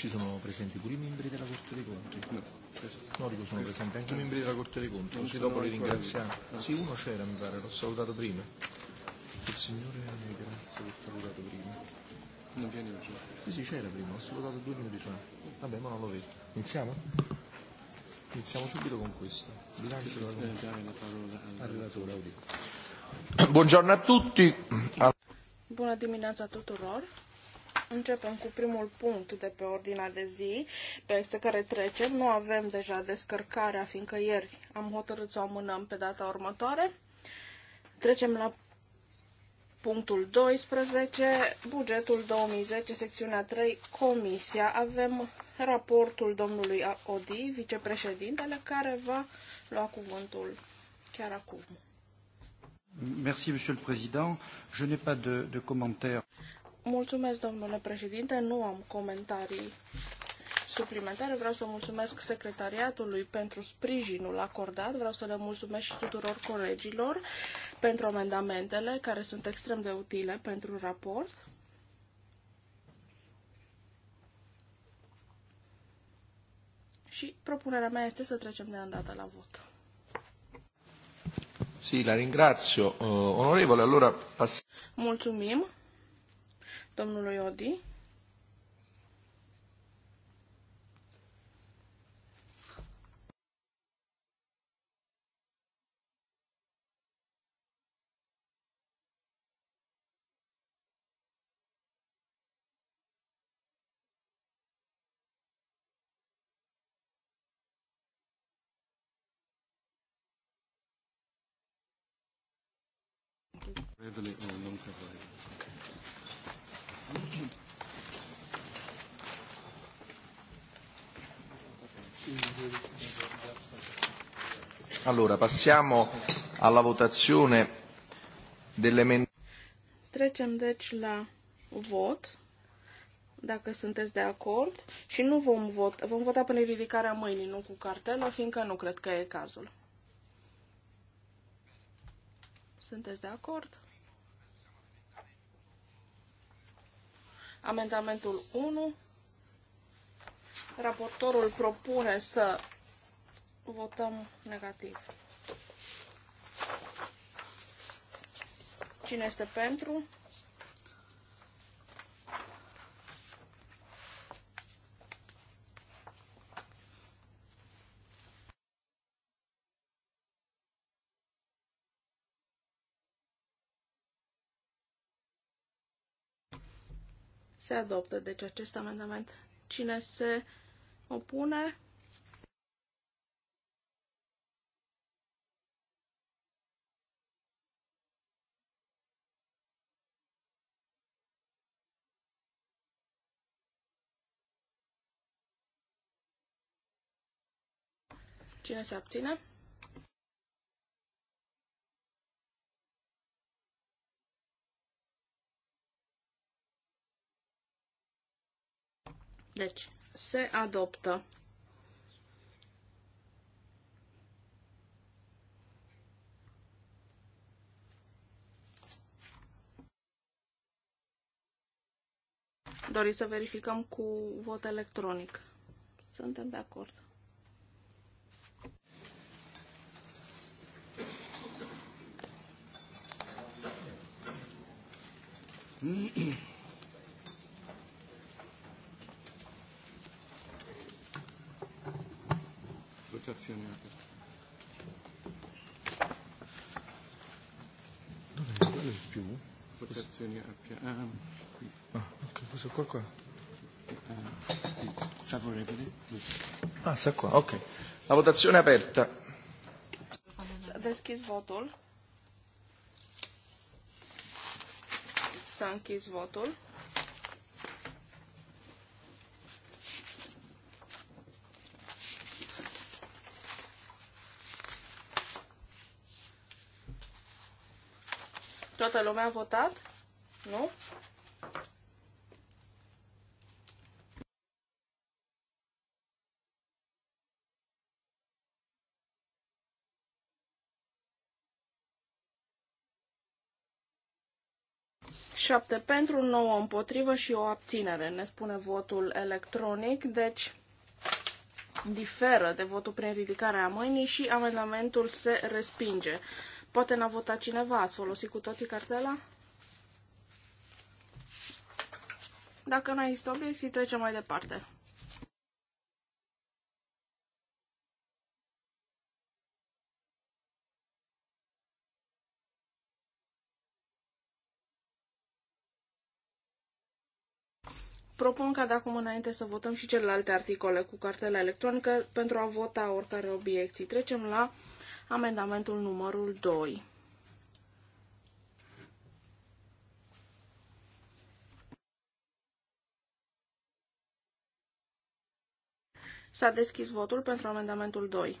Ci sono presenti pure i membri della Corte dei Conti? No, dico sono presenti anche i membri della Corte dei Conti, così dopo li ringraziamo. Ah, sì, uno c'era mi pare, l'ho salutato prima. Il signore grazie l'ho salutato prima. Non viene più. Sì, sì, c'era prima, l'ho salutato due minuti fa. Vabbè, ma non lo vedo. Iniziamo? Iniziamo subito con questo. Bilancio della la parola Al relatore Buongiorno a tutti. Buona a dimineața tuturor. Începem cu primul punct de pe ordinea de zi peste care trecem. Nu avem deja descărcarea, fiindcă ieri am hotărât să o amânăm pe data următoare. Trecem la punctul 12, bugetul 2010, secțiunea 3, comisia. Avem raportul domnului Odi, vicepreședintele, care va lua cuvântul chiar acum. Merci, Monsieur le Président. Je n'ai pas de, de commentaires. Mulțumesc, domnule președinte, nu am comentarii suplimentare. Vreau să mulțumesc secretariatului pentru sprijinul acordat. Vreau să le mulțumesc și tuturor colegilor pentru amendamentele care sunt extrem de utile pentru raport. Și propunerea mea este să trecem de îndată la vot. Sì, la ringrazio. Uh, onorevole, allora passiamo. Mulțumim domnului Odi. субтитров А.Семкин Корректор А.Егорова Allora, passiamo alla votazione dell'emendamento. Trecem deci la vot, dacă sunteți de acord, și nu vom vota, vom vota până ridicarea mâinii, nu cu cartela, fiindcă nu cred că e cazul. Sunteți de acord? Amendamentul 1. Raportorul propune să votăm negativ. Cine este pentru? Se adoptă, deci, acest amendament. Cine se opune? Cine se abține? Deci, se adoptă. Doriți să verificăm cu vot electronic. Suntem de acord. Votazione. Dove è quello il più? Votazioni Ah, qui. Ah, ok, questo qua qua. Eh, favorevole. Ah, sta qua, ok. La votazione è aperta. Deschis votul. S-a închis votul. Toată lumea a votat? Nu? 7 pentru, 9 împotrivă și o abținere. Ne spune votul electronic, deci diferă de votul prin ridicarea mâinii și amendamentul se respinge. Poate n-a votat cineva, ați folosit cu toții cartela? Dacă nu există obiecții, trecem mai departe. Propun ca de acum înainte să votăm și celelalte articole cu cartela electronică pentru a vota oricare obiecții. Trecem la amendamentul numărul 2. S-a deschis votul pentru amendamentul 2.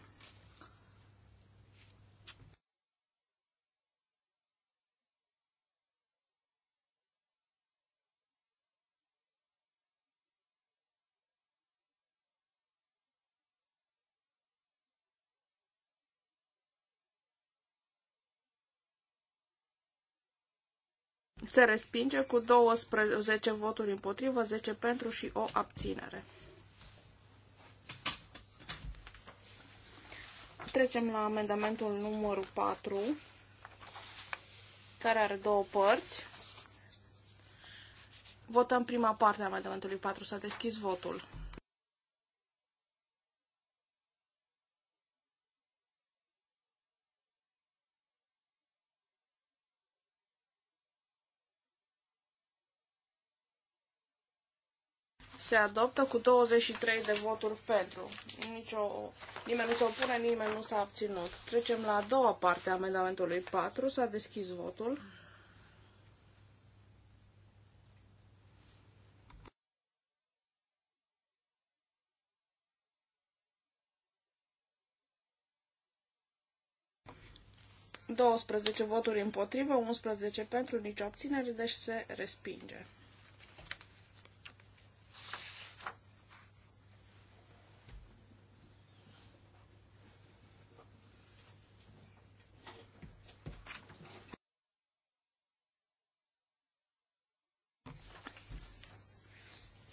se respinge cu 12 voturi împotrivă, 10 pentru și o abținere. Trecem la amendamentul numărul 4, care are două părți. Votăm prima parte a amendamentului 4. S-a deschis votul. se adoptă cu 23 de voturi pentru. Nicio, nimeni nu se opune, nimeni nu s-a abținut. Trecem la a doua parte a amendamentului 4. S-a deschis votul. Douăsprezece voturi împotrivă, 11 pentru, nicio abținere, deci se respinge.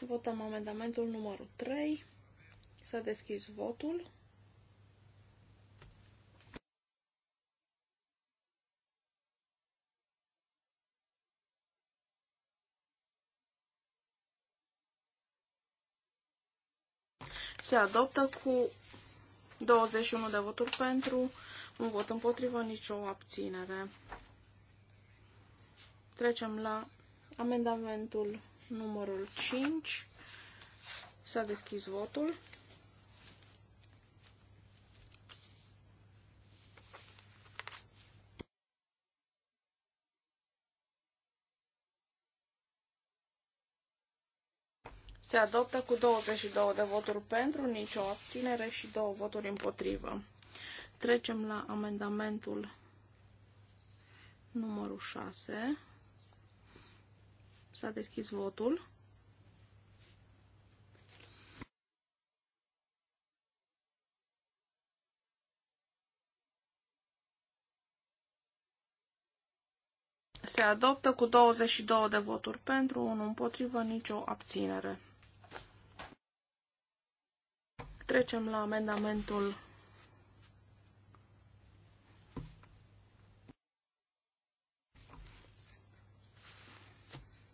Votăm amendamentul numărul 3. S-a deschis votul. Se adoptă cu 21 de voturi pentru, un vot împotrivă, nicio abținere. Trecem la amendamentul numărul 5. S-a deschis votul. Se adoptă cu 22 de voturi pentru, nicio abținere și două voturi împotrivă. Trecem la amendamentul numărul 6. S-a deschis votul. se adoptă cu 22 de voturi pentru, 1 împotrivă, nicio abținere. Trecem la amendamentul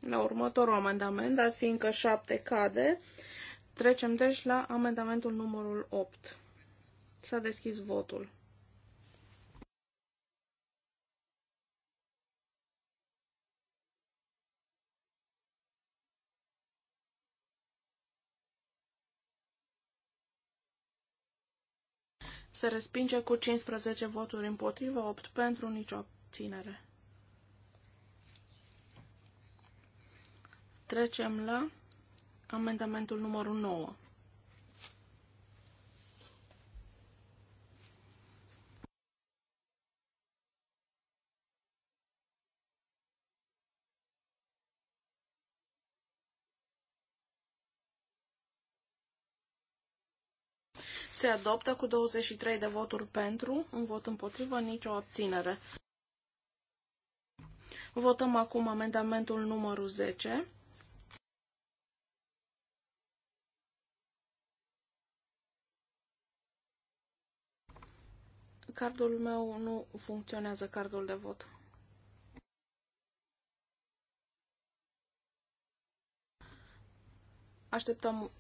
la următorul amendament, dat fiindcă 7 cade. Trecem deci la amendamentul numărul 8. S-a deschis votul. Se respinge cu 15 voturi împotrivă, 8 pentru, nicio abținere. Trecem la amendamentul numărul 9. se adoptă cu 23 de voturi pentru, un vot împotrivă, nicio abținere. Votăm acum amendamentul numărul 10. Cardul meu nu funcționează, cardul de vot. Așteptăm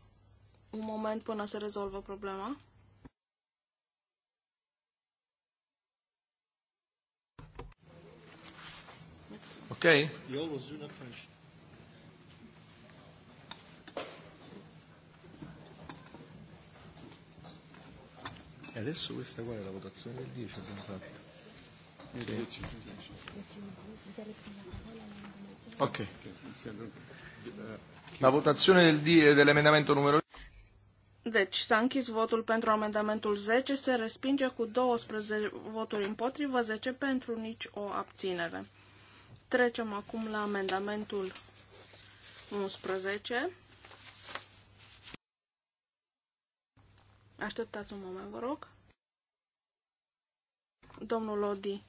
un moment până se rezolvă problema. Ok. Eu E adesso questa qua è la votazione del 10 abbiamo fatto. Ok. La votazione del, dell'emendamento numero deci s-a închis votul pentru amendamentul 10, se respinge cu 12 voturi împotrivă, 10 pentru, nici o abținere. Trecem acum la amendamentul 11. Așteptați un moment, vă rog. Domnul Lodi,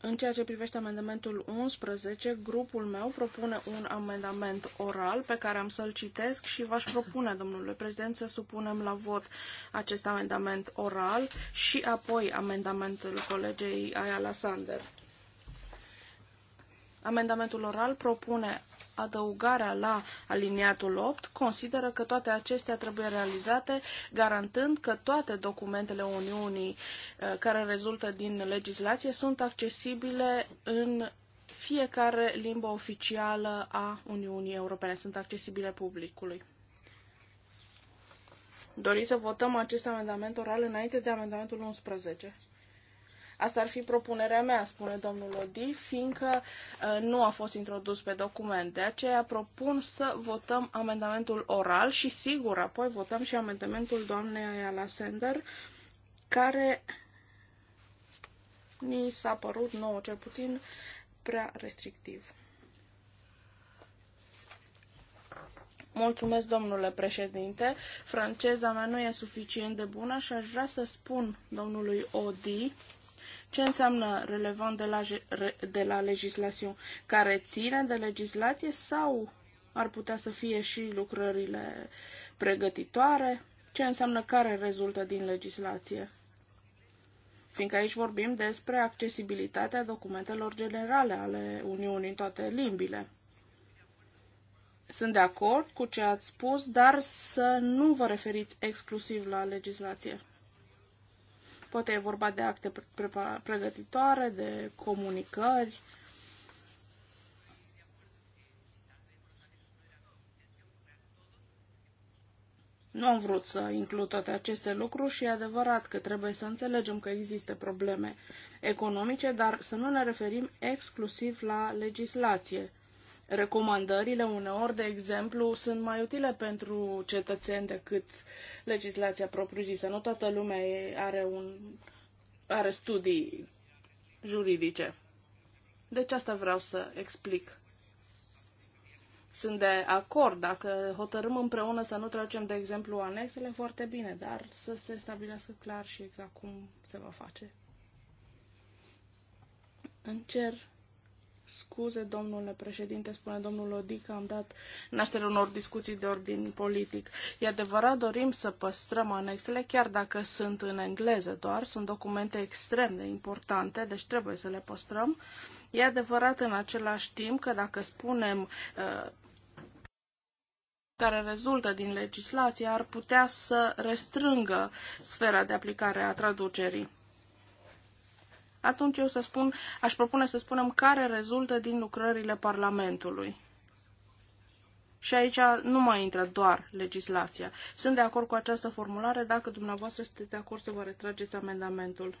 în ceea ce privește amendamentul 11, grupul meu propune un amendament oral pe care am să-l citesc și v-aș propune, domnule președinte, să supunem la vot acest amendament oral și apoi amendamentul colegei Ayala Sander. Amendamentul oral propune adăugarea la aliniatul 8 consideră că toate acestea trebuie realizate garantând că toate documentele Uniunii uh, care rezultă din legislație sunt accesibile în fiecare limbă oficială a Uniunii Europene, sunt accesibile publicului. Doriți să votăm acest amendament oral înainte de amendamentul 11? Asta ar fi propunerea mea, spune domnul Odi, fiindcă uh, nu a fost introdus pe document. De aceea propun să votăm amendamentul oral și sigur apoi votăm și amendamentul doamnei Ayala Sender, care ni s-a părut nouă cel puțin prea restrictiv. Mulțumesc, domnule președinte. Franceza mea nu e suficient de bună și aș vrea să spun domnului Odi ce înseamnă relevant de la, de la legislație? Care ține de legislație sau ar putea să fie și lucrările pregătitoare? Ce înseamnă care rezultă din legislație? Fiindcă aici vorbim despre accesibilitatea documentelor generale ale Uniunii în toate limbile. Sunt de acord cu ce ați spus, dar să nu vă referiți exclusiv la legislație. Poate e vorba de acte pregătitoare, de comunicări. Nu am vrut să includ toate aceste lucruri și e adevărat că trebuie să înțelegem că există probleme economice, dar să nu ne referim exclusiv la legislație. Recomandările uneori, de exemplu, sunt mai utile pentru cetățeni decât legislația propriu-zisă. Nu toată lumea are, un, are studii juridice. Deci asta vreau să explic. Sunt de acord, dacă hotărâm împreună să nu tragem, de exemplu, anexele, foarte bine, dar să se stabilească clar și exact cum se va face. Încerc Scuze, domnule președinte, spune domnul că am dat naștere unor discuții de ordin politic. E adevărat, dorim să păstrăm anexele, chiar dacă sunt în engleză doar, sunt documente extrem de importante, deci trebuie să le păstrăm. E adevărat în același timp că dacă spunem uh, care rezultă din legislație ar putea să restrângă sfera de aplicare a traducerii atunci eu să spun, aș propune să spunem care rezultă din lucrările Parlamentului. Și aici nu mai intră doar legislația. Sunt de acord cu această formulare. Dacă dumneavoastră sunteți de acord să vă retrageți amendamentul.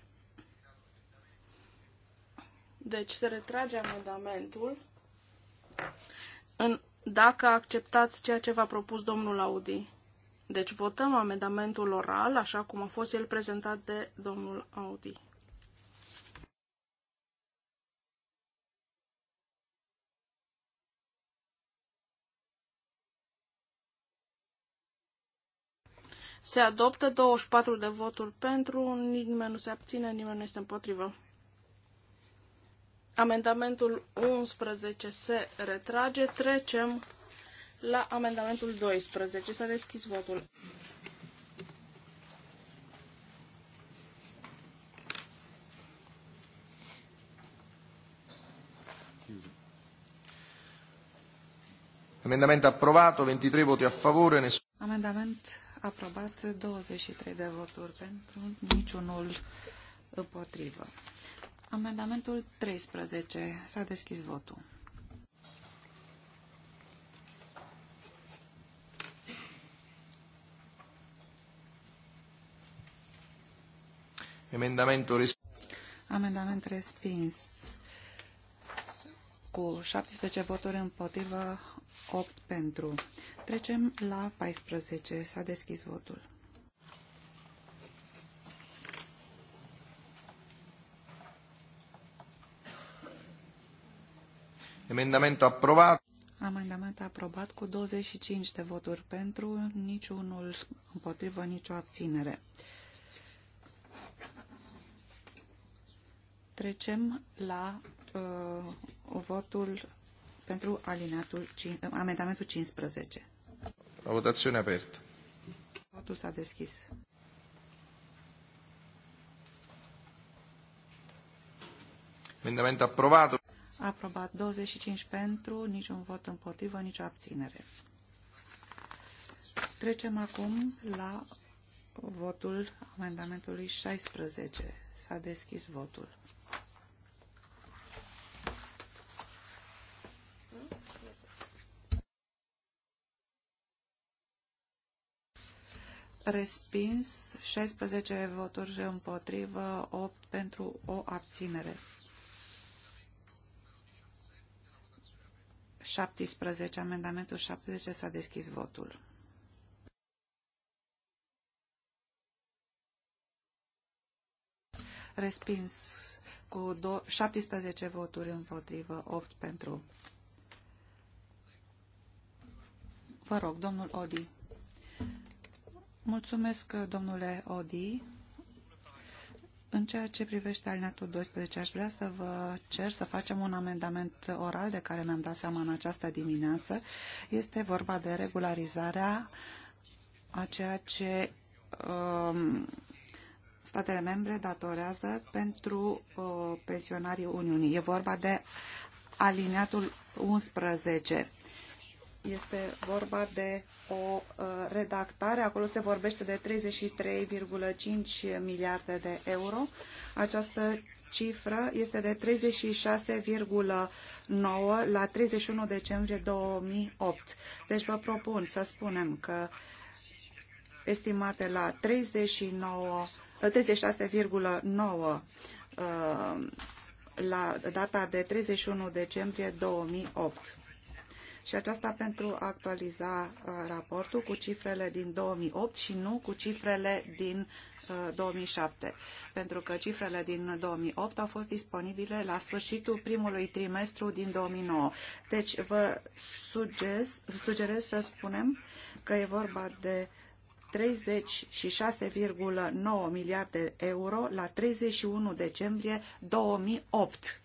Deci se retrage amendamentul în, dacă acceptați ceea ce v-a propus domnul Audi. Deci votăm amendamentul oral, așa cum a fost el prezentat de domnul Audi. Se adoptă 24 de voturi pentru, nimeni nu se abține, nimeni nu este împotrivă. Amendamentul 11 se retrage. Trecem la amendamentul 12. S-a deschis votul. Amendament approvato, 23 voti a favore, Nessun... Amendament aprobat 23 de voturi pentru, niciunul împotrivă. Amendamentul 13. S-a deschis votul. Amendamentul respins. Amendament respins. Cu 17 voturi împotrivă, 8 pentru. Trecem la 14. S-a deschis votul. Amendamentul aprobat. Amendament aprobat cu 25 de voturi pentru, niciunul împotrivă, nicio abținere. Trecem la uh, votul pentru alinatul, amendamentul 15. La votațiune aperta. Votul s-a deschis. Amendament aprobat. Aprobat 25 pentru, niciun vot împotrivă, nicio abținere. Trecem acum la votul amendamentului 16. S-a deschis votul. respins, 16 voturi împotrivă, 8 pentru o abținere. 17, amendamentul 17 s-a deschis votul. Respins cu 17 voturi împotrivă, 8 pentru. Vă rog, domnul Odi. Mulțumesc, domnule Odi. În ceea ce privește alineatul 12, aș vrea să vă cer să facem un amendament oral de care mi-am dat seama în această dimineață. Este vorba de regularizarea a ceea ce um, statele membre datorează pentru uh, pensionarii Uniunii. E vorba de alineatul 11. Este vorba de o uh, redactare, acolo se vorbește de 33,5 miliarde de euro. Această cifră este de 36,9 la 31 decembrie 2008. Deci vă propun să spunem că estimate la 36,9 uh, uh, la data de 31 decembrie 2008 și aceasta pentru a actualiza uh, raportul cu cifrele din 2008 și nu cu cifrele din 2007, uh, pentru că cifrele din 2008 au fost disponibile la sfârșitul primului trimestru din 2009. Deci vă sugerez, sugerez să spunem că e vorba de 36,9 miliarde euro la 31 decembrie 2008.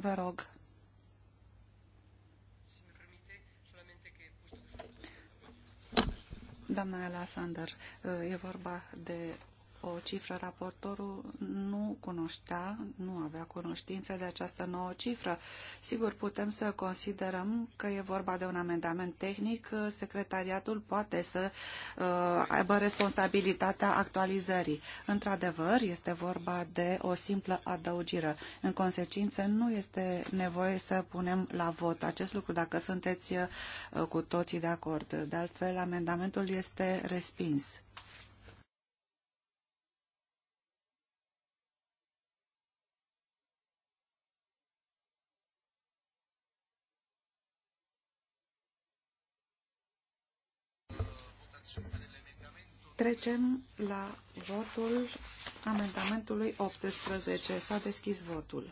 Vă rog. Doamna Ela Sander, e vorba de o cifră, raportorul nu cunoștea, nu avea cunoștință de această nouă cifră. Sigur, putem să considerăm că e vorba de un amendament tehnic. Secretariatul poate să uh, aibă responsabilitatea actualizării. Într-adevăr, este vorba de o simplă adăugire. În consecință, nu este nevoie să punem la vot acest lucru dacă sunteți uh, cu toții de acord. De altfel, amendamentul este respins. Trecem la votul amendamentului 18. S-a deschis votul.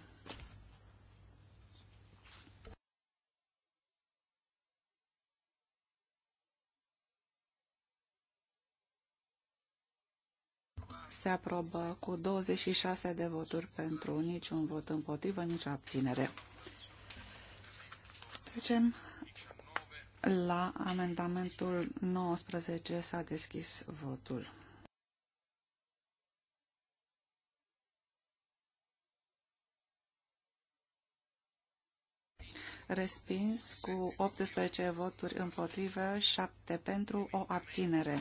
se aprobă cu 26 de voturi pentru, niciun vot împotrivă, nici abținere. Trecem la amendamentul 19 s-a deschis votul. Respins cu 18 voturi împotrivă, 7 pentru, o abținere.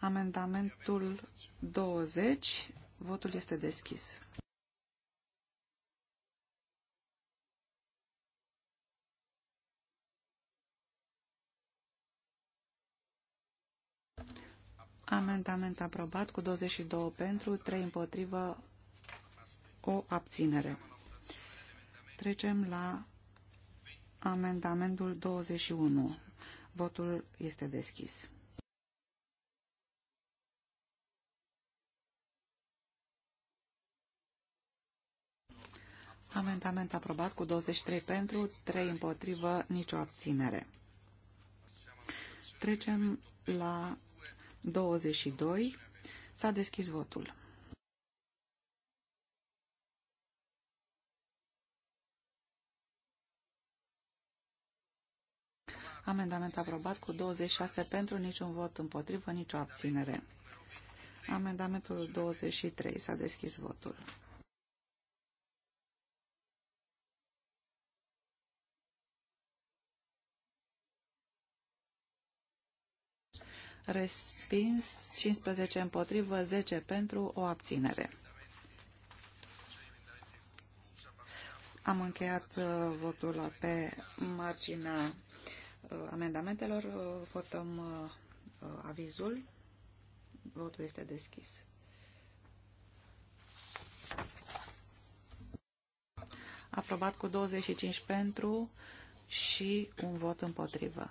Amendamentul 20, votul este deschis. Amendament aprobat cu 22 pentru, 3 împotrivă, o abținere. Trecem la amendamentul 21. Votul este deschis. Amendament aprobat cu 23 pentru, 3 împotrivă, nicio abținere. Trecem la 22. S-a deschis votul. Amendament aprobat cu 26 pentru, niciun vot împotrivă, nicio abținere. Amendamentul 23. S-a deschis votul. respins 15 împotrivă, 10 pentru o abținere. Am încheiat uh, votul pe marginea uh, amendamentelor. Uh, votăm avizul. Votul este deschis. Aprobat cu 25 pentru și un vot împotrivă.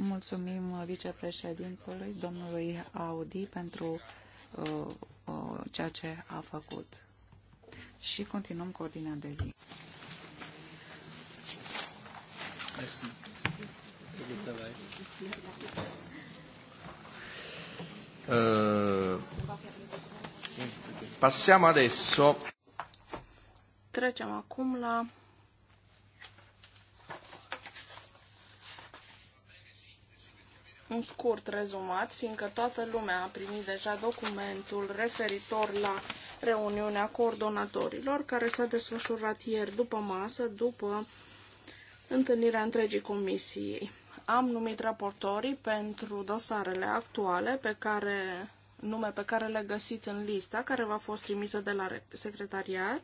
Mulțumim vicepreședintelui, domnului Audi, pentru uh, uh, ceea ce a făcut. Și continuăm cu ordinea de zi. Merci. Uh, passiamo adesso. Trecem acum la un scurt rezumat, fiindcă toată lumea a primit deja documentul referitor la reuniunea coordonatorilor, care s-a desfășurat ieri după masă, după întâlnirea întregii comisiei. Am numit raportorii pentru dosarele actuale pe care nume pe care le găsiți în lista care v-a fost trimisă de la secretariat,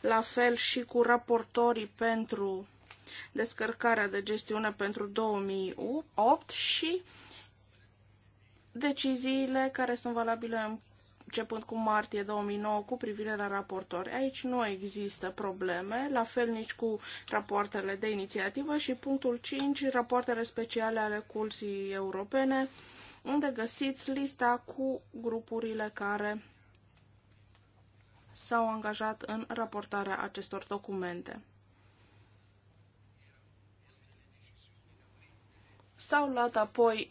la fel și cu raportorii pentru descărcarea de gestiune pentru 2008 și deciziile care sunt valabile începând cu martie 2009 cu privire la raportori. Aici nu există probleme, la fel nici cu rapoartele de inițiativă și punctul 5, rapoartele speciale ale Curții Europene, unde găsiți lista cu grupurile care s-au angajat în raportarea acestor documente. S-au luat apoi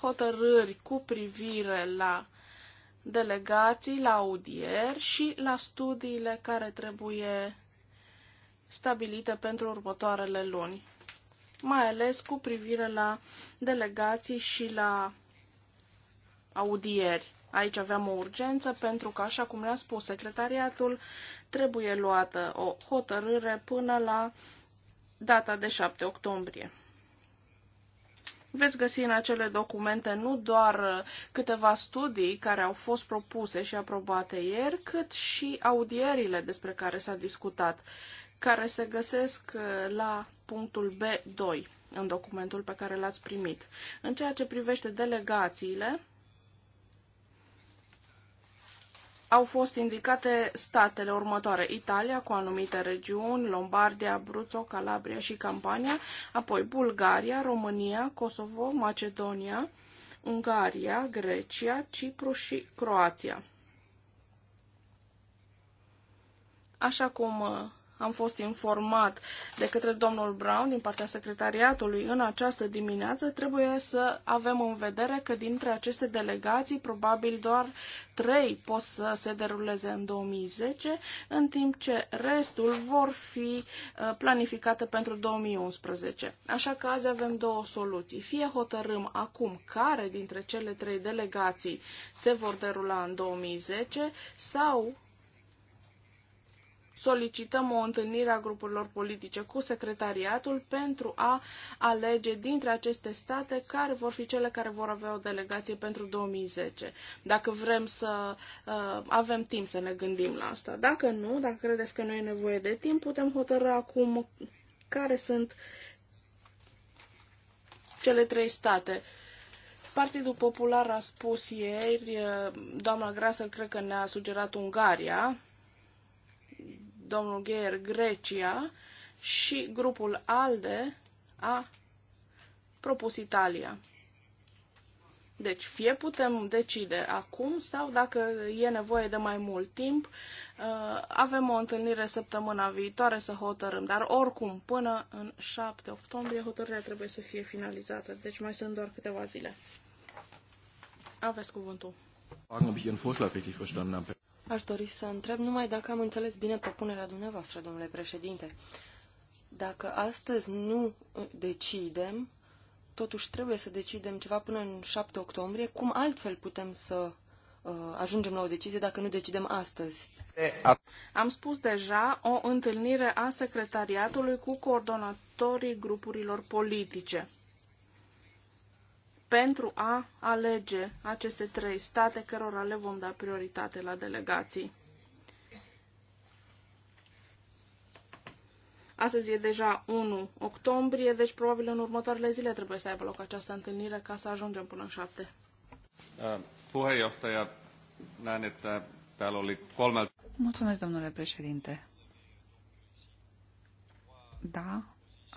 hotărâri cu privire la delegații, la audieri și la studiile care trebuie stabilite pentru următoarele luni, mai ales cu privire la delegații și la audieri. Aici aveam o urgență pentru că, așa cum le a spus secretariatul, trebuie luată o hotărâre până la data de 7 octombrie. Veți găsi în acele documente nu doar uh, câteva studii care au fost propuse și aprobate ieri, cât și audierile despre care s-a discutat, care se găsesc uh, la punctul B2 în documentul pe care l-ați primit. În ceea ce privește delegațiile, au fost indicate statele următoare, Italia cu anumite regiuni, Lombardia, Abruzzo, Calabria și Campania, apoi Bulgaria, România, Kosovo, Macedonia, Ungaria, Grecia, Cipru și Croația. Așa cum uh, am fost informat de către domnul Brown din partea secretariatului în această dimineață. Trebuie să avem în vedere că dintre aceste delegații probabil doar trei pot să se deruleze în 2010, în timp ce restul vor fi uh, planificate pentru 2011. Așa că azi avem două soluții. Fie hotărâm acum care dintre cele trei delegații se vor derula în 2010 sau solicităm o întâlnire a grupurilor politice cu secretariatul pentru a alege dintre aceste state care vor fi cele care vor avea o delegație pentru 2010. Dacă vrem să uh, avem timp să ne gândim la asta. Dacă nu, dacă credeți că nu e nevoie de timp, putem hotărâ acum care sunt cele trei state. Partidul Popular a spus ieri, uh, doamna Grasă cred că ne-a sugerat Ungaria, domnul Gheer Grecia și grupul ALDE a propus Italia. Deci fie putem decide acum sau dacă e nevoie de mai mult timp, uh, avem o întâlnire săptămâna viitoare să hotărâm. Dar oricum, până în 7 octombrie, hotărârea trebuie să fie finalizată. Deci mai sunt doar câteva zile. Aveți cuvântul. Aș dori să întreb numai dacă am înțeles bine propunerea dumneavoastră, domnule președinte. Dacă astăzi nu uh, decidem, totuși trebuie să decidem ceva până în 7 octombrie, cum altfel putem să uh, ajungem la o decizie dacă nu decidem astăzi? Am spus deja o întâlnire a secretariatului cu coordonatorii grupurilor politice pentru a alege aceste trei state cărora le vom da prioritate la delegații. Astăzi e deja 1 octombrie, deci probabil în următoarele zile trebuie să aibă loc această întâlnire ca să ajungem până în 7. Uh, puheenjohtaja, kolme... Mulțumesc, domnule președinte. Da,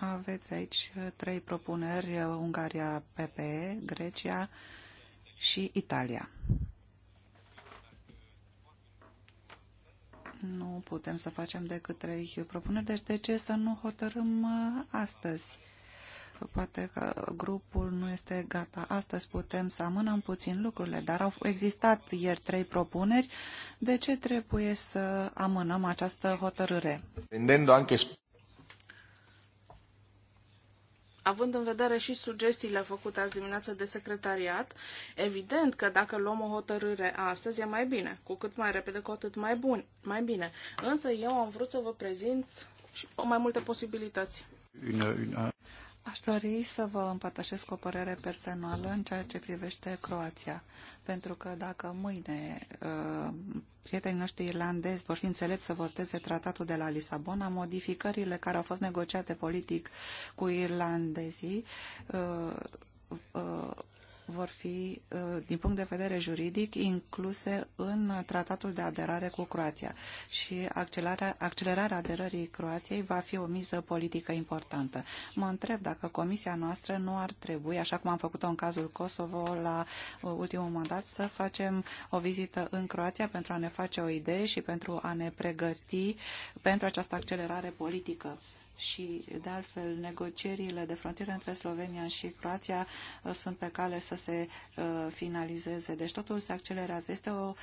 aveți aici uh, trei propuneri, uh, Ungaria, PPE, Grecia și Italia. Nu putem să facem decât trei propuneri, deci de ce să nu hotărâm uh, astăzi? Poate că grupul nu este gata. Astăzi putem să amânăm puțin lucrurile, dar au existat ieri trei propuneri. De ce trebuie să amânăm această hotărâre? având în vedere și sugestiile făcute azi dimineață de secretariat, evident că dacă luăm o hotărâre astăzi e mai bine. Cu cât mai repede, cu atât mai, bun, mai bine. Însă eu am vrut să vă prezint și mai multe posibilități. Une, une... Aș dori să vă împărtășesc o părere personală în ceea ce privește Croația, pentru că dacă mâine uh, prietenii noștri irlandezi vor fi înțelepți să voteze tratatul de la Lisabona, modificările care au fost negociate politic cu irlandezii uh, uh, vor fi, uh, din punct de vedere juridic, incluse în tratatul de aderare cu Croația și accelerarea, accelerarea aderării Croației va fi o miză politică importantă. Mă întreb dacă Comisia noastră nu ar trebui, așa cum am făcut-o în cazul Kosovo la uh, ultimul mandat, să facem o vizită în Croația pentru a ne face o idee și pentru a ne pregăti pentru această accelerare politică și, de altfel, negocierile de frontieră între Slovenia și Croația uh, sunt pe cale să se uh, finalizeze. Deci totul se accelerează. Este o um,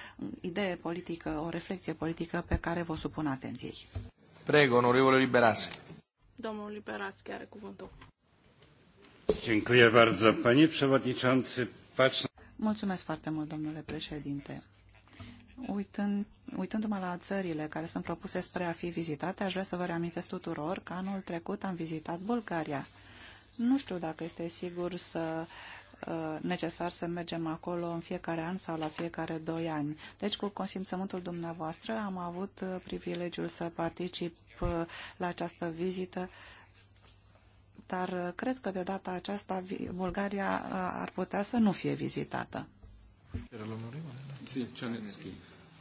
idee politică, o reflexie politică pe care vă supun atenției. Prego, onorevole Liberas. Domnul Liberaschi are cuvântul. Mulțumesc foarte mult, domnule președinte. Uitând, uitându-mă la țările care sunt propuse spre a fi vizitate, aș vrea să vă reamintesc tuturor că anul trecut am vizitat Bulgaria. Nu știu dacă este sigur să uh, necesar să mergem acolo în fiecare an sau la fiecare doi ani. Deci, cu consimțământul dumneavoastră, am avut uh, privilegiul să particip uh, la această vizită dar cred că de data aceasta Bulgaria ar putea să nu fie vizitată.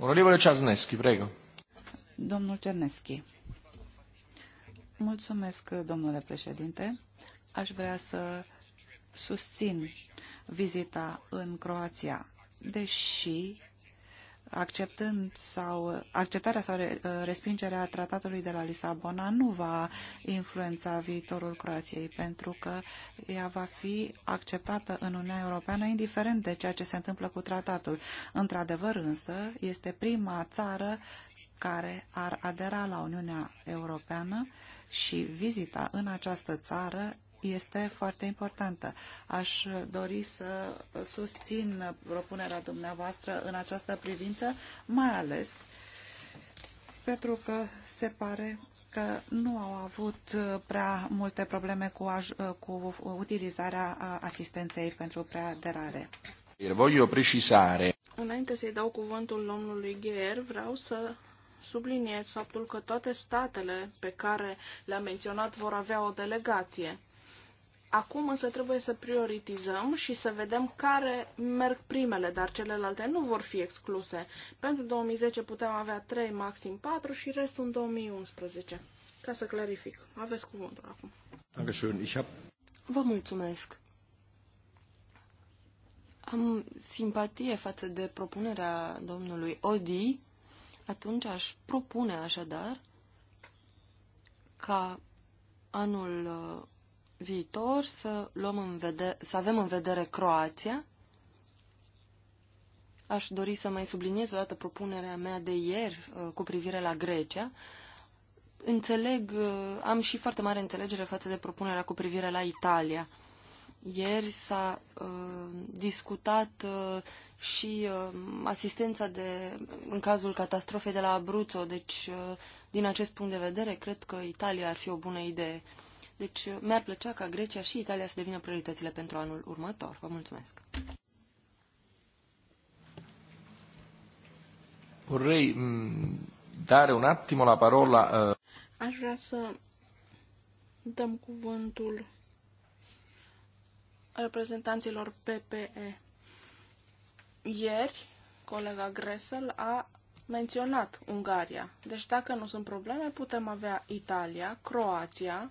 Onorevole Ceazneschi, prego. Domnul Cerneschi. Mulțumesc, domnule președinte. Aș vrea să susțin vizita în Croația, deși acceptând sau, acceptarea sau respingerea tratatului de la Lisabona nu va influența viitorul Croației, pentru că ea va fi acceptată în Uniunea Europeană, indiferent de ceea ce se întâmplă cu tratatul. Într-adevăr, însă, este prima țară care ar adera la Uniunea Europeană și vizita în această țară este foarte importantă. Aș dori să susțin propunerea dumneavoastră în această privință, mai ales pentru că se pare că nu au avut prea multe probleme cu, aj cu utilizarea asistenței pentru preaderare. Voglio Înainte să-i dau cuvântul domnului Gher, vreau să subliniez faptul că toate statele pe care le-am menționat vor avea o delegație. Acum însă trebuie să prioritizăm și să vedem care merg primele, dar celelalte nu vor fi excluse. Pentru 2010 putem avea 3, maxim 4 și restul în 2011. Ca să clarific. Aveți cuvântul acum. Vă mulțumesc. Am simpatie față de propunerea domnului Odi. Atunci aș propune așadar ca anul uh, viitor să, luăm în vedere, să avem în vedere Croația. Aș dori să mai subliniez o dată propunerea mea de ieri uh, cu privire la Grecia. Înțeleg, uh, am și foarte mare înțelegere față de propunerea cu privire la Italia. Ieri s-a uh, discutat uh, și uh, asistența de, în cazul catastrofei de la Abruzzo, deci uh, din acest punct de vedere cred că Italia ar fi o bună idee. Uh, deci uh, mi-ar plăcea ca Grecia și Italia să devină prioritățile pentru anul următor. Vă mulțumesc! Vorrei mm, dare un attimo la parola... Uh... Aș vrea să dăm cuvântul reprezentanților PPE. Ieri, colega Gressel a menționat Ungaria. Deci dacă nu sunt probleme, putem avea Italia, Croația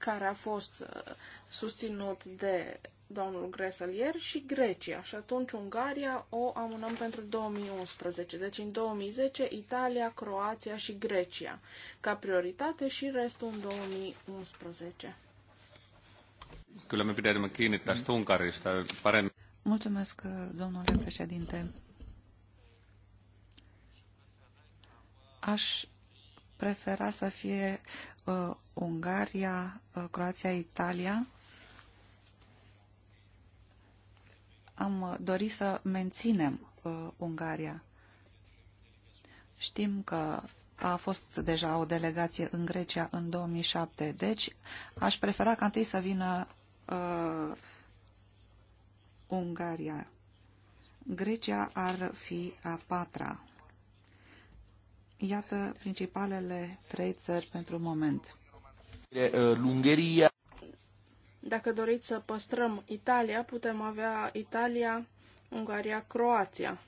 care a fost uh, susținut de domnul Gresel și Grecia. Și atunci Ungaria o amânăm pentru 2011. Deci în 2010 Italia, Croația și Grecia ca prioritate și restul în 2011. Kyllä me kiinni tästä Unkarista paremmin. Mulțumesc, domnule președinte. Aș prefera să fie uh, Ungaria, uh, Croația, Italia. Am uh, dorit să menținem uh, Ungaria. Știm că a fost deja o delegație în Grecia în 2007, deci aș prefera ca întâi să vină uh, Ungaria. Grecia ar fi a patra Iată principalele trei țări pentru moment. Eh, Ungaria. Dacă doriți să păstrăm Italia, putem avea Italia, Ungaria, Croația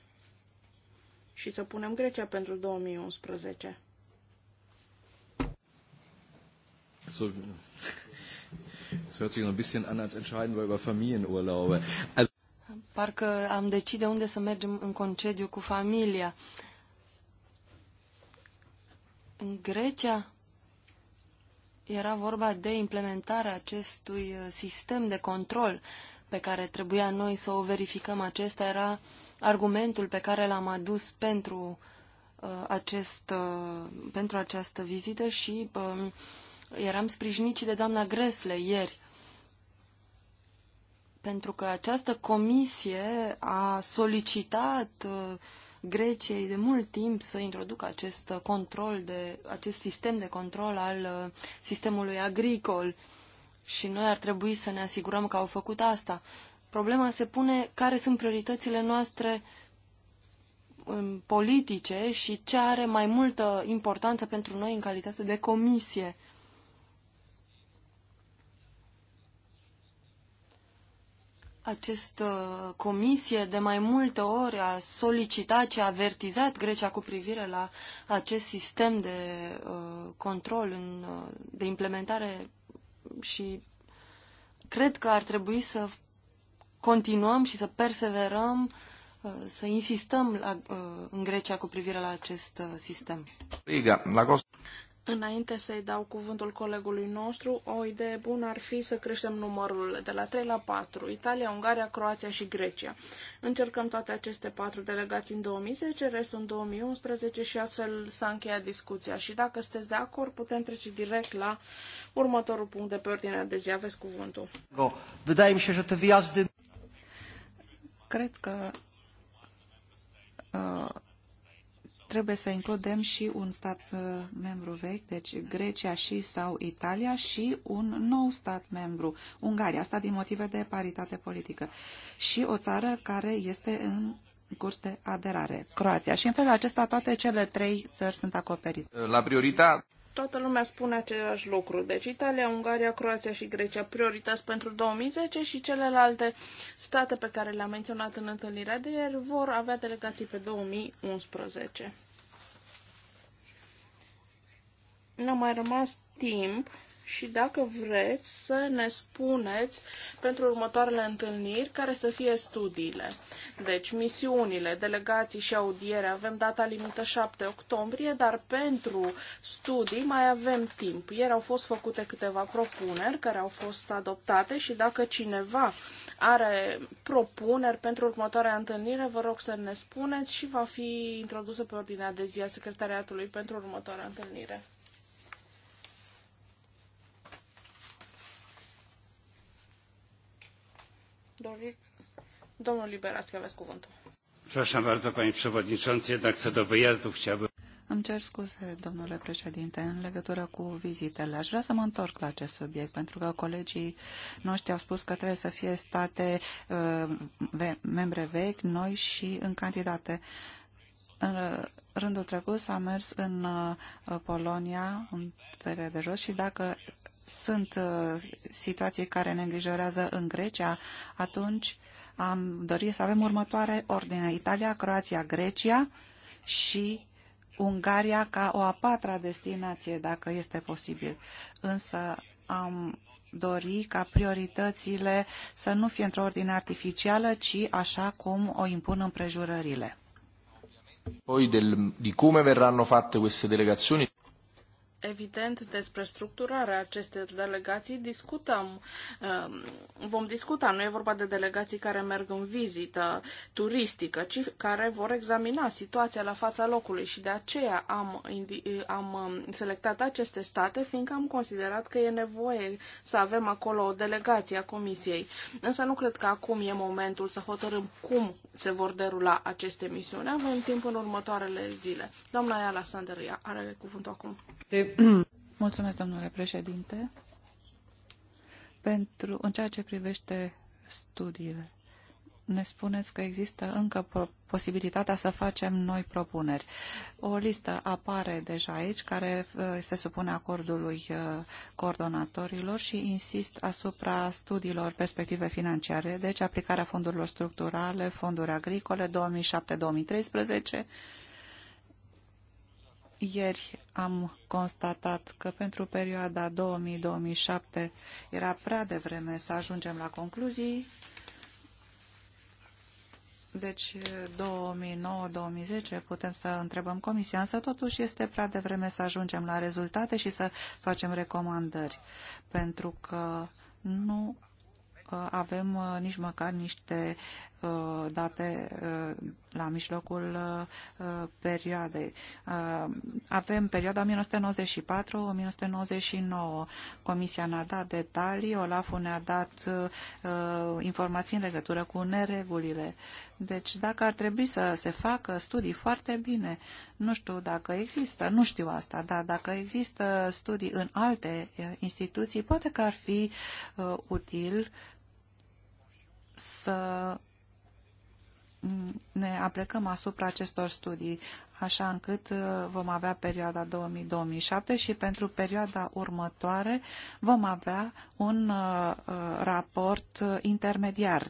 și să punem Grecia pentru 2011. So, das hört sich ein bisschen an, als entscheiden wir über Familienurlaube. Also... Parcă am decide unde să mergem în concediu cu familia. În Grecia era vorba de implementarea acestui uh, sistem de control pe care trebuia noi să o verificăm. Acesta era argumentul pe care l-am adus pentru, uh, acest, uh, pentru această vizită și uh, eram sprijinici de doamna Gresle ieri. Pentru că această comisie a solicitat uh, Greciei de mult timp să introducă acest control, de, acest sistem de control al uh, sistemului agricol și noi ar trebui să ne asigurăm că au făcut asta. Problema se pune care sunt prioritățile noastre um, politice și ce are mai multă importanță pentru noi în calitate de comisie. Această uh, comisie de mai multe ori a solicitat și a avertizat Grecia cu privire la acest sistem de uh, control, în, uh, de implementare și cred că ar trebui să continuăm și să perseverăm, uh, să insistăm la, uh, în Grecia cu privire la acest sistem. la Înainte să-i dau cuvântul colegului nostru, o idee bună ar fi să creștem numărul de la 3 la 4, Italia, Ungaria, Croația și Grecia. Încercăm toate aceste patru delegații în 2010, restul în 2011 și astfel s-a încheiat discuția. Și dacă sunteți de acord, putem trece direct la următorul punct de pe ordinea de zi. Aveți cuvântul. Cred că uh trebuie să includem și un stat uh, membru vechi, deci Grecia și sau Italia și un nou stat membru, Ungaria, asta din motive de paritate politică și o țară care este în curs de aderare, Croația. Și în felul acesta toate cele trei țări sunt acoperite. La prioritate. Toată lumea spune același lucru. Deci Italia, Ungaria, Croația și Grecia priorități pentru 2010 și celelalte state pe care le-am menționat în întâlnirea de ieri vor avea delegații pe 2011. Ne-a mai rămas timp și dacă vreți să ne spuneți pentru următoarele întâlniri care să fie studiile. Deci misiunile, delegații și audiere avem data limită 7 octombrie, dar pentru studii mai avem timp. Ieri au fost făcute câteva propuneri care au fost adoptate și dacă cineva are propuneri pentru următoarea întâlnire, vă rog să ne spuneți și va fi introdusă pe ordinea de zi a secretariatului pentru următoarea întâlnire. Domnul Liberaschi, aveți cuvântul. Proszę bardzo, panie przewodniczący, jednak co do wyjazdów chciałbym... Îmi cer scuze, domnule președinte, în legătură cu vizitele. Aș vrea să mă întorc la acest subiect, pentru că colegii noștri au spus că trebuie să fie state uh, membre vechi, noi și în candidate. În rândul trecut s-a mers în uh, Polonia, în țările de jos, și dacă sunt uh, situații care ne îngrijorează în Grecia, atunci am dori să avem următoare ordine. Italia, Croația, Grecia și Ungaria ca o a patra destinație, dacă este posibil. Însă am dori ca prioritățile să nu fie într-o ordine artificială, ci așa cum o impun împrejurările. Poi del, di come verranno fatte queste delegazioni evident, despre structurarea acestei delegații discutăm, um, vom discuta. Nu e vorba de delegații care merg în vizită turistică, ci care vor examina situația la fața locului și de aceea am, am um, selectat aceste state, fiindcă am considerat că e nevoie să avem acolo o delegație a Comisiei. Însă nu cred că acum e momentul să hotărâm cum se vor derula aceste misiuni. Avem timp în următoarele zile. Doamna Iala Sanderia are cuvântul acum. De domnule președinte. Pentru, în ceea ce privește studiile, ne spuneți că există încă posibilitatea să facem noi propuneri. O listă apare deja aici, care uh, se supune acordului uh, coordonatorilor și insist asupra studiilor perspective financiare, deci aplicarea fondurilor structurale, fonduri agricole 2007-2013, ieri am constatat că pentru perioada 2000-2007 era prea devreme să ajungem la concluzii. Deci 2009-2010 putem să întrebăm Comisia, însă totuși este prea devreme să ajungem la rezultate și să facem recomandări, pentru că nu uh, avem uh, nici măcar niște Uh, date uh, la mijlocul uh, perioadei. Avem perioada 1994-1999. Comisia ne-a dat detalii, olaf ne-a dat informații în legătură cu neregulile. Deci dacă ar trebui să se facă studii foarte bine, nu știu dacă există, nu știu asta, dar dacă există studii în alte instituții, poate că ar fi uh, util să ne aplecăm asupra acestor studii, așa încât uh, vom avea perioada 2000-2007 și pentru perioada următoare vom avea un uh, uh, raport intermediar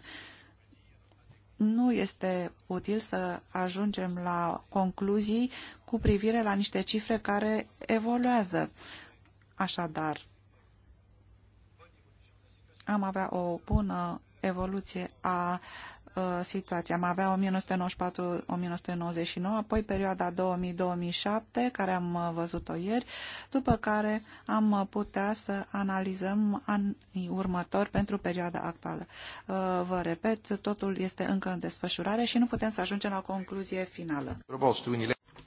nu este util să ajungem la concluzii cu privire la niște cifre care evoluează. Așadar, am avea o bună evoluție a uh, situația. Am avea 1994-1999, apoi perioada 2000-2007, care am uh, văzut-o ieri, după care am uh, putea să analizăm anii următori pentru perioada actuală. Uh, vă repet, totul este încă în desfășurare și nu putem să ajungem la o concluzie finală.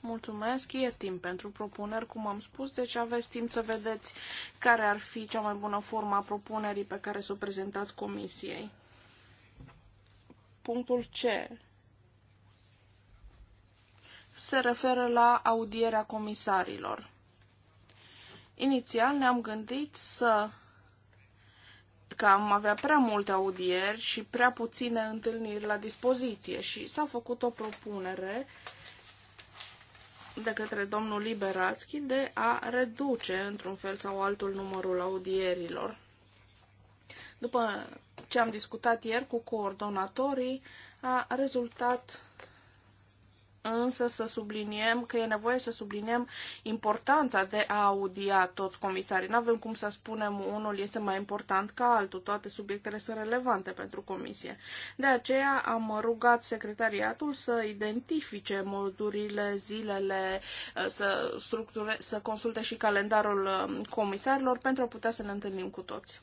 Mulțumesc, e timp pentru propuneri, cum am spus, deci aveți timp să vedeți care ar fi cea mai bună formă a propunerii pe care să o prezentați comisiei punctul C se referă la audierea comisarilor. Inițial ne-am gândit să că am avea prea multe audieri și prea puține întâlniri la dispoziție și s-a făcut o propunere de către domnul Liberațchi de a reduce într-un fel sau altul numărul audierilor. După ce am discutat ieri cu coordonatorii a rezultat însă să subliniem că e nevoie să subliniem importanța de a audia toți comisarii. Nu avem cum să spunem unul este mai important ca altul, toate subiectele sunt relevante pentru comisie. De aceea am rugat secretariatul să identifice modurile, zilele, să, structure, să consulte și calendarul um, comisarilor pentru a putea să ne întâlnim cu toți.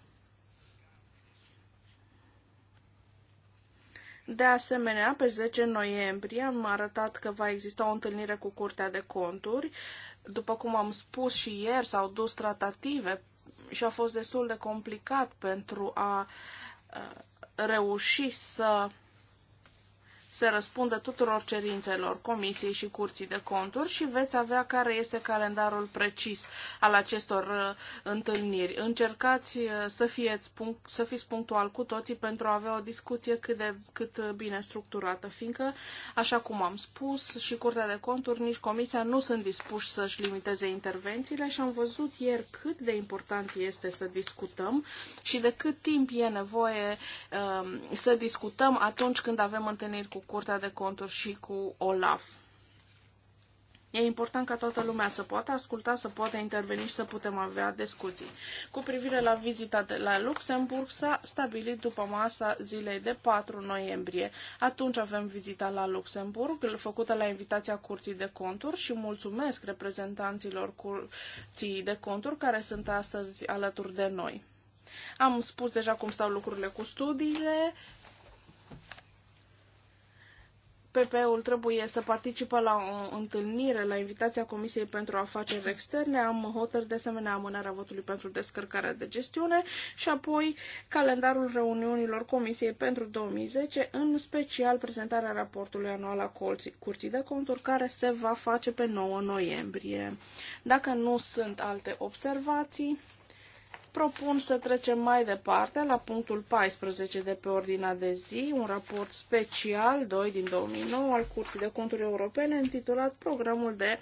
De asemenea, pe 10 noiembrie am arătat că va exista o întâlnire cu Curtea de Conturi. După cum am spus și ieri, s-au dus tratative și a fost destul de complicat pentru a uh, reuși să să răspundă tuturor cerințelor Comisiei și Curții de Conturi și veți avea care este calendarul precis al acestor uh, întâlniri. Încercați uh, să, fieți, să fiți punctual cu toții pentru a avea o discuție cât de cât bine structurată, fiindcă, așa cum am spus, și Curtea de Conturi, nici Comisia nu sunt dispuși să-și limiteze intervențiile și am văzut ieri cât de important este să discutăm și de cât timp e nevoie um, să discutăm atunci când avem întâlniri cu Curtea de Conturi și cu OLAF. E important ca toată lumea să poată asculta, să poată interveni și să putem avea discuții. Cu privire la vizita de la Luxemburg, s-a stabilit după masa zilei de 4 noiembrie. Atunci avem vizita la Luxemburg, făcută la invitația Curții de Conturi și mulțumesc reprezentanților Curții de Conturi care sunt astăzi alături de noi. Am spus deja cum stau lucrurile cu studiile PP-ul trebuie să participe la o întâlnire la invitația Comisiei pentru Afaceri Externe. Am hotărât de asemenea amânarea votului pentru descărcarea de gestiune și apoi calendarul reuniunilor Comisiei pentru 2010, în special prezentarea raportului anual a Curții de Conturi, care se va face pe 9 noiembrie. Dacă nu sunt alte observații, propun să trecem mai departe la punctul 14 de pe ordinea de zi, un raport special 2 din 2009 al Curții de Conturi Europene intitulat Programul de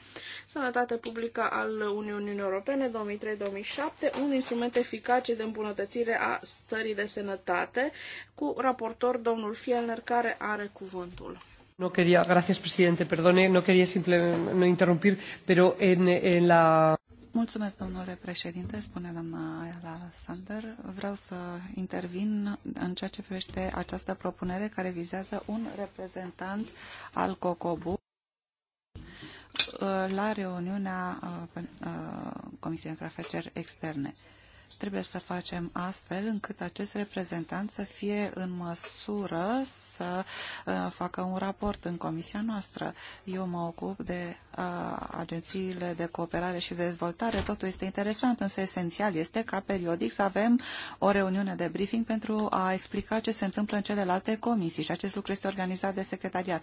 Sănătate Publică al Uniunii Europene 2003-2007, un instrument eficace de îmbunătățire a stării de sănătate, cu raportor domnul Fielner care are cuvântul. No quería, gracias presidente, perdone, no quería simplemente no interrumpir, pero en, en la Mulțumesc, domnule președinte, spune doamna Ayala Sander. Vreau să intervin în ceea ce privește această propunere care vizează un reprezentant al COCOBU uh, la reuniunea uh, uh, Comisiei pentru Afaceri Externe. Trebuie să facem astfel încât acest reprezentant să fie în măsură să uh, facă un raport în comisia noastră. Eu mă ocup de uh, agențiile de cooperare și de dezvoltare. Totul este interesant, însă esențial este ca periodic să avem o reuniune de briefing pentru a explica ce se întâmplă în celelalte comisii și acest lucru este organizat de secretariat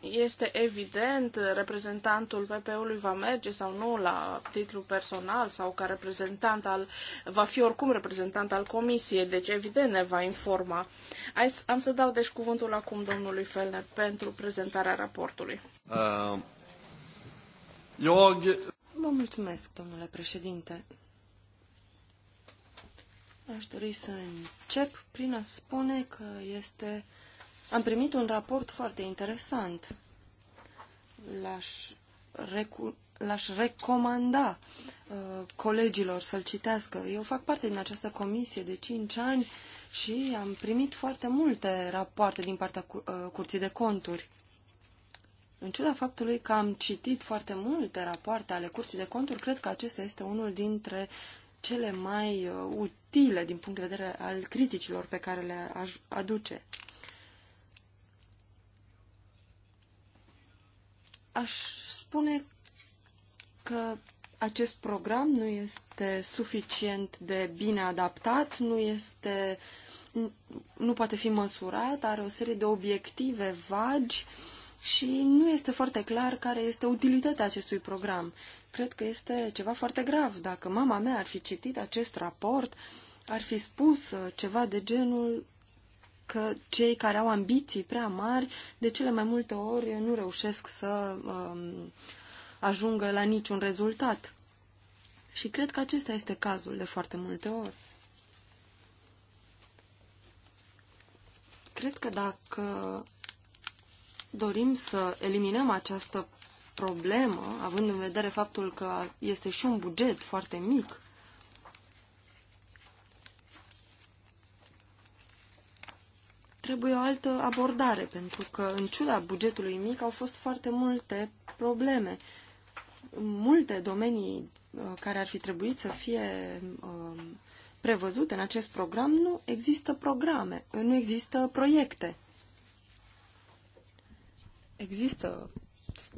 este evident, reprezentantul PP-ului va merge sau nu la titlu personal sau ca reprezentant al, va fi oricum reprezentant al comisiei, deci evident ne va informa. Am să dau deci cuvântul acum domnului Felner pentru prezentarea raportului. Uh, eu... Vă mulțumesc, domnule președinte. Aș dori să încep prin a spune că este am primit un raport foarte interesant. L-aș, recu- l-aș recomanda uh, colegilor să-l citească. Eu fac parte din această comisie de 5 ani și am primit foarte multe rapoarte din partea cu- uh, Curții de Conturi. În ciuda faptului că am citit foarte multe rapoarte ale Curții de Conturi, cred că acesta este unul dintre cele mai uh, utile din punct de vedere al criticilor pe care le aduce. Aș spune că acest program nu este suficient de bine adaptat, nu este nu poate fi măsurat, are o serie de obiective vagi și nu este foarte clar care este utilitatea acestui program. Cred că este ceva foarte grav. Dacă mama mea ar fi citit acest raport, ar fi spus ceva de genul că cei care au ambiții prea mari, de cele mai multe ori, nu reușesc să um, ajungă la niciun rezultat. Și cred că acesta este cazul de foarte multe ori. Cred că dacă dorim să eliminăm această problemă, având în vedere faptul că este și un buget foarte mic, trebuie o altă abordare, pentru că, în ciuda bugetului mic, au fost foarte multe probleme. Multe domenii uh, care ar fi trebuit să fie um, prevăzute în acest program nu există programe, uh, nu există proiecte. Există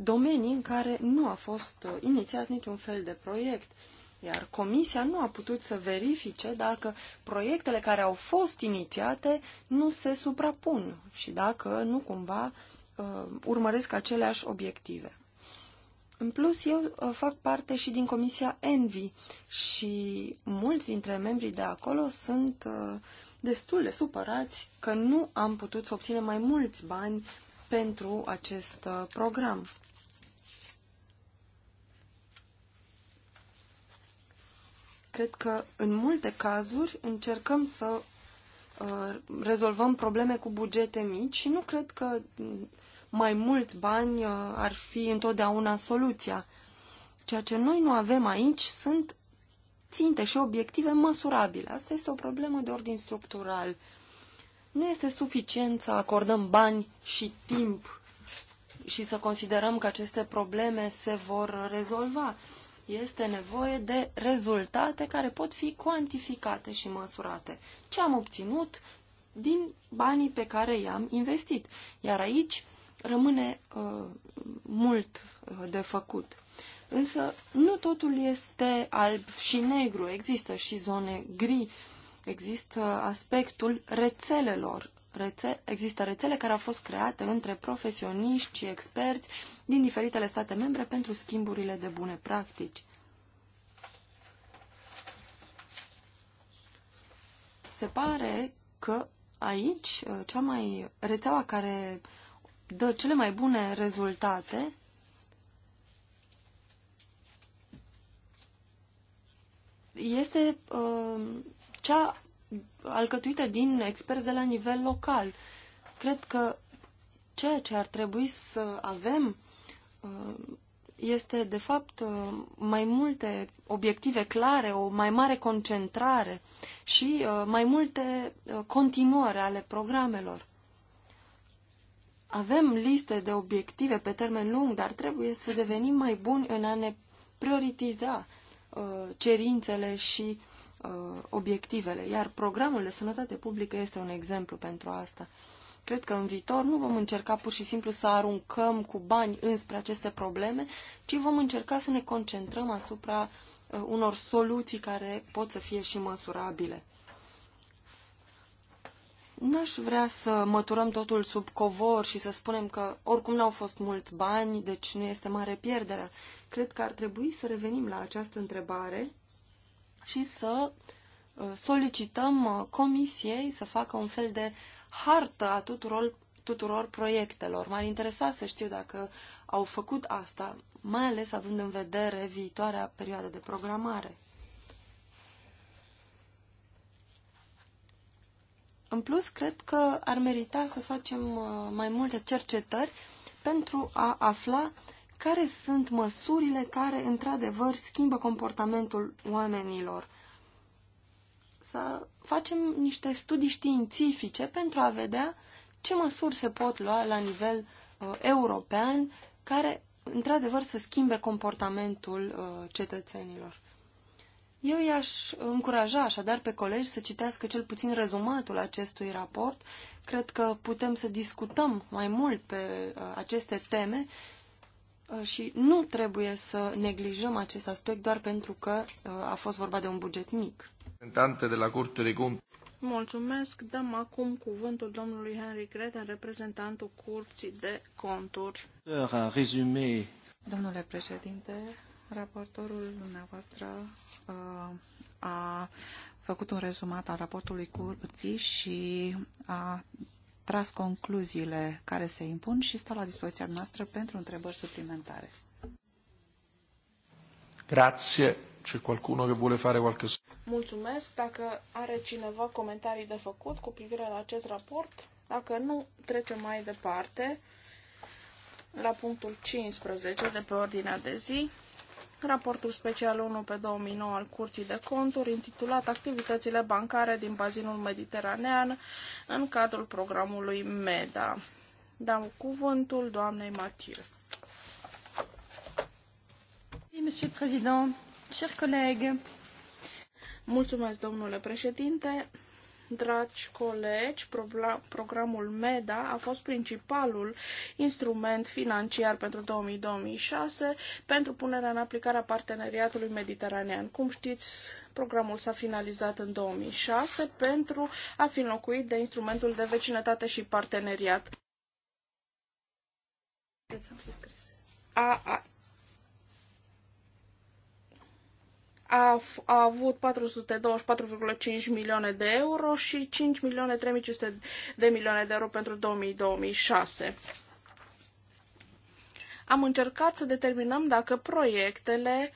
domenii în care nu a fost uh, inițiat niciun fel de proiect. Uh, iar comisia nu a putut să verifice dacă proiectele care au fost inițiate nu se suprapun și dacă nu cumva uh, urmăresc aceleași obiective. În plus, eu uh, fac parte și din Comisia Envi și mulți dintre membrii de acolo sunt uh, destul de supărați că nu am putut să obținem mai mulți bani pentru acest uh, program. Cred că în multe cazuri încercăm să uh, rezolvăm probleme cu bugete mici și nu cred că mai mulți bani uh, ar fi întotdeauna soluția. Ceea ce noi nu avem aici sunt ținte și obiective măsurabile. Asta este o problemă de ordin structural. Nu este suficient să acordăm bani și timp și să considerăm că aceste probleme se vor rezolva este nevoie de rezultate care pot fi cuantificate și măsurate. Ce am obținut din banii pe care i-am investit. Iar aici rămâne uh, mult uh, de făcut. Însă nu totul este alb și negru, există și zone gri, există aspectul rețelelor rețe- există rețele care au fost create între profesioniști și experți din diferitele state membre pentru schimburile de bune practici. Se pare că aici uh, cea mai, rețeaua care dă cele mai bune rezultate este uh, cea alcătuită din experți de la nivel local. Cred că ceea ce ar trebui să avem uh, este, de fapt, uh, mai multe obiective clare, o mai mare concentrare și uh, mai multe continuare ale programelor. Avem liste de obiective pe termen lung, dar trebuie să devenim mai buni în a ne prioritiza cerințele și Uh, obiectivele, iar programul de sănătate publică este un exemplu pentru asta. Cred că în viitor nu vom încerca pur și simplu să aruncăm cu bani înspre aceste probleme, ci vom încerca să ne concentrăm asupra uh, unor soluții care pot să fie și măsurabile. N-aș vrea să măturăm totul sub covor și să spunem că oricum n-au fost mulți bani, deci nu este mare pierderea. Cred că ar trebui să revenim la această întrebare și să uh, solicităm uh, comisiei să facă un fel de hartă a tuturor, tuturor proiectelor. M-ar interesa să știu dacă au făcut asta, mai ales având în vedere viitoarea perioadă de programare. În plus, cred că ar merita să facem uh, mai multe cercetări pentru a afla care sunt măsurile care, într-adevăr, schimbă comportamentul oamenilor. Să facem niște studii științifice pentru a vedea ce măsuri se pot lua la nivel uh, european care, într-adevăr, să schimbe comportamentul uh, cetățenilor. Eu i-aș încuraja așadar pe colegi să citească cel puțin rezumatul acestui raport. Cred că putem să discutăm mai mult pe uh, aceste teme Uh, și nu trebuie să neglijăm acest aspect doar pentru că uh, a fost vorba de un buget mic. de la Curte de Conti. Mulțumesc. Dăm acum cuvântul domnului Henry Greta, reprezentantul Curții de Conturi. Domnule președinte, raportorul dumneavoastră uh, a făcut un rezumat al raportului Curții și a tras concluziile care se impun și stau la dispoziția noastră pentru întrebări suplimentare. Grazie. C'è qualcuno che vuole fare qualche... Mulțumesc. Dacă are cineva comentarii de făcut cu privire la acest raport, dacă nu, trecem mai departe la punctul 15 de pe ordinea de zi, raportul special 1 pe 2009 al Curții de Conturi, intitulat Activitățile bancare din bazinul mediteranean în cadrul programului MEDA. Dau cuvântul doamnei Mathieu. Monsieur le Président, chers collègues, Mulțumesc, domnule președinte. Dragi colegi, programul MEDA a fost principalul instrument financiar pentru 2006 pentru punerea în aplicare a parteneriatului mediteranean. Cum știți, programul s-a finalizat în 2006 pentru a fi înlocuit de instrumentul de vecinătate și parteneriat. Deci a, a avut 424,5 milioane de euro și 5 milioane 3500 de milioane de euro pentru 2006. Am încercat să determinăm dacă proiectele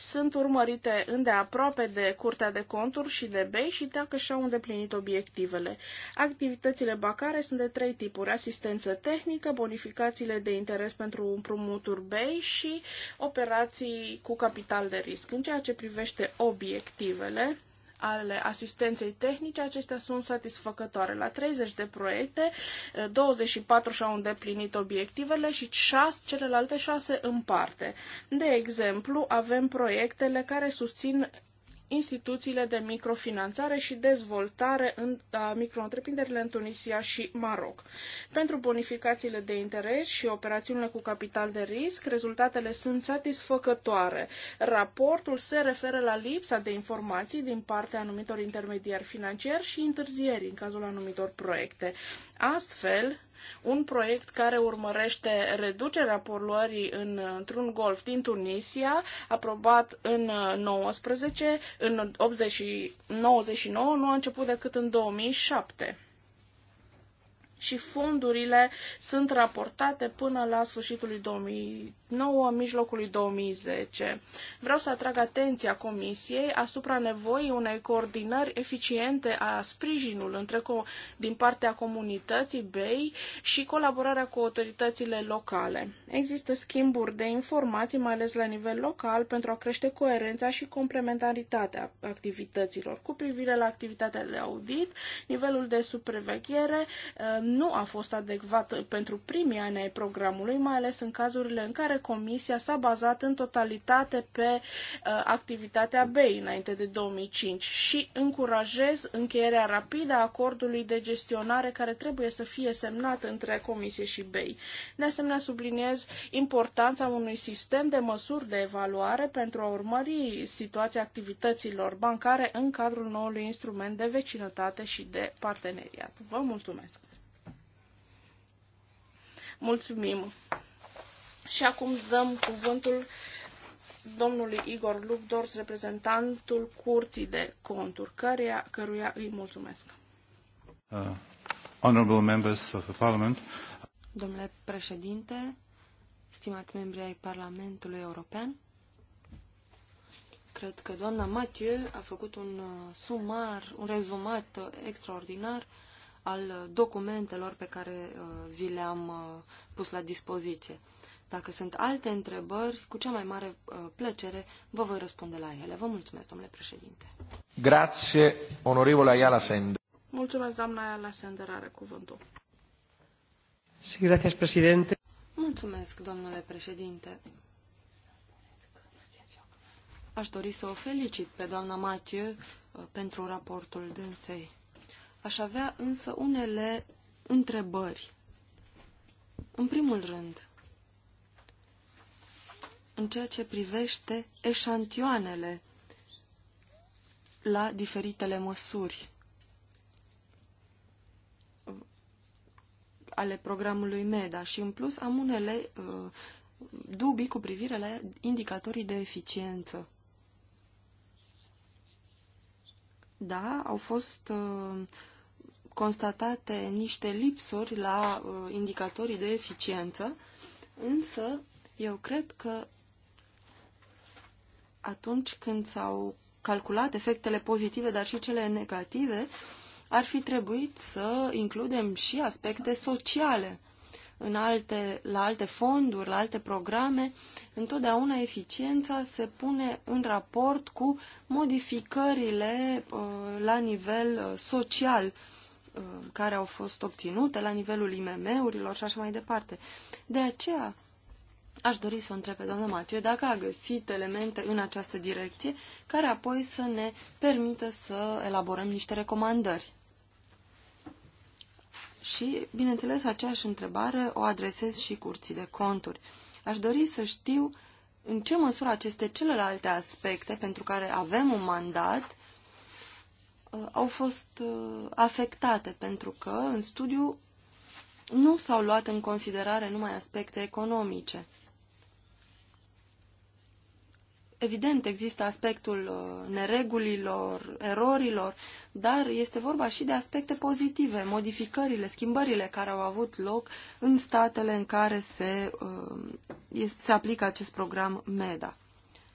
sunt urmărite îndeaproape de Curtea de Conturi și de BEI și dacă și-au îndeplinit obiectivele. Activitățile bancare sunt de trei tipuri, asistență tehnică, bonificațiile de interes pentru împrumuturi BEI și operații cu capital de risc. În ceea ce privește obiectivele, ale asistenței tehnice, acestea sunt satisfăcătoare. La 30 de proiecte, 24 eh, și-au îndeplinit obiectivele și 6, celelalte 6 în parte. De exemplu, avem proiectele care susțin instituțiile de microfinanțare și dezvoltare în a, micro-întreprinderile în Tunisia și Maroc. Pentru bonificațiile de interes și operațiunile cu capital de risc, rezultatele sunt satisfăcătoare. Raportul se referă la lipsa de informații din partea anumitor intermediari financiari și întârzieri în cazul anumitor proiecte. Astfel, un proiect care urmărește reducerea poluării în, într-un golf din Tunisia, aprobat în 19, uh, în 80, 99, nu a început decât în 2007 și fondurile sunt raportate până la sfârșitul lui 2009, mijlocul lui 2010. Vreau să atrag atenția Comisiei asupra nevoii unei coordinări eficiente a sprijinul între din partea comunității BEI și colaborarea cu autoritățile locale. Există schimburi de informații, mai ales la nivel local, pentru a crește coerența și complementaritatea activităților. Cu privire la activitatea de audit, nivelul de supraveghere eh, nu a fost adecvat pentru primii ani ai programului, mai ales în cazurile în care comisia s-a bazat în totalitate pe uh, activitatea BEI înainte de 2005 și încurajez încheierea rapidă a acordului de gestionare care trebuie să fie semnat între comisie și BEI. De asemenea, subliniez importanța unui sistem de măsuri de evaluare pentru a urmări situația activităților bancare în cadrul noului instrument de vecinătate și de parteneriat. Vă mulțumesc! Mulțumim! Și acum dăm cuvântul domnului Igor Lugdors, reprezentantul Curții de Conturi, căruia, căruia îi mulțumesc. Uh, honorable members of the Parliament. Domnule președinte, stimați membri ai Parlamentului European, cred că doamna Mathieu a făcut un uh, sumar, un rezumat uh, extraordinar uh, al documentelor pe care uh, vi le-am uh, pus la dispoziție. Dacă sunt alte întrebări, cu cea mai mare uh, plăcere vă voi răspunde la ele. Vă mulțumesc, domnule președinte. Grazie, onorevole Ayala Sender. Mulțumesc, doamna Ayala Sender, are cuvântul. Sí, grație, presidente. Mulțumesc, domnule președinte. Aș dori să o felicit pe doamna Mathieu pentru raportul dânsei. Aș avea însă unele întrebări. În primul rând, în ceea ce privește eșantioanele la diferitele măsuri ale programului MEDA și în plus am unele uh, dubii cu privire la indicatorii de eficiență. Da, au fost uh, constatate niște lipsuri la uh, indicatorii de eficiență, însă eu cred că atunci când s-au calculat efectele pozitive, dar și cele negative, ar fi trebuit să includem și aspecte sociale în alte, la alte fonduri, la alte programe, întotdeauna eficiența se pune în raport cu modificările uh, la nivel uh, social uh, care au fost obținute la nivelul IMM-urilor și așa mai departe. De aceea, Aș dori să o întreb pe doamna Matiu dacă a găsit elemente în această direcție care apoi să ne permită să elaborăm niște recomandări. Și, bineînțeles, aceeași întrebare o adresez și curții de conturi. Aș dori să știu în ce măsură aceste celelalte aspecte pentru care avem un mandat uh, au fost uh, afectate, pentru că în studiu nu s-au luat în considerare numai aspecte economice. Evident, există aspectul uh, neregulilor, erorilor, dar este vorba și de aspecte pozitive, modificările, schimbările care au avut loc în statele în care se, uh, se aplică acest program MEDA.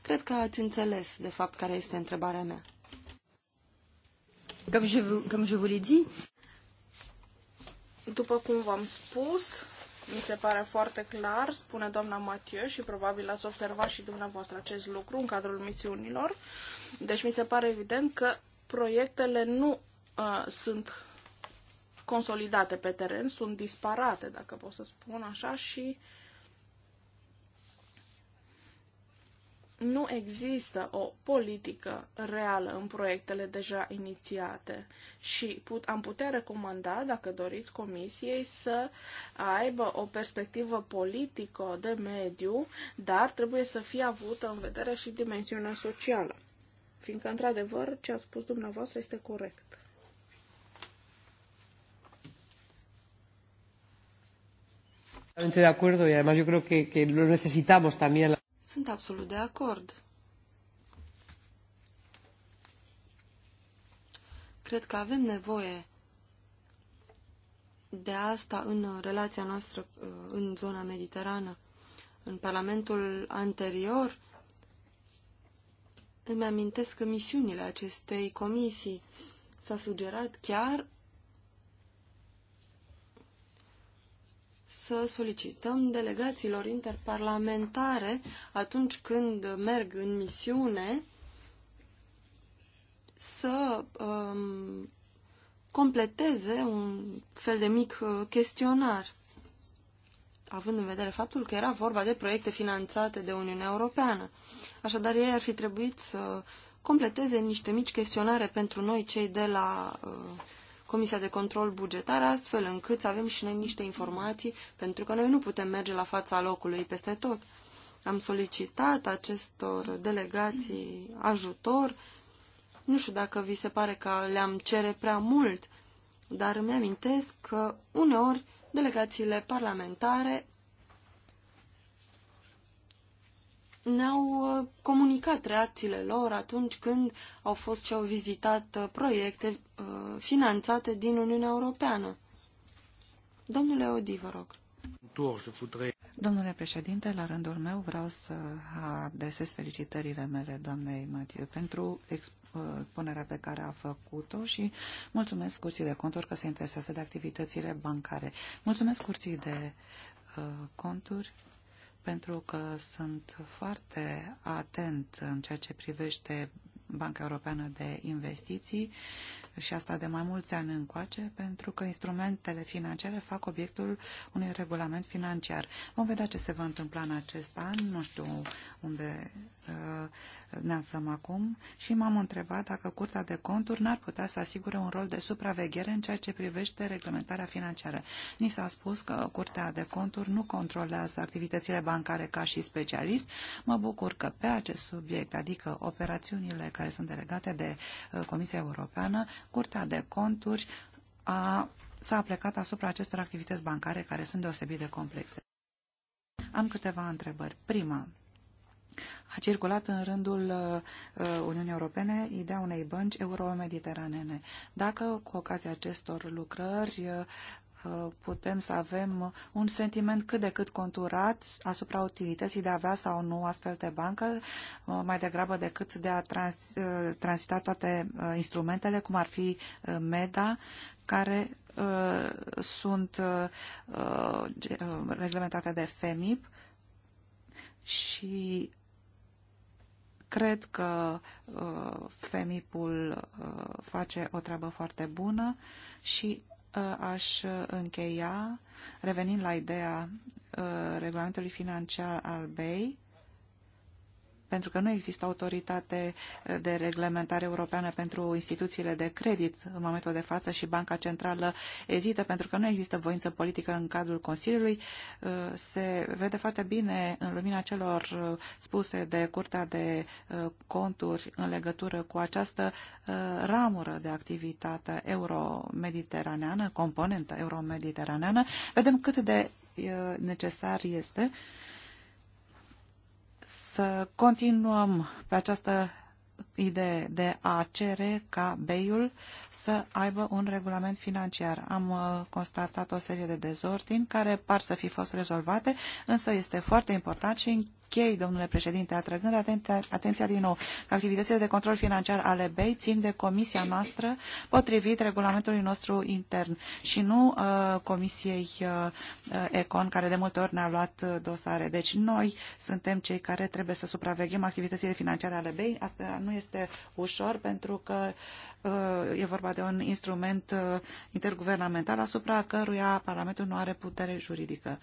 Cred că ați înțeles, de fapt, care este întrebarea mea. Cum je, je vous l'ai dit. După cum v-am spus, mi se pare foarte clar, spune doamna Mathieu și probabil ați observat și dumneavoastră acest lucru în cadrul misiunilor. Deci mi se pare evident că proiectele nu uh, sunt consolidate pe teren, sunt disparate, dacă pot să spun așa, și uh, nu există o politică reală în proiectele deja inițiate și put, am putea recomanda, dacă doriți, Comisiei să aibă o perspectivă politică de mediu, dar trebuie să fie avută în vedere și dimensiunea socială. Fiindcă, într-adevăr, ce a spus dumneavoastră este corect. de acuerdo y además yo creo que, que lo necesitamos también. Sunt absolut de acord. Cred că avem nevoie de asta în relația noastră uh, în zona mediterană. În Parlamentul anterior îmi amintesc că misiunile acestei comisii s-a sugerat chiar să solicităm delegațiilor interparlamentare atunci când merg în misiune să um, completeze un fel de mic uh, chestionar, având în vedere faptul că era vorba de proiecte finanțate de Uniunea Europeană. Așadar, ei ar fi trebuit să completeze niște mici chestionare pentru noi, cei de la uh, Comisia de Control Bugetar, astfel încât să avem și noi niște informații, pentru că noi nu putem merge la fața locului peste tot. Am solicitat acestor delegații ajutor. Nu știu dacă vi se pare că le-am cere prea mult, dar îmi amintesc că uneori delegațiile parlamentare ne-au uh, comunicat reacțiile lor atunci când au fost și au vizitat uh, proiecte uh, finanțate din Uniunea Europeană. Domnule Odi, vă rog. Domnule președinte, la rândul meu vreau să adresez felicitările mele doamnei Mathieu pentru expunerea pe care a făcut-o și mulțumesc Curții de Conturi că se interesează de activitățile bancare. Mulțumesc Curții de Conturi pentru că sunt foarte atent în ceea ce privește Banca Europeană de Investiții și asta de mai mulți ani încoace, pentru că instrumentele financiare fac obiectul unui regulament financiar. Vom vedea ce se va întâmpla în acest an, nu știu unde uh, ne aflăm acum și m-am întrebat dacă Curtea de Conturi n-ar putea să asigure un rol de supraveghere în ceea ce privește reglementarea financiară. Ni s-a spus că Curtea de Conturi nu controlează activitățile bancare ca și specialist. Mă bucur că pe acest subiect, adică operațiunile care sunt delegate de uh, Comisia Europeană, Curtea de conturi a, s-a plecat asupra acestor activități bancare care sunt deosebit de complexe. Am câteva întrebări. Prima, a circulat în rândul uh, uh, Uniunii Europene ideea unei bănci euro-mediteranene. Dacă cu ocazia acestor lucrări uh, Uh, putem să avem un sentiment cât de cât conturat asupra utilității de a avea sau nu astfel de bancă, uh, mai degrabă decât de a trans, uh, transita toate instrumentele, cum ar fi MEDA, care sunt reglementate de FEMIP și cred că FEMIP-ul face o treabă foarte bună și Uh, aș încheia revenind la ideea uh, regulamentului financiar al BEI pentru că nu există autoritate eh, de reglementare europeană pentru instituțiile de credit în momentul de față și Banca Centrală ezită pentru că nu există voință politică în cadrul Consiliului. Eh, se vede foarte bine în lumina celor eh, spuse de Curtea de Conturi în legătură cu această ramură de activitate euro componentă euro Vedem cât de necesar este uh, să continuăm pe această idee de a cere ca BEI-ul să aibă un regulament financiar. Am uh, constatat o serie de dezordini care par să fi fost rezolvate, însă este foarte important și închei, domnule președinte, atrăgând atenția, atenția din nou că activitățile de control financiar ale BEI țin de comisia noastră potrivit regulamentului nostru intern și nu uh, comisiei uh, uh ECON, care de multe ori ne-a luat uh, dosare. Deci noi suntem cei care trebuie să supraveghem activitățile financiare ale BEI. Asta nu este este ușor pentru că uh, e vorba de un instrument uh, interguvernamental asupra căruia Parlamentul nu are putere juridică.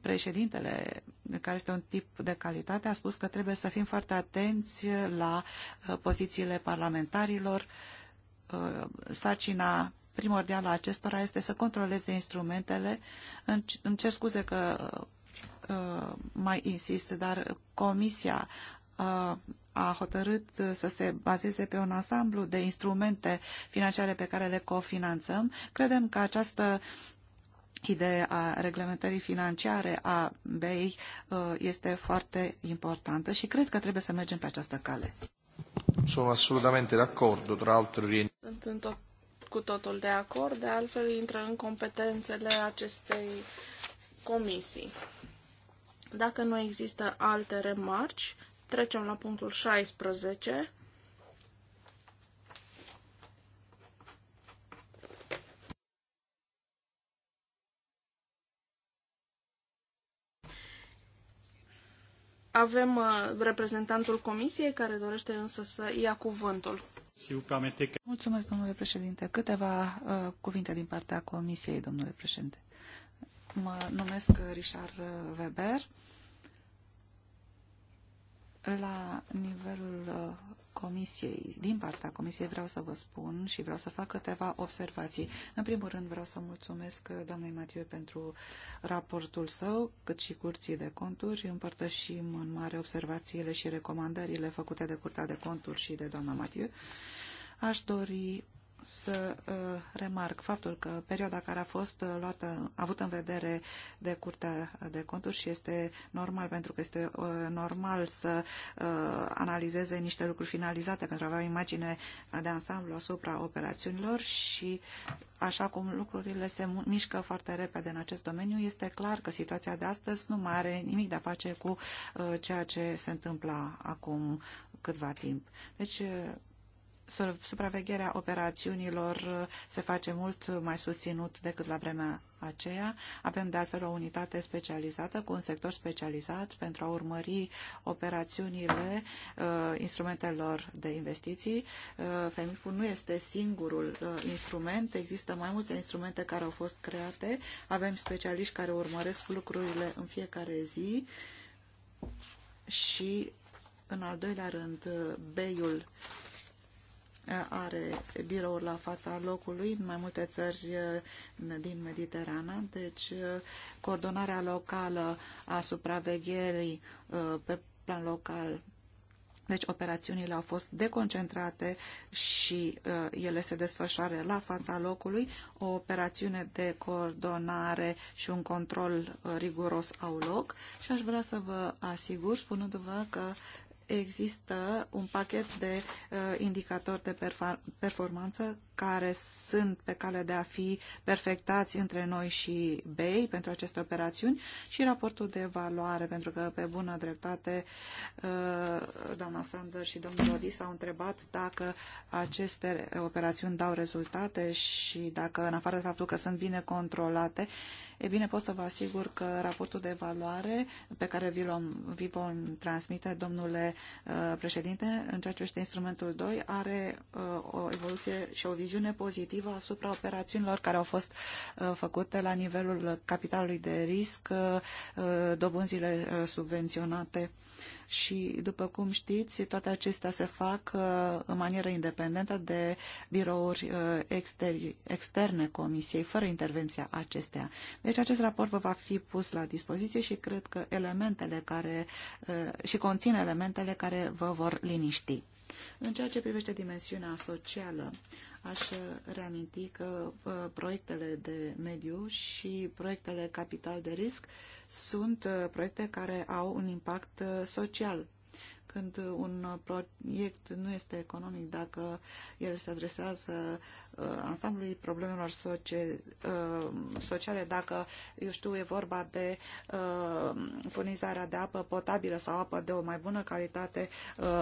Președintele, care este un tip de calitate, a spus că trebuie să fim foarte atenți la uh, pozițiile parlamentarilor. Sarcina primordială a acestora este să controleze instrumentele. Îmi cer scuze că mai insist, dar Comisia a hotărât să se bazeze pe un ansamblu de instrumente financiare pe care le cofinanțăm, credem că această idee a reglementării financiare a BEI este foarte importantă și cred că trebuie să mergem pe această cale. Sunt absolutamente d'accordo, tra l'altro Sunt tot, cu totul de acord, de altfel intră în competențele acestei comisii. Dacă nu există alte remarci, Trecem la punctul 16. Avem uh, reprezentantul comisiei care dorește însă să ia cuvântul. Mulțumesc, domnule președinte. Câteva uh, cuvinte din partea comisiei, domnule președinte. Mă numesc Richard Weber. La nivelul uh, Comisiei, din partea Comisiei vreau să vă spun și vreau să fac câteva observații. În primul rând vreau să mulțumesc uh, doamnei Matiu pentru raportul său, cât și curții de conturi. Împărtășim în mare observațiile și recomandările făcute de Curtea de Conturi și de doamna Matiu. Aș dori să uh, remarc faptul că perioada care a fost uh, luată, avută în vedere de Curtea de Conturi și este normal, pentru că este uh, normal să analizeze niște lucruri finalizate pentru a avea o imagine de ansamblu asupra operațiunilor și așa cum lucrurile se mișcă foarte repede în acest domeniu, este clar că situația de astăzi nu mai are nimic de a face cu ceea ce se întâmpla acum câtva timp. Deci, supravegherea operațiunilor uh, se face mult mai susținut decât la vremea aceea. Avem de altfel o unitate specializată cu un sector specializat pentru a urmări operațiunile uh, instrumentelor de investiții. Uh, femif ul nu este singurul uh, instrument, există mai multe instrumente care au fost create. Avem specialiști care urmăresc lucrurile în fiecare zi și în al doilea rând, uh, BEI-ul are birouri la fața locului în mai multe țări uh, din Mediterana, deci uh, coordonarea locală a supravegherii uh, pe plan local deci operațiunile au fost deconcentrate și uh, ele se desfășoară la fața locului. O operațiune de coordonare și un control uh, riguros au loc și aș vrea să vă asigur spunându-vă că există un pachet de uh, indicatori de performanță care sunt pe cale de a fi perfectați între noi și BEI pentru aceste operațiuni și raportul de evaluare, pentru că pe bună dreptate uh, doamna Sander și domnul Rodi s-au întrebat dacă aceste operațiuni dau rezultate și dacă, în afară de faptul că sunt bine controlate, E bine, pot să vă asigur că raportul de evaluare pe care vi-l vom, vi vom transmite, domnule uh, președinte, în ceea ce este instrumentul 2, are uh, o evoluție și o viziune pozitivă asupra operațiunilor care au fost uh, făcute la nivelul capitalului de risc, dobânzile subvenționate și, după cum știți, toate acestea se fac uh, în manieră independentă de birouri uh, externe Comisiei, fără intervenția acesteia. Deci acest raport vă va fi pus la dispoziție și cred că elementele care uh, și conține elementele care vă vor liniști. În ceea ce privește dimensiunea socială, Aș reaminti că uh, proiectele de mediu și proiectele capital de risc sunt uh, proiecte care au un impact uh, social când un proiect nu este economic, dacă el se adresează uh, ansamblului problemelor socie, uh, sociale, dacă, eu știu, e vorba de uh, furnizarea de apă potabilă sau apă de o mai bună calitate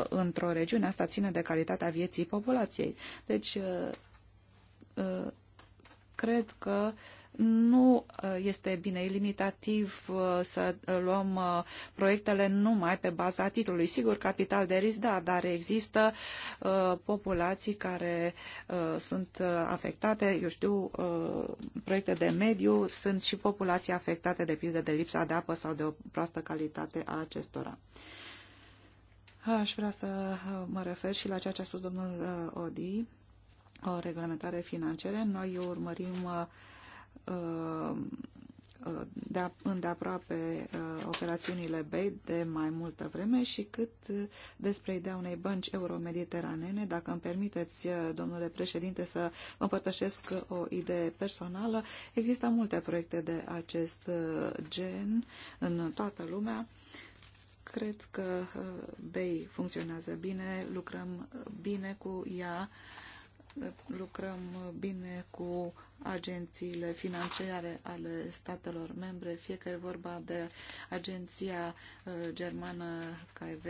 într-o regiune, asta ține de calitatea vieții populației. Deci, cred că uh, nu uh, este bine limitativ uh, să uh, luăm proiectele numai pe baza titlului. Sigur, capital de risc, da, dar există populații care sunt afectate, eu știu, proiecte de mediu, sunt și populații afectate de pildă de lipsa de apă sau de o proastă calitate a acestora. Aș vrea să mă refer și la ceea ce a spus domnul Odi, o reglementare financiară. Noi urmărim de îndeaproape uh, operațiunile BEI de mai multă vreme și cât despre ideea unei bănci euromediteranene. Dacă îmi permiteți, uh, domnule președinte, să vă împărtășesc o idee personală, există multe proiecte de acest uh, gen în toată lumea. Cred că BEI funcționează bine, lucrăm bine cu ea lucrăm bine cu agențiile financiare ale statelor membre, fie că e vorba de agenția uh, germană KV,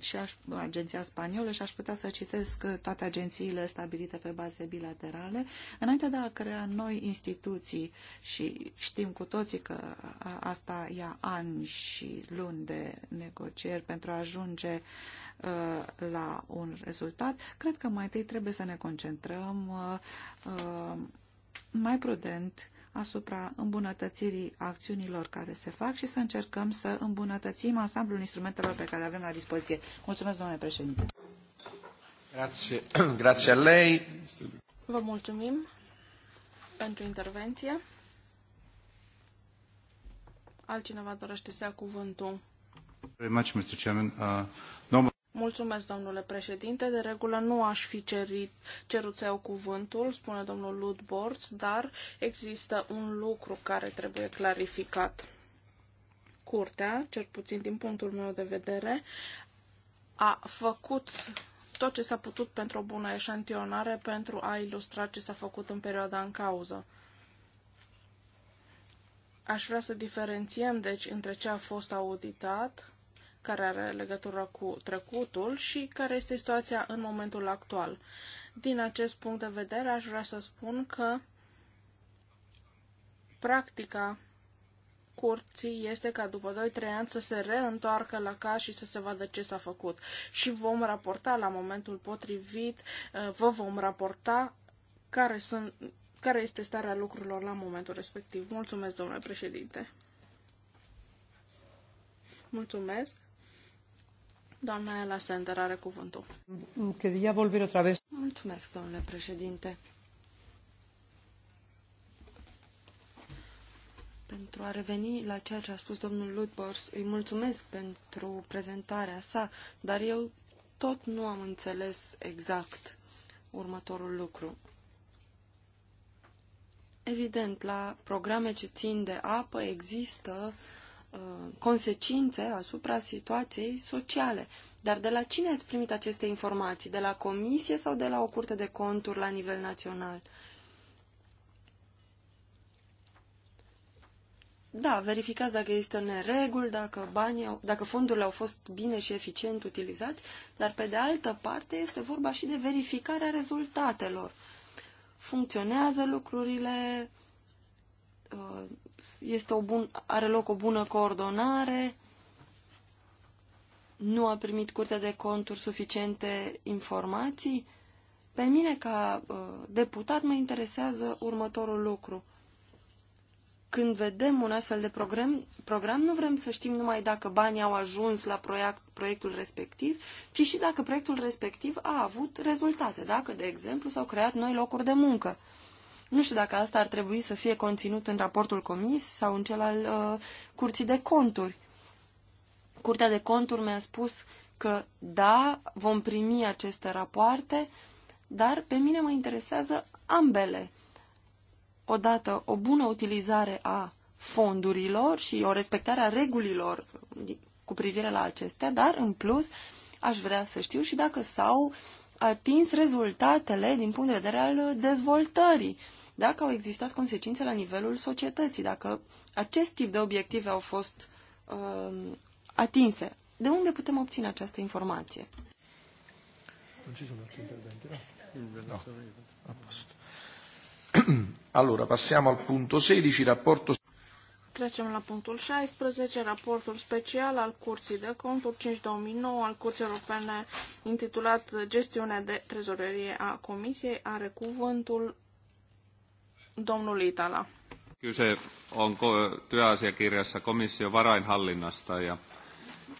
și aș, agenția spaniolă și aș putea să citesc toate agențiile stabilite pe baze bilaterale. Înainte de a crea noi instituții și știm cu toții că asta ia ani și luni de negocieri pentru a ajunge uh, la un rezultat, cred că mai întâi trebuie să ne concentrăm uh, uh, mai prudent asupra îmbunătățirii acțiunilor care se fac și să încercăm să îmbunătățim ansamblul instrumentelor pe care le avem la dispoziție. Mulțumesc, domnule președinte. Grazie. Grazie a lei. Vă mulțumim pentru intervenție. Altcineva dorește să ia cuvântul? Very much, Mr. Chairman. Uh, Mulțumesc, domnule președinte. De regulă nu aș fi cerit, cerut să iau cuvântul, spune domnul Ludborz, dar există un lucru care trebuie clarificat. Curtea, cel puțin din punctul meu de vedere, a făcut tot ce s-a putut pentru o bună eșantionare pentru a ilustra ce s-a făcut în perioada în cauză aș vrea să diferențiem, deci, între ce a fost auditat care are legătură cu trecutul și care este situația în momentul actual. Din acest punct de vedere, aș vrea să spun că practica curții este ca după 2-3 ani să se reîntoarcă la caz și să se vadă ce s-a făcut. Și vom raporta la momentul potrivit, uh, vă vom raporta care, sunt, care este starea lucrurilor la momentul respectiv. Mulțumesc, domnule președinte! Mulțumesc! Doamna Ela Sender are cuvântul. Quería volver otra vez. Mulțumesc, domnule președinte. Pentru a reveni la ceea ce a spus domnul Ludbors, îi mulțumesc pentru prezentarea sa, dar eu tot nu am înțeles exact următorul lucru. Evident, la programe ce țin de apă există uh, Uh, consecințe asupra situației sociale. Dar de la cine ați primit aceste informații? De la comisie sau de la o curte de conturi la nivel național? Da, verificați dacă există nereguli, dacă, banii, dacă fondurile au fost bine și eficient utilizați, dar pe de altă parte este vorba și de verificarea rezultatelor. Funcționează lucrurile, uh, este o bun, are loc o bună coordonare, nu a primit curtea de conturi suficiente informații. Pe mine, ca uh, deputat, mă interesează următorul lucru. Când vedem un astfel de program, program, nu vrem să știm numai dacă banii au ajuns la proiect, proiectul respectiv, ci și dacă proiectul respectiv a avut rezultate, dacă, de exemplu, s-au creat noi locuri de muncă. Nu știu dacă asta ar trebui să fie conținut în raportul comis sau în cel al uh, curții de conturi. Curtea de conturi mi-a spus că da, vom primi aceste rapoarte, dar pe mine mă interesează ambele. Odată, o bună utilizare a fondurilor și o respectare a regulilor cu privire la acestea, dar în plus aș vrea să știu și dacă s-au atins rezultatele din punct de vedere al dezvoltării dacă au existat consecințe la nivelul societății, dacă acest tip de obiective au fost uh, atinse. De unde putem obține această informație? Non ci no? Allora, passiamo al punto 16, rapporto... Trecem la punctul 16, raportul special al Curții de Conturi 5-2009 al Curții Europene intitulat Gestiunea de Trezorerie a Comisiei are cuvântul Domnul Itala. Kyse on työasiakirjassa komission varainhallinnasta ja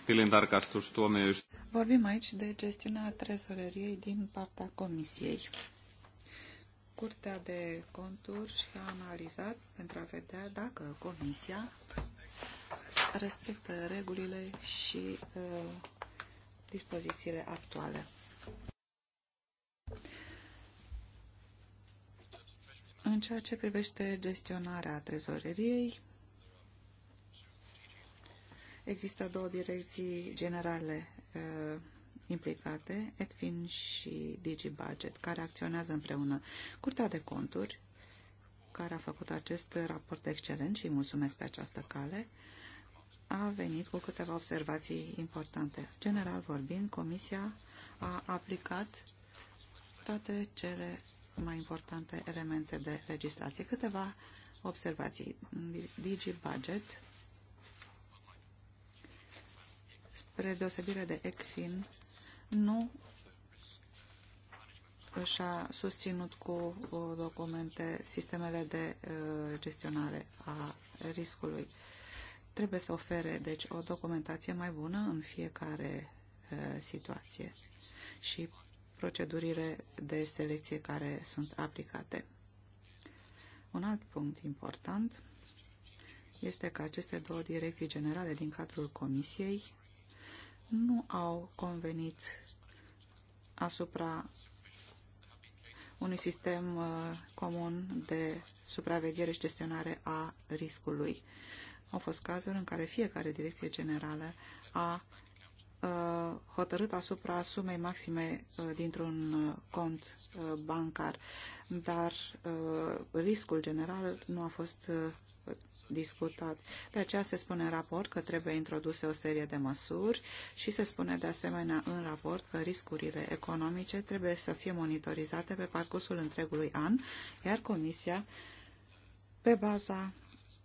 tilintarkastustuomioistuin. Vorbim aici de gestiunea trezoreriei din partea Comisiei. Curtea de conturi a analizat pentru a vedea dacă Comisia respectă regulile și uh, dispozițiile actuale. În ceea ce privește gestionarea trezoreriei, există două direcții generale uh, implicate, ECFIN și DigiBudget, care acționează împreună. Curtea de conturi, care a făcut acest raport excelent și îi mulțumesc pe această cale, a venit cu câteva observații importante. General vorbind, Comisia a aplicat toate cele mai importante elemente de legislație. Câteva observații. DigiBudget, spre deosebire de ECFIN, nu și-a susținut cu documente sistemele de uh, gestionare a riscului. Trebuie să ofere, deci, o documentație mai bună în fiecare uh, situație și procedurile de selecție care sunt aplicate. Un alt punct important este că aceste două direcții generale din cadrul Comisiei nu au convenit asupra unui sistem uh, comun de supraveghere și gestionare a riscului. Au fost cazuri în care fiecare direcție generală a Uh, hotărât asupra sumei maxime uh, dintr-un uh, cont bancar, dar riscul general nu a fost discutat. De aceea se spune în raport că trebuie introduse o serie de măsuri și se spune de asemenea în raport că riscurile economice trebuie să fie monitorizate pe parcursul întregului an, iar Comisia, pe baza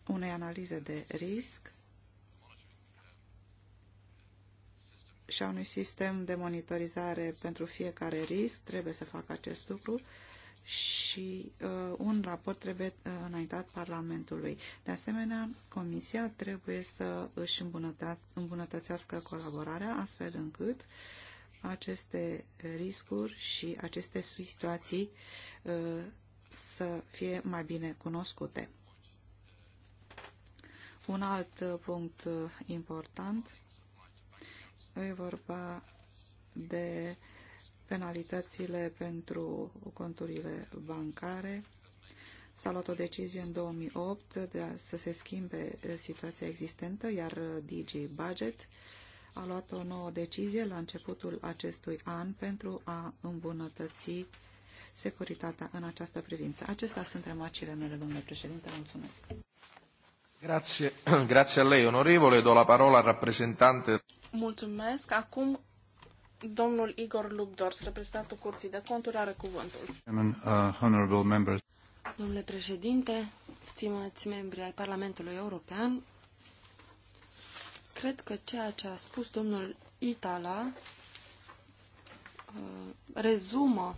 unei analize de risc, și a unui sistem de monitorizare pentru fiecare risc, trebuie să facă acest lucru și uh, un raport trebuie uh, înaintat Parlamentului. De asemenea, Comisia trebuie să își îmbunătățească colaborarea astfel încât aceste riscuri și aceste situații uh, să fie mai bine cunoscute. Un alt uh, punct uh, important E vorba de penalitățile pentru conturile bancare. S-a luat o decizie în 2008 de a, să se schimbe situația existentă, iar DG Budget a luat o nouă decizie la începutul acestui an pentru a îmbunătăți securitatea în această privință. Acestea sunt remarcile mele, domnule președinte. Mulțumesc. Grazie, grazie a lei, onorevole. Do la parola al rappresentante. Mulțumesc. Acum domnul Igor Lubdors, reprezentantul Curții de Conturi, are cuvântul. Uh, Domnule președinte, stimați membri ai Parlamentului European, cred că ceea ce a spus domnul Itala uh, rezumă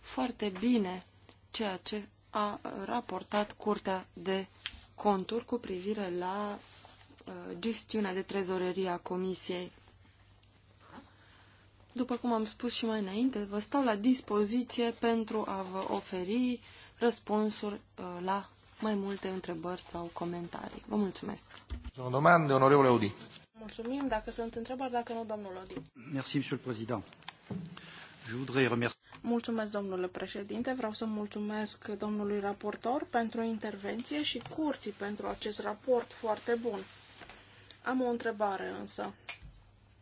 foarte bine ceea ce a raportat Curtea de Conturi cu privire la Uh, gestiunea de trezorerie a Comisiei. După cum am spus și mai înainte, vă stau la dispoziție pentru a vă oferi răspunsuri uh, la mai multe întrebări sau comentarii. Vă mulțumesc. O domande, onorevole Odi. Mulțumim. Dacă sunt întrebări, dacă nu, domnul Odi. Merci, monsieur le président. Je voudrais remercier... Mulțumesc, domnule președinte. Vreau să mulțumesc domnului raportor pentru intervenție și curții pentru acest raport foarte bun. Am o întrebare însă.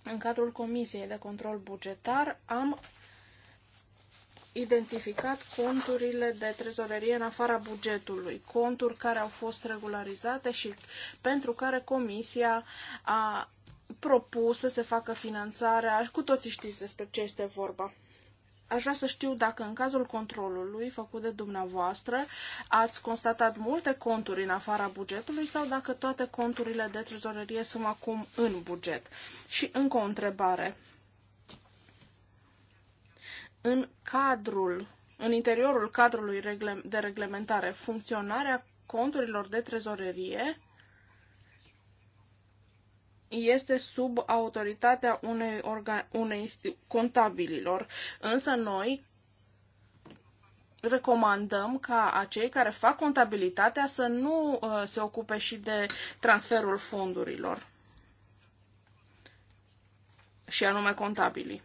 În cadrul Comisiei de Control Bugetar am identificat conturile de trezorerie în afara bugetului, conturi care au fost regularizate și pentru care Comisia a propus să se facă finanțarea. Cu toții știți despre ce este vorba. Aș vrea să știu dacă în cazul controlului făcut de dumneavoastră ați constatat multe conturi în afara bugetului sau dacă toate conturile de trezorerie sunt acum în buget. Și încă o întrebare. În cadrul, în interiorul cadrului de reglementare, funcționarea conturilor de trezorerie este sub autoritatea unei, organ- unei contabililor. Însă noi recomandăm ca acei care fac contabilitatea să nu uh, se ocupe și de transferul fondurilor și anume contabilii.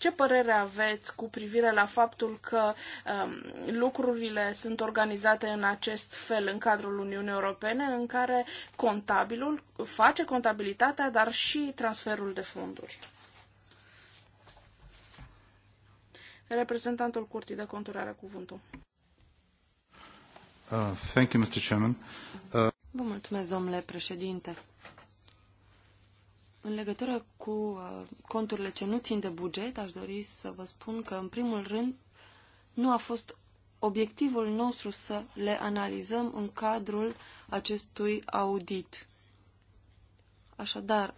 Ce părere aveți cu privire la faptul că um, lucrurile sunt organizate în acest fel în cadrul Uniunii Europene, în care contabilul face contabilitatea, dar și transferul de fonduri? Reprezentantul Curții de Conturi are cuvântul. Uh, thank you, Mr. Chairman. Uh... Vă mulțumesc, domnule președinte. În legătură cu uh, conturile ce nu țin de buget, aș dori să vă spun că, în primul rând, nu a fost obiectivul nostru să le analizăm în cadrul acestui audit. Așadar,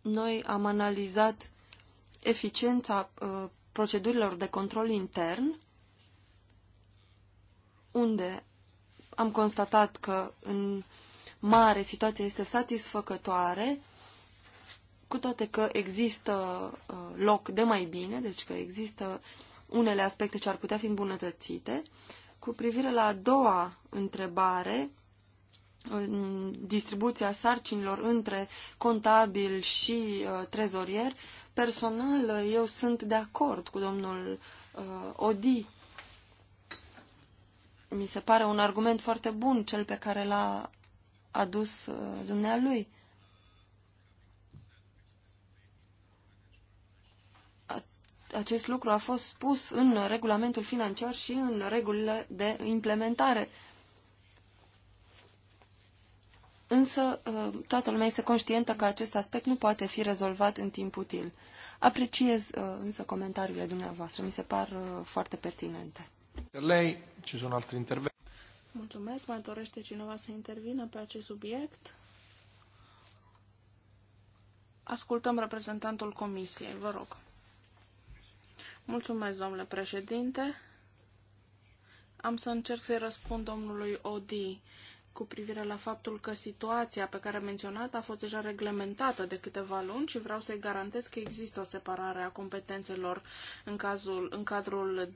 noi am analizat eficiența uh, procedurilor de control intern, unde am constatat că în mare situația este satisfăcătoare, cu toate că există uh, loc de mai bine, deci că există unele aspecte ce ar putea fi îmbunătățite. Cu privire la a doua întrebare, distribuția sarcinilor între contabil și uh, trezorier, personal uh, eu sunt de acord cu domnul Odi mi se pare un argument foarte bun cel pe care l-a adus uh, dumnealui. Acest lucru a fost spus în regulamentul financiar și în regulile de implementare. Însă, uh, toată lumea este conștientă că acest aspect nu poate fi rezolvat în timp util. Apreciez uh, însă comentariile dumneavoastră, mi se par foarte pertinente. Lei, ci sono altri interventi. Mulțumesc. Mai dorește cineva să intervină pe acest subiect? Ascultăm reprezentantul comisiei, vă rog. Mulțumesc, domnule președinte. Am să încerc să-i răspund domnului Odi cu privire la faptul că situația pe care am menționat a fost deja reglementată de câteva luni și vreau să-i garantez că există o separare a competențelor în, cazul, în cadrul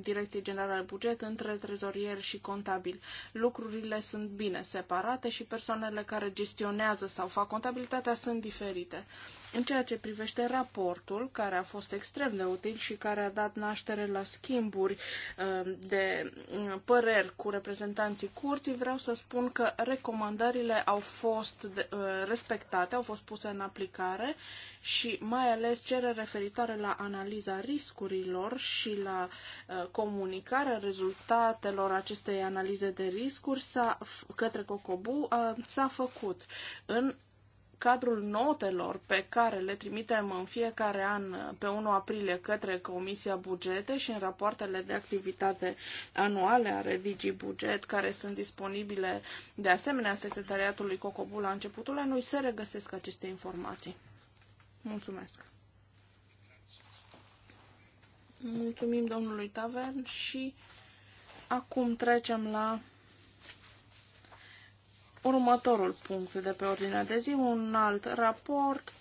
Direcției Generale Buget între trezorieri și contabil. Lucrurile sunt bine separate și persoanele care gestionează sau fac contabilitatea sunt diferite. În ceea ce privește raportul, care a fost extrem de util și care a dat naștere la schimburi uh, de uh, păreri cu reprezentanții curții, vreau să spun că recomandările au fost uh, respectate, au fost puse în aplicare și mai ales cele referitoare la analiza riscurilor și la comunicarea rezultatelor acestei analize de riscuri către COCOBU s-a făcut în cadrul notelor pe care le trimitem în fiecare an pe 1 aprilie către Comisia Bugete și în rapoartele de activitate anuale a redigi Buget, care sunt disponibile de asemenea secretariatului Cocobul la începutul anului, se regăsesc aceste informații. Mulțumesc! Mulțumim domnului Tavern și acum trecem la Următorul punct de pe ordinea de zi, un alt raport 3-2009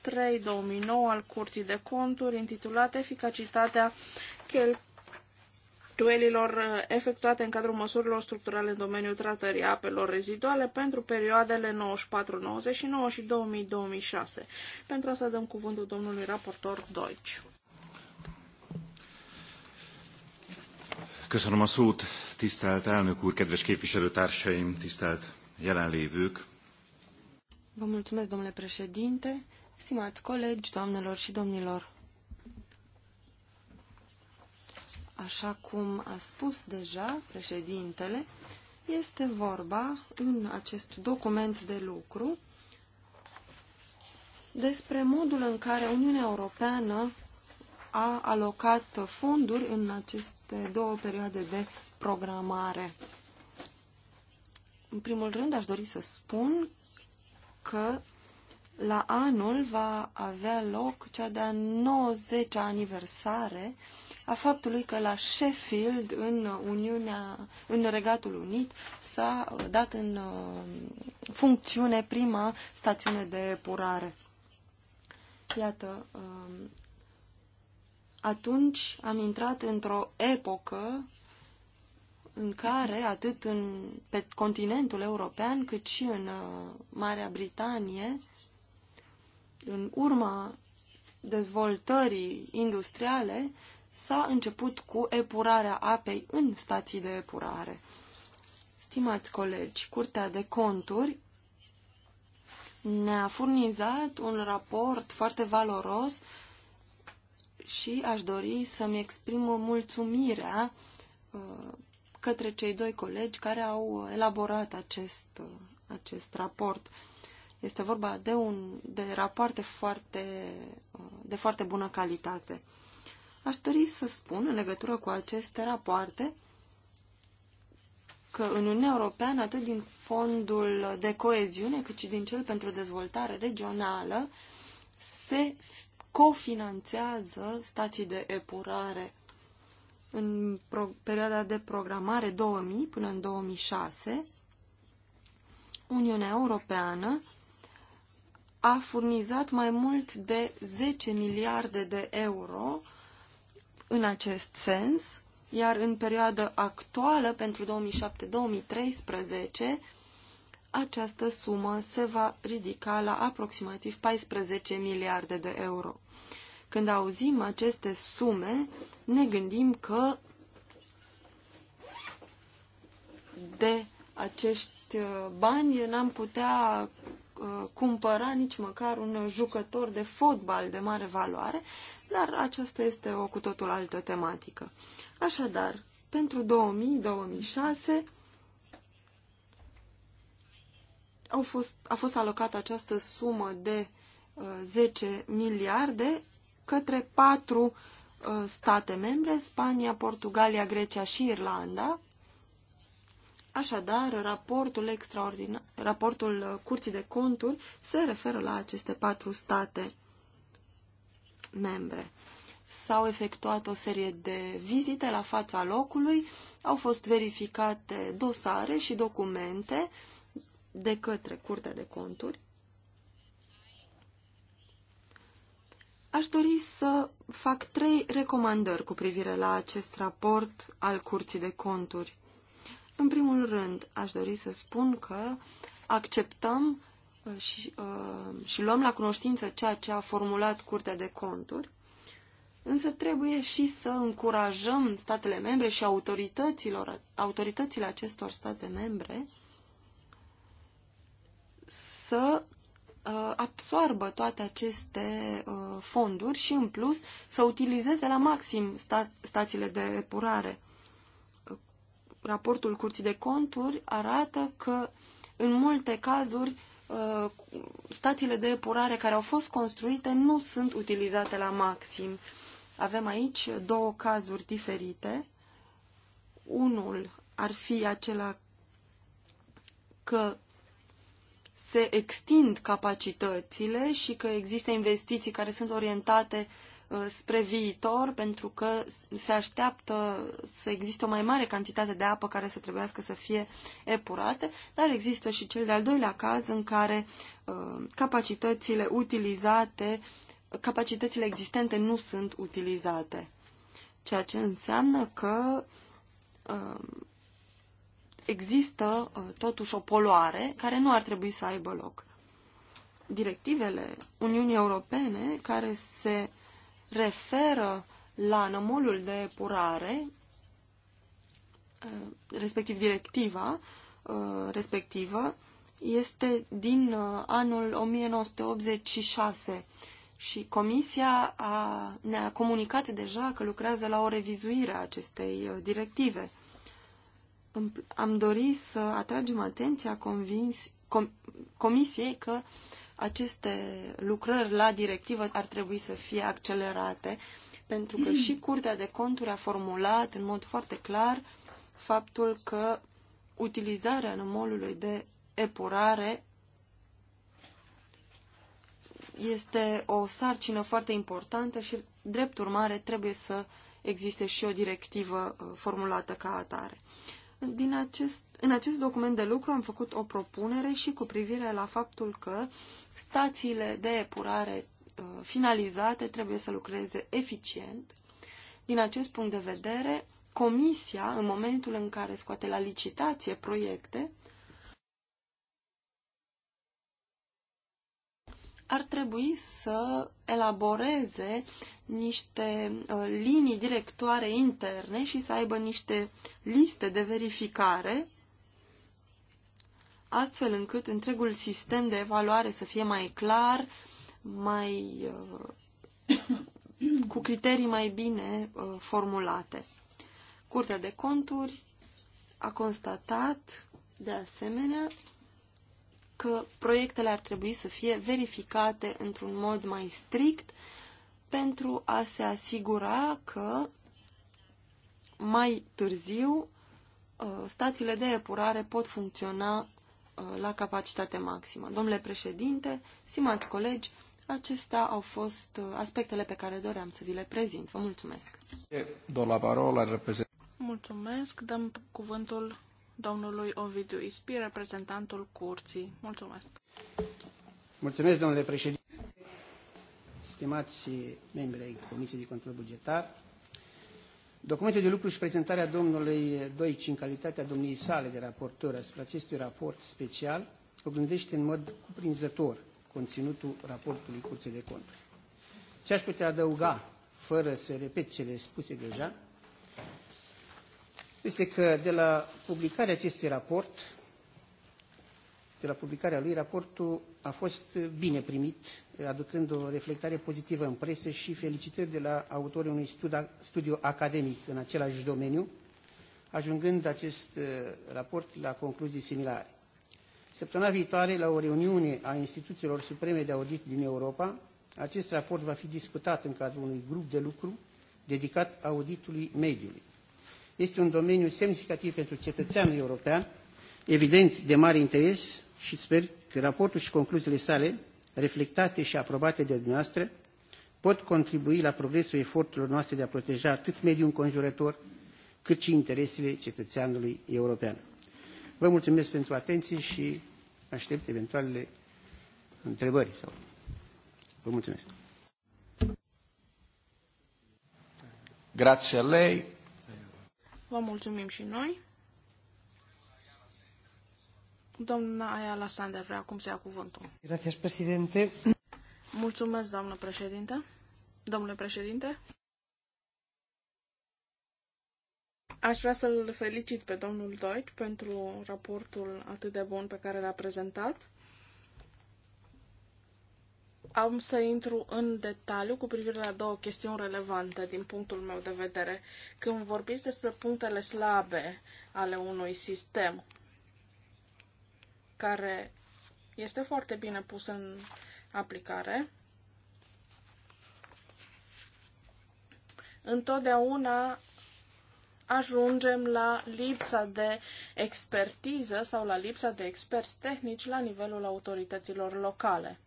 al Curții de Conturi, intitulat Eficacitatea cheltuielilor uh, efectuate în cadrul măsurilor structurale în domeniul tratării apelor reziduale pentru perioadele 94-99 și 2000-2006. Pentru asta dăm cuvântul domnului raportor Deutsch. Köszönöm a szót, tisztelt elnök úr, kedves képviselőtársaim, tisztelt jelenlévők. Vă mulțumesc, domnule președinte, stimați colegi, doamnelor și domnilor. Așa cum a spus deja președintele, este vorba în acest document de lucru despre modul în care Uniunea Europeană a alocat fonduri în aceste două perioade de programare. În primul rând, aș dori să spun că la anul va avea loc cea de-a 90-a aniversare a faptului că la Sheffield, în, Uniunea, în Regatul Unit, s-a dat în uh, funcțiune prima stațiune de purare. Iată, um, atunci am intrat într-o epocă în care, atât în, pe continentul european, cât și în uh, Marea Britanie, în urma dezvoltării industriale, s-a început cu epurarea apei în stații de epurare. Stimați colegi, Curtea de Conturi ne-a furnizat un raport foarte valoros și aș dori să-mi exprim mulțumirea uh, către cei doi colegi care au elaborat acest, acest raport. Este vorba de, un, de rapoarte foarte, de foarte bună calitate. Aș dori să spun în legătură cu aceste rapoarte că în Uniunea Europeană, atât din fondul de coeziune, cât și din cel pentru dezvoltare regională, se cofinanțează stații de epurare în perioada de programare 2000 până în 2006, Uniunea Europeană a furnizat mai mult de 10 miliarde de euro în acest sens, iar în perioada actuală, pentru 2007-2013, această sumă se va ridica la aproximativ 14 miliarde de euro. Când auzim aceste sume, ne gândim că de acești uh, bani n-am putea uh, cumpăra nici măcar un jucător de fotbal de mare valoare, dar aceasta este o cu totul altă tematică. Așadar, pentru 2000-2006 au fost, a fost alocată această sumă de 10 uh, miliarde către patru state membre, Spania, Portugalia, Grecia și Irlanda. Așadar, raportul, extraordinar, raportul Curții de Conturi se referă la aceste patru state membre. S-au efectuat o serie de vizite la fața locului, au fost verificate dosare și documente de către Curtea de Conturi Aș dori să fac trei recomandări cu privire la acest raport al Curții de Conturi. În primul rând, aș dori să spun că acceptăm uh, și, uh, și luăm la cunoștință ceea ce a formulat Curtea de Conturi, însă trebuie și să încurajăm statele membre și autorităților, autoritățile acestor state membre să Uh, absorbă toate aceste uh, fonduri și, în plus, să utilizeze la maxim sta stațiile de epurare. Uh, raportul Curții de Conturi arată că, în multe cazuri, stațiile de epurare care au fost construite nu sunt utilizate la maxim. Avem aici două cazuri diferite. Unul ar fi acela că se extind capacitățile și că există investiții care sunt orientate uh, spre viitor, pentru că se așteaptă să existe o mai mare cantitate de apă care să trebuiască să fie epurate, dar există și cel de-al doilea caz în care uh, capacitățile utilizate, capacitățile existente nu sunt utilizate. Ceea ce înseamnă că uh, există uh, totuși o poluare care nu ar trebui să aibă loc. Directivele Uniunii Europene care se referă la nămolul de epurare, uh, respectiv directiva uh, respectivă, este din anul 1986 și Comisia a, ne-a comunicat deja că lucrează la o revizuire a acestei directive am dorit să atragem atenția convins, com, Comisiei că aceste lucrări la directivă ar trebui să fie accelerate, pentru că și Curtea de Conturi a formulat în mod foarte clar faptul că utilizarea numolului de epurare este o sarcină foarte importantă și, drept urmare, trebuie să existe și o directivă uh, formulată ca atare. Din acest, în acest document de lucru am făcut o propunere și cu privire la faptul că stațiile de epurare uh, finalizate trebuie să lucreze eficient. Din acest punct de vedere, Comisia, în momentul în care scoate la licitație proiecte, ar trebui să elaboreze niște uh, linii directoare interne și să aibă niște liste de verificare, astfel încât întregul sistem de evaluare să fie mai clar, mai uh, cu criterii mai bine uh, formulate. Curtea de conturi a constatat de asemenea că proiectele ar trebui să fie verificate într-un mod mai strict pentru a se asigura că mai târziu uh, stațiile de epurare pot funcționa uh, la capacitate maximă. Domnule președinte, simați colegi, acestea au fost uh, aspectele pe care doream să vi le prezint. Vă mulțumesc. la parola Mulțumesc. Dăm cuvântul domnului Ovidiu Ispi, reprezentantul curții. Mulțumesc. Mulțumesc, domnule președinte stimați membri ai Comisiei de Control Bugetar, documentul de lucru și prezentarea domnului Doici în calitatea domniei sale de raportor asupra acestui raport special oglindește în mod cuprinzător conținutul raportului Curții de Conturi. Ce aș putea adăuga, fără să repet cele spuse deja, este că de la publicarea acestui raport de la publicarea lui, raportul a fost bine primit, aducând o reflectare pozitivă în presă și felicitări de la autorii unui studiu academic în același domeniu, ajungând acest uh, raport la concluzii similare. Săptămâna viitoare, la o reuniune a instituțiilor supreme de audit din Europa, acest raport va fi discutat în cadrul unui grup de lucru dedicat auditului mediului. Este un domeniu semnificativ pentru cetățeanul european, evident de mare interes, și sper că raportul și concluziile sale, reflectate și aprobate de dumneavoastră, pot contribui la progresul eforturilor noastre de a proteja atât mediul înconjurător, cât și interesele cetățeanului european. Vă mulțumesc pentru atenție și aștept eventualele întrebări. Sau... Vă mulțumesc. Grazie a lei. Vă mulțumim și noi. Doamna Ayala Sander vrea acum să ia cuvântul. Gracias, președinte. Mulțumesc, doamnă președinte. Domnule președinte. Aș vrea să-l felicit pe domnul Deutsch pentru raportul atât de bun pe care l-a prezentat. Am să intru în detaliu cu privire la două chestiuni relevante din punctul meu de vedere. Când vorbiți despre punctele slabe ale unui sistem, care este foarte bine pus în aplicare. Întotdeauna ajungem la lipsa de expertiză sau la lipsa de experți tehnici la nivelul autorităților locale.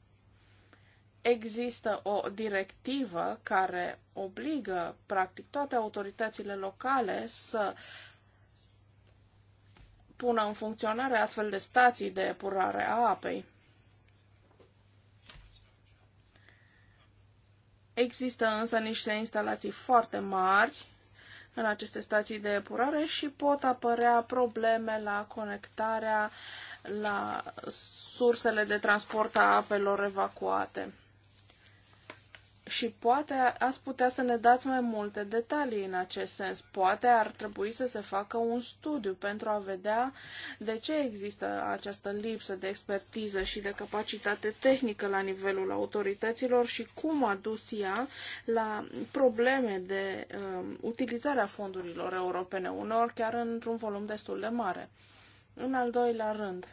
Există o directivă care obligă, practic, toate autoritățile locale să pună în funcționare astfel de stații de epurare a apei. Există însă niște instalații foarte mari în aceste stații de epurare și pot apărea probleme la conectarea la sursele de transport a apelor evacuate și poate ați putea să ne dați mai multe detalii în acest sens. Poate ar trebui să se facă un studiu pentru a vedea de ce există această lipsă de expertiză și de capacitate tehnică la nivelul autorităților și cum a dus ea la probleme de uh, um, utilizare a fondurilor europene, unor chiar într-un volum destul de mare. În al doilea rând,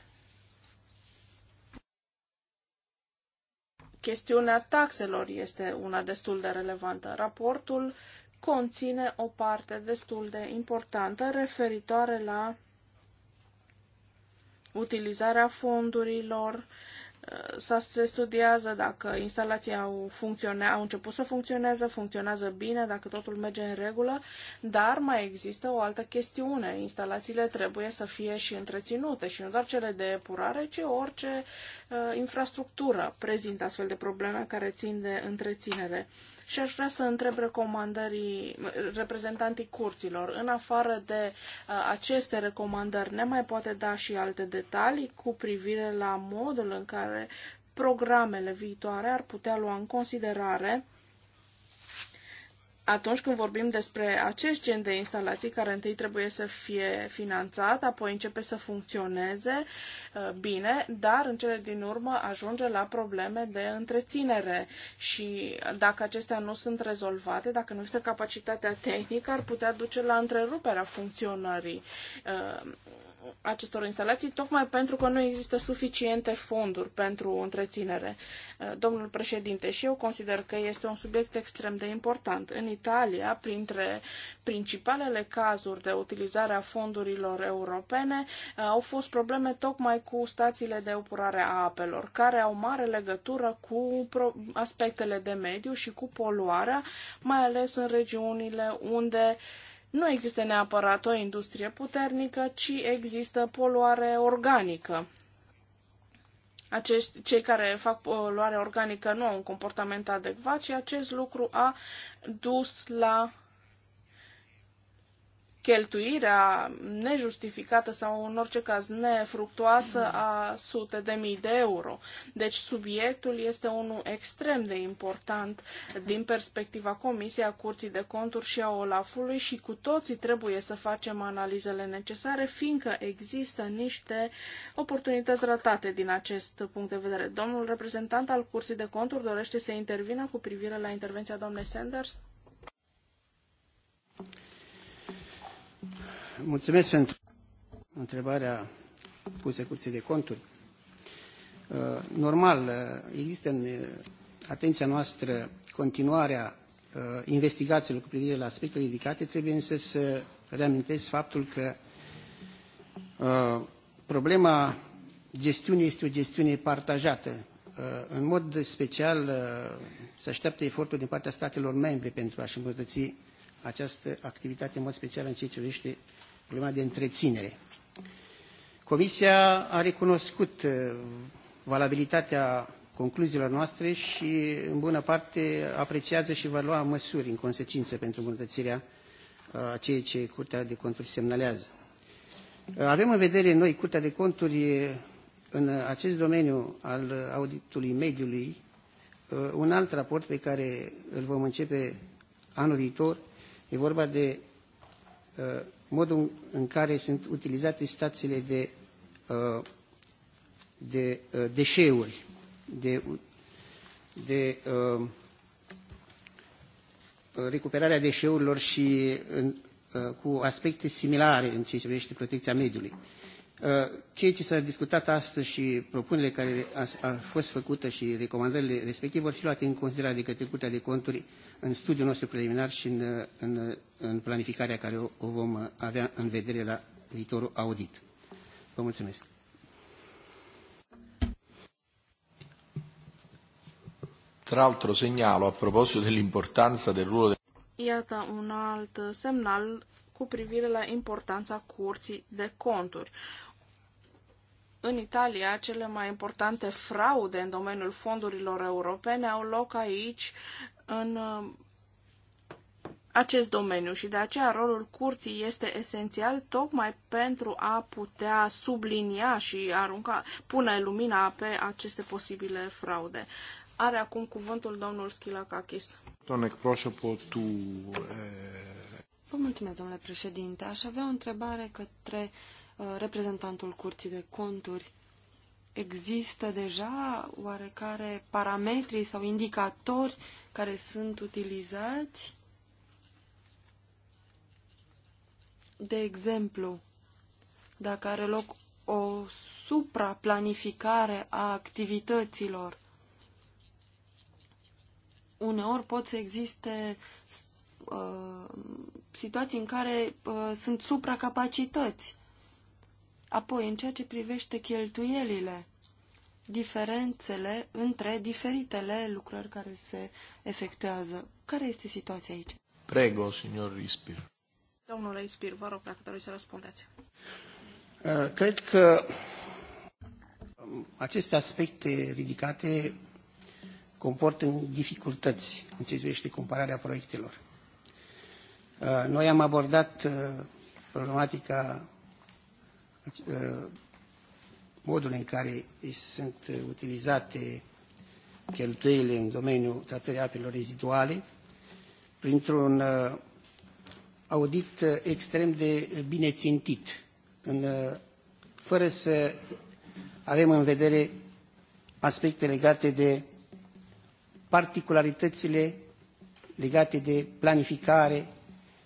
Chestiunea taxelor este una destul de relevantă. Raportul conține o parte destul de importantă referitoare la utilizarea fondurilor, să se studiază dacă instalații au, funcționat, au început să funcționeze, funcționează bine, dacă totul merge în regulă, dar mai există o altă chestiune. Instalațiile trebuie să fie și întreținute și nu doar cele de epurare, ci orice uh, infrastructură prezintă astfel de probleme care țin de întreținere. Și aș vrea să întreb recomandării, reprezentantii curților, în afară de uh, aceste recomandări, ne mai poate da și alte detalii cu privire la modul în care care programele viitoare ar putea lua în considerare atunci când vorbim despre acest gen de instalații care întâi trebuie să fie finanțat, apoi începe să funcționeze uh, bine, dar în cele din urmă ajunge la probleme de întreținere și dacă acestea nu sunt rezolvate, dacă nu este capacitatea tehnică, ar putea duce la întreruperea funcționării uh, acestor instalații, tocmai pentru că nu există suficiente fonduri pentru întreținere. Uh, domnul președinte, și eu consider că este un subiect extrem de important. În Italia, printre principalele cazuri de utilizare a fondurilor europene, uh, au fost probleme tocmai cu stațiile de epurare a apelor, care au mare legătură cu aspectele de mediu și cu poluarea, mai ales în regiunile unde uh, nu există neapărat o industrie puternică, ci există poluare organică. Acești, cei care fac poluare organică nu au un comportament adecvat și acest lucru a dus la cheltuirea nejustificată sau în orice caz nefructuoasă mm. a sute de mii de euro. Deci subiectul este unul extrem de important din perspectiva Comisiei, a Curții de Conturi și a Olafului și cu toții trebuie să facem analizele necesare, fiindcă există niște oportunități ratate din acest punct de vedere. Domnul reprezentant al Curții de Conturi dorește să intervină cu privire la intervenția doamnei Sanders? Mulțumesc pentru întrebarea pusă curții de conturi. Uh, normal, uh, există în uh, atenția noastră continuarea investigațiilor cu privire la aspecte ridicate, trebuie însă să reamintesc faptul că problema gestiunii este o gestiune partajată. În mod special se așteaptă efortul din partea statelor membre pentru a-și îmbunătăți această activitate, în mod special în ceea ce privește problema de întreținere. Comisia a recunoscut uh, valabilitatea concluziilor noastre și, în bună parte, apreciază și va lua măsuri în consecință pentru îmbunătățirea uh, a ceea ce Curtea de Conturi semnalează. Uh, avem în vedere noi, Curtea de Conturi, în acest domeniu al auditului mediului, un alt raport pe care îl vom începe anul viitor. E vorba de modul în care sunt utilizate stațiile de, uh, de uh, deșeuri, de, de uh, recuperarea deșeurilor și în, cu aspecte similare în ce privește protecția mediului. Uh, ceea ce s-a discutat astăzi și propunerile care a, fost făcute și recomandările respective vor fi luate în considerare de către Curtea de Conturi în studiul nostru preliminar și în, în, în planificarea care o, o vom avea în vedere la viitorul audit. Vă mulțumesc. Tra l'altro segnalo a proposito dell'importanza del ruolo del... Iată un alt semnal cu privire la importanța curții de conturi. În Italia, cele mai importante fraude în domeniul fondurilor europene au loc aici, în uh, acest domeniu și de aceea rolul curții este esențial tocmai pentru a putea sublinia și arunca, pune lumina pe aceste posibile fraude. Are acum cuvântul domnul Schilacakis. Eh. Vă mulțumesc, domnule președinte. Aș avea o întrebare către Uh, reprezentantul Curții de Conturi. Există deja oarecare parametri sau indicatori care sunt utilizați? De exemplu, dacă are loc o supraplanificare a activităților, uneori pot să existe uh, situații în care uh, sunt supracapacități. Apoi, în ceea ce privește cheltuielile, diferențele între diferitele lucrări care se efectuează. Care este situația aici? Prego, signor Ispir. Domnule Ispir, vă rog dacă doriți să răspundeți. Uh, cred că um, aceste aspecte ridicate comportă dificultăți în ce privește compararea proiectelor. Uh, noi am abordat uh, problematica Uh, modul în care sunt utilizate cheltuielile în domeniul tratării apelor reziduale printr-un uh, audit extrem de bine țintit, în, uh, fără să avem în vedere aspecte legate de particularitățile legate de planificare,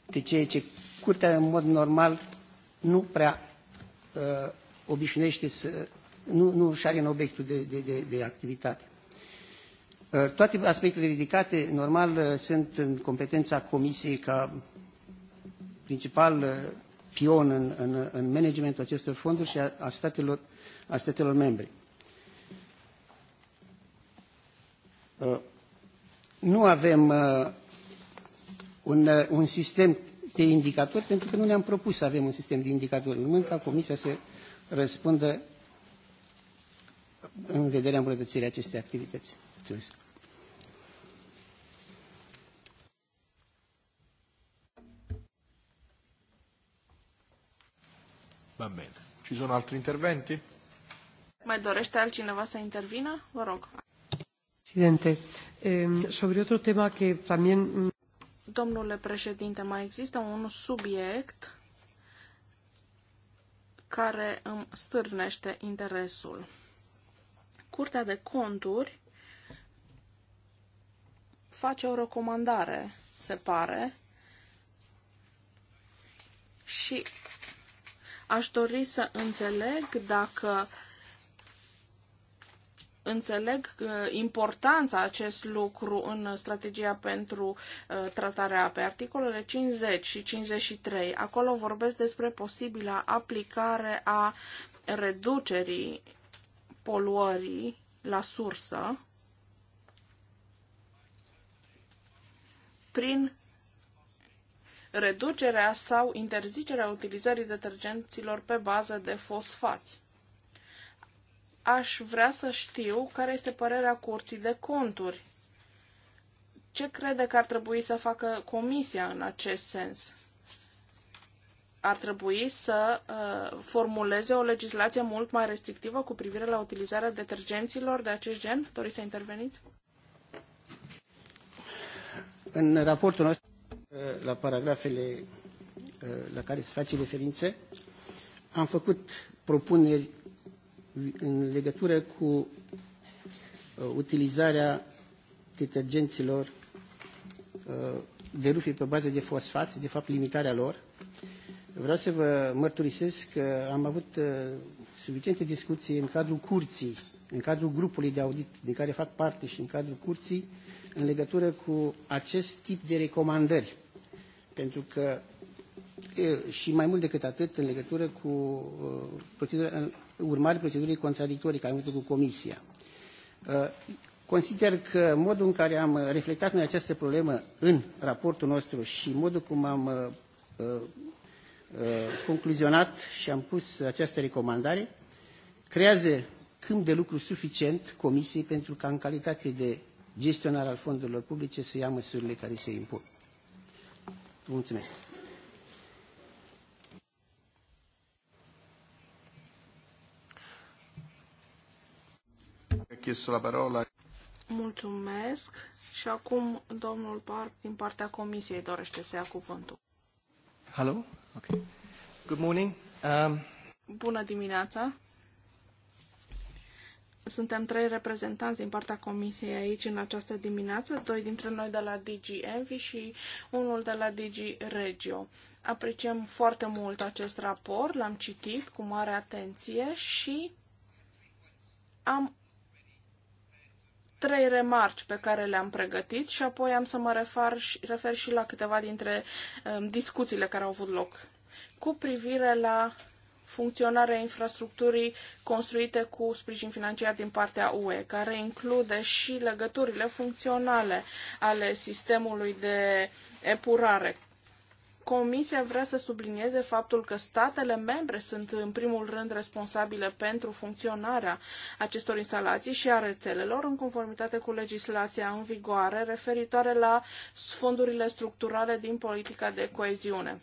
de ceea ce curtea în mod normal nu prea Uh, obișnuiește să nu, nu își are în obiectul de, de, de, de activitate. Uh, toate aspectele ridicate, normal, uh, sunt în competența Comisiei ca principal pion în, în, în managementul acestor fonduri și a, a, statelor, a statelor membre. Nu avem un, un sistem de indicatori, pentru că nu ne-am propus să avem un sistem de indicatori, urmând ca Comisia să răspundă în vederea îmbunătățirii acestei activități. Mulțumesc. Va bene. Ci sono altri interventi? Mai dorește altcineva să intervină? Vă rog. Presidente, eh, sobre otro tema que también Domnule președinte, mai există un subiect care îmi stârnește interesul. Curtea de conturi face o recomandare, se pare, și aș dori să înțeleg dacă înțeleg uh, importanța acest lucru în strategia pentru uh, tratarea apei. Articolele 50 și 53, acolo vorbesc despre posibila aplicare a reducerii poluării la sursă prin reducerea sau interzicerea utilizării detergenților pe bază de fosfați aș vrea să știu care este părerea curții de conturi. Ce crede că ar trebui să facă comisia în acest sens? Ar trebui să uh, formuleze o legislație mult mai restrictivă cu privire la utilizarea detergenților de acest gen? Doriți să interveniți? În raportul nostru, uh, la paragrafele uh, la care se face referință, am făcut propuneri în legătură cu uh, utilizarea detergenților uh, de rufe pe bază de fosfați, de fapt limitarea lor, vreau să vă mărturisesc că am avut uh, suficiente discuții în cadrul curții, în cadrul grupului de audit din care fac parte și în cadrul curții, în legătură cu acest tip de recomandări. Pentru că și mai mult decât atât, în legătură cu uh, procedura urmare procedurii contradictorii care am avut cu Comisia. Uh, consider că modul în care am reflectat noi această problemă în raportul nostru și modul cum am uh, uh, concluzionat și am pus această recomandare creează câmp de lucru suficient Comisiei pentru ca în calitate de gestionar al fondurilor publice să ia măsurile care se impun. Mulțumesc. chiesto la parola. Mulțumesc. Și acum domnul Park din partea comisiei dorește să ia cuvântul. Hello? Okay. Good morning. Um... Bună dimineața. Suntem trei reprezentanți din partea comisiei aici în această dimineață, doi dintre noi de la DG Envy și unul de la DG Regio. Apreciem foarte mult acest raport, l-am citit cu mare atenție și am trei remarci pe care le-am pregătit și apoi am să mă refer și, refer și la câteva dintre um, discuțiile care au avut loc. Cu privire la funcționarea infrastructurii construite cu sprijin financiar din partea UE, care include și legăturile funcționale ale sistemului de epurare Comisia vrea să sublinieze faptul că statele membre sunt în primul rând responsabile pentru funcționarea acestor instalații și a rețelelor în conformitate cu legislația în vigoare referitoare la fondurile structurale din politica de coeziune.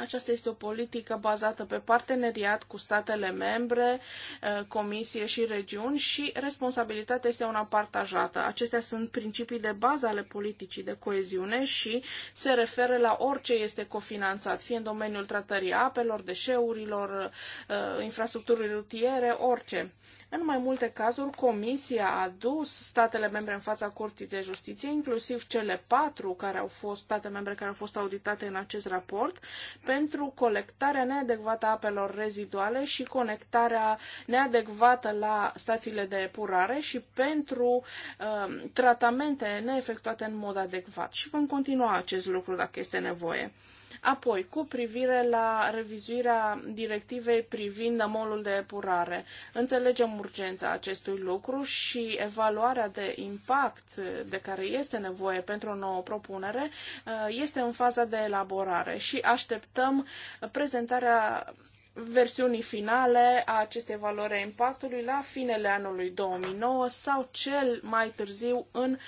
Aceasta este o politică bazată pe parteneriat cu statele membre, eh, comisie și regiuni și responsabilitatea este una partajată. Acestea sunt principii de bază ale politicii de coeziune și se referă la orice este cofinanțat, fie în domeniul tratării apelor, deșeurilor, eh, infrastructurii rutiere, orice. În mai multe cazuri, Comisia a dus statele membre în fața Curții de Justiție, inclusiv cele patru care au fost state membre care au fost auditate în acest raport, pentru colectarea neadecvată a apelor reziduale și conectarea neadecvată la stațiile de epurare și pentru uh, tratamente neefectuate în mod adecvat. Și vom continua acest lucru dacă este nevoie. Apoi, cu privire la revizuirea directivei privind amolul de epurare, înțelegem urgența acestui lucru și evaluarea de impact de care este nevoie pentru o nouă propunere uh, este în faza de elaborare și așteptăm prezentarea versiunii finale a acestei valori a impactului la finele anului 2009 sau cel mai târziu în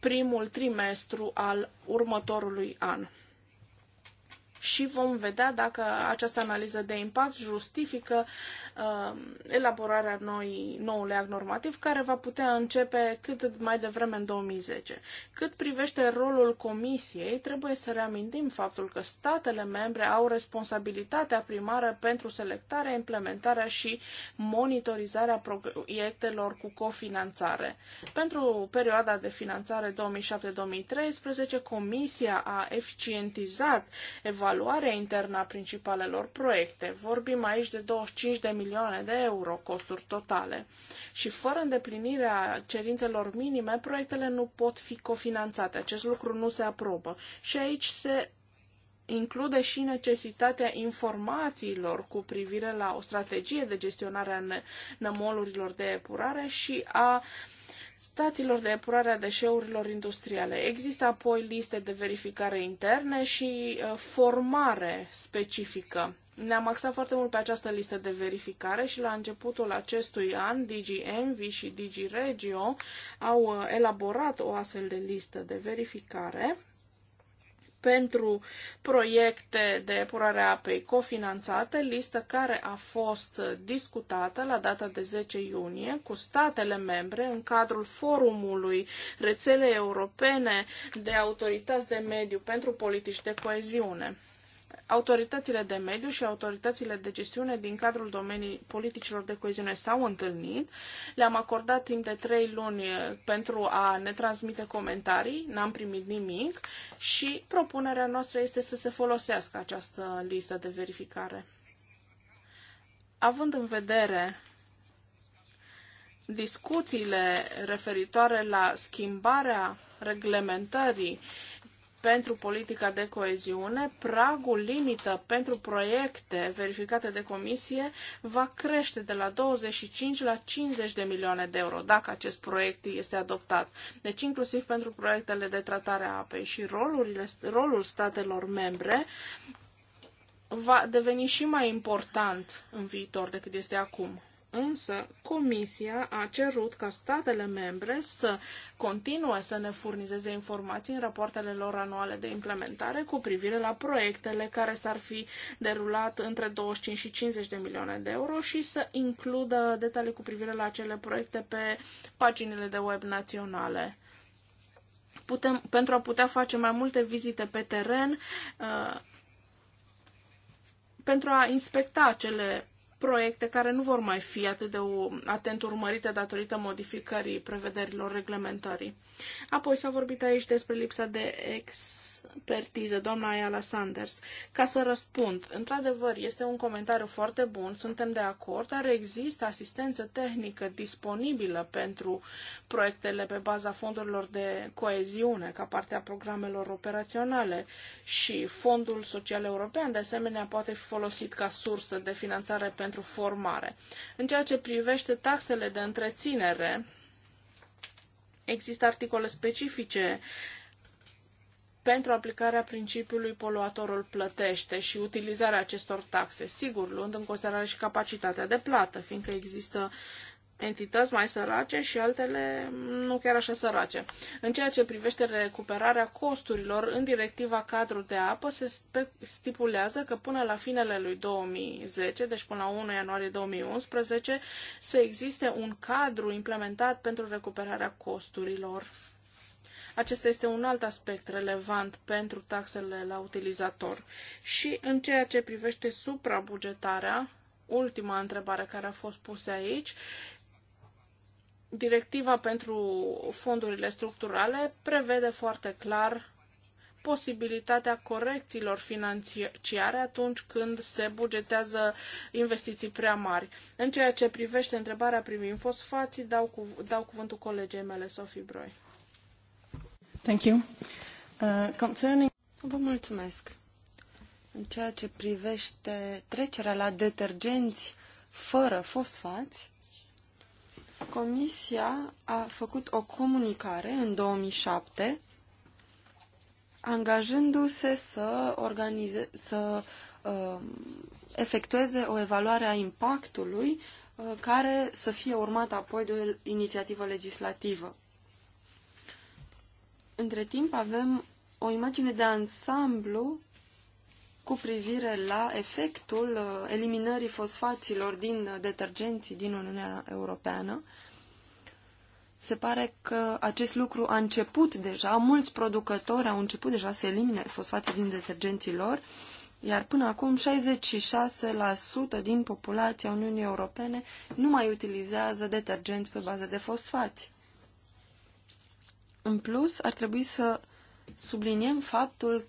primul trimestru al următorului an și vom vedea dacă această analiză de impact justifică uh, elaborarea noi, noului act normativ care va putea începe cât mai devreme în 2010. Cât privește rolul Comisiei, trebuie să reamintim faptul că statele membre au responsabilitatea primară pentru selectarea, implementarea și monitorizarea proiectelor cu cofinanțare. Pentru perioada de finanțare 2007-2013, Comisia a eficientizat evaluarea internă a principalelor proiecte. Vorbim aici de 25 de milioane milioane de euro costuri totale. Și fără îndeplinirea cerințelor minime, proiectele nu pot fi cofinanțate. Acest lucru nu se aprobă. Și aici se include și necesitatea informațiilor cu privire la o strategie de gestionare a nămolurilor de epurare și a stațiilor de epurare a deșeurilor industriale. Există apoi liste de verificare interne și uh, formare specifică ne-am axat foarte mult pe această listă de verificare și la începutul acestui an DGMV și DigiRegio au uh, elaborat o astfel de listă de verificare pentru proiecte de epurare a apei cofinanțate, listă care a fost discutată la data de 10 iunie cu statele membre în cadrul forumului rețelei europene de autorități de mediu pentru politici de coeziune. Autoritățile de mediu și autoritățile de gestiune din cadrul domenii politicilor de coeziune s-au întâlnit. Le-am acordat timp de trei luni eh, pentru a ne transmite comentarii, n-am primit nimic și propunerea noastră este să se folosească această listă de verificare. Având în vedere discuțiile referitoare la schimbarea reglementării uh, pentru politica de coeziune, pragul limită pentru proiecte verificate de comisie va crește de la 25 la 50 de milioane de euro dacă acest proiect este adoptat. Deci inclusiv pentru proiectele de tratare a apei și rolurile, rolul statelor membre va deveni și mai important în viitor decât este acum. Însă, Comisia a cerut ca statele membre să continue să ne furnizeze informații în rapoartele lor anuale de implementare cu privire la proiectele care s-ar fi derulat între 25 și 50 de milioane de euro și să includă detalii cu privire la acele proiecte pe paginile de web naționale putem, pentru a putea face mai multe vizite pe teren, uh, pentru a inspecta acele proiecte care nu vor mai fi atât de atent urmărite datorită modificării prevederilor reglementării. Apoi s-a vorbit aici despre lipsa de ex expertiză, doamna Ayala Sanders, ca să răspund. Într-adevăr, este un comentariu foarte bun, suntem de acord, dar există asistență tehnică disponibilă pentru proiectele pe baza fondurilor de coeziune, ca parte a programelor operaționale și Fondul Social European, de asemenea, poate fi folosit ca sursă de finanțare pentru formare. În ceea ce privește taxele de întreținere, Există articole specifice pentru aplicarea principiului poluatorul plătește și utilizarea acestor taxe, sigur, luând în considerare și capacitatea de plată, fiindcă există entități mai sărace și altele nu chiar așa sărace. În ceea ce privește recuperarea costurilor, în directiva cadru de apă se stipulează că până la finele lui 2010, deci până la 1 ianuarie 2011, să existe un cadru implementat pentru recuperarea costurilor. Acesta este un alt aspect relevant pentru taxele la utilizator. Și în ceea ce privește suprabugetarea, ultima întrebare care a fost pusă aici, directiva pentru fondurile structurale prevede foarte clar posibilitatea corecțiilor financiare atunci când se bugetează investiții prea mari. În ceea ce privește întrebarea privind fosfații, dau, cuv- dau cuvântul colegei mele, Sofie Broi. Thank you. Uh, concerning... Vă mulțumesc. În ceea ce privește trecerea la detergenți fără fosfați, Comisia a făcut o comunicare în 2007 angajându-se să, organize, să uh, efectueze o evaluare a impactului uh, care să fie urmată apoi de o inițiativă legislativă. Între timp avem o imagine de ansamblu cu privire la efectul uh, eliminării fosfaților din uh, detergenții din Uniunea Europeană. Se pare că acest lucru a început deja, mulți producători au început deja să elimine fosfații din detergenții lor, iar până acum 66% din populația Uniunii Europene nu mai utilizează detergenți pe bază de fosfați. În plus, ar trebui să subliniem faptul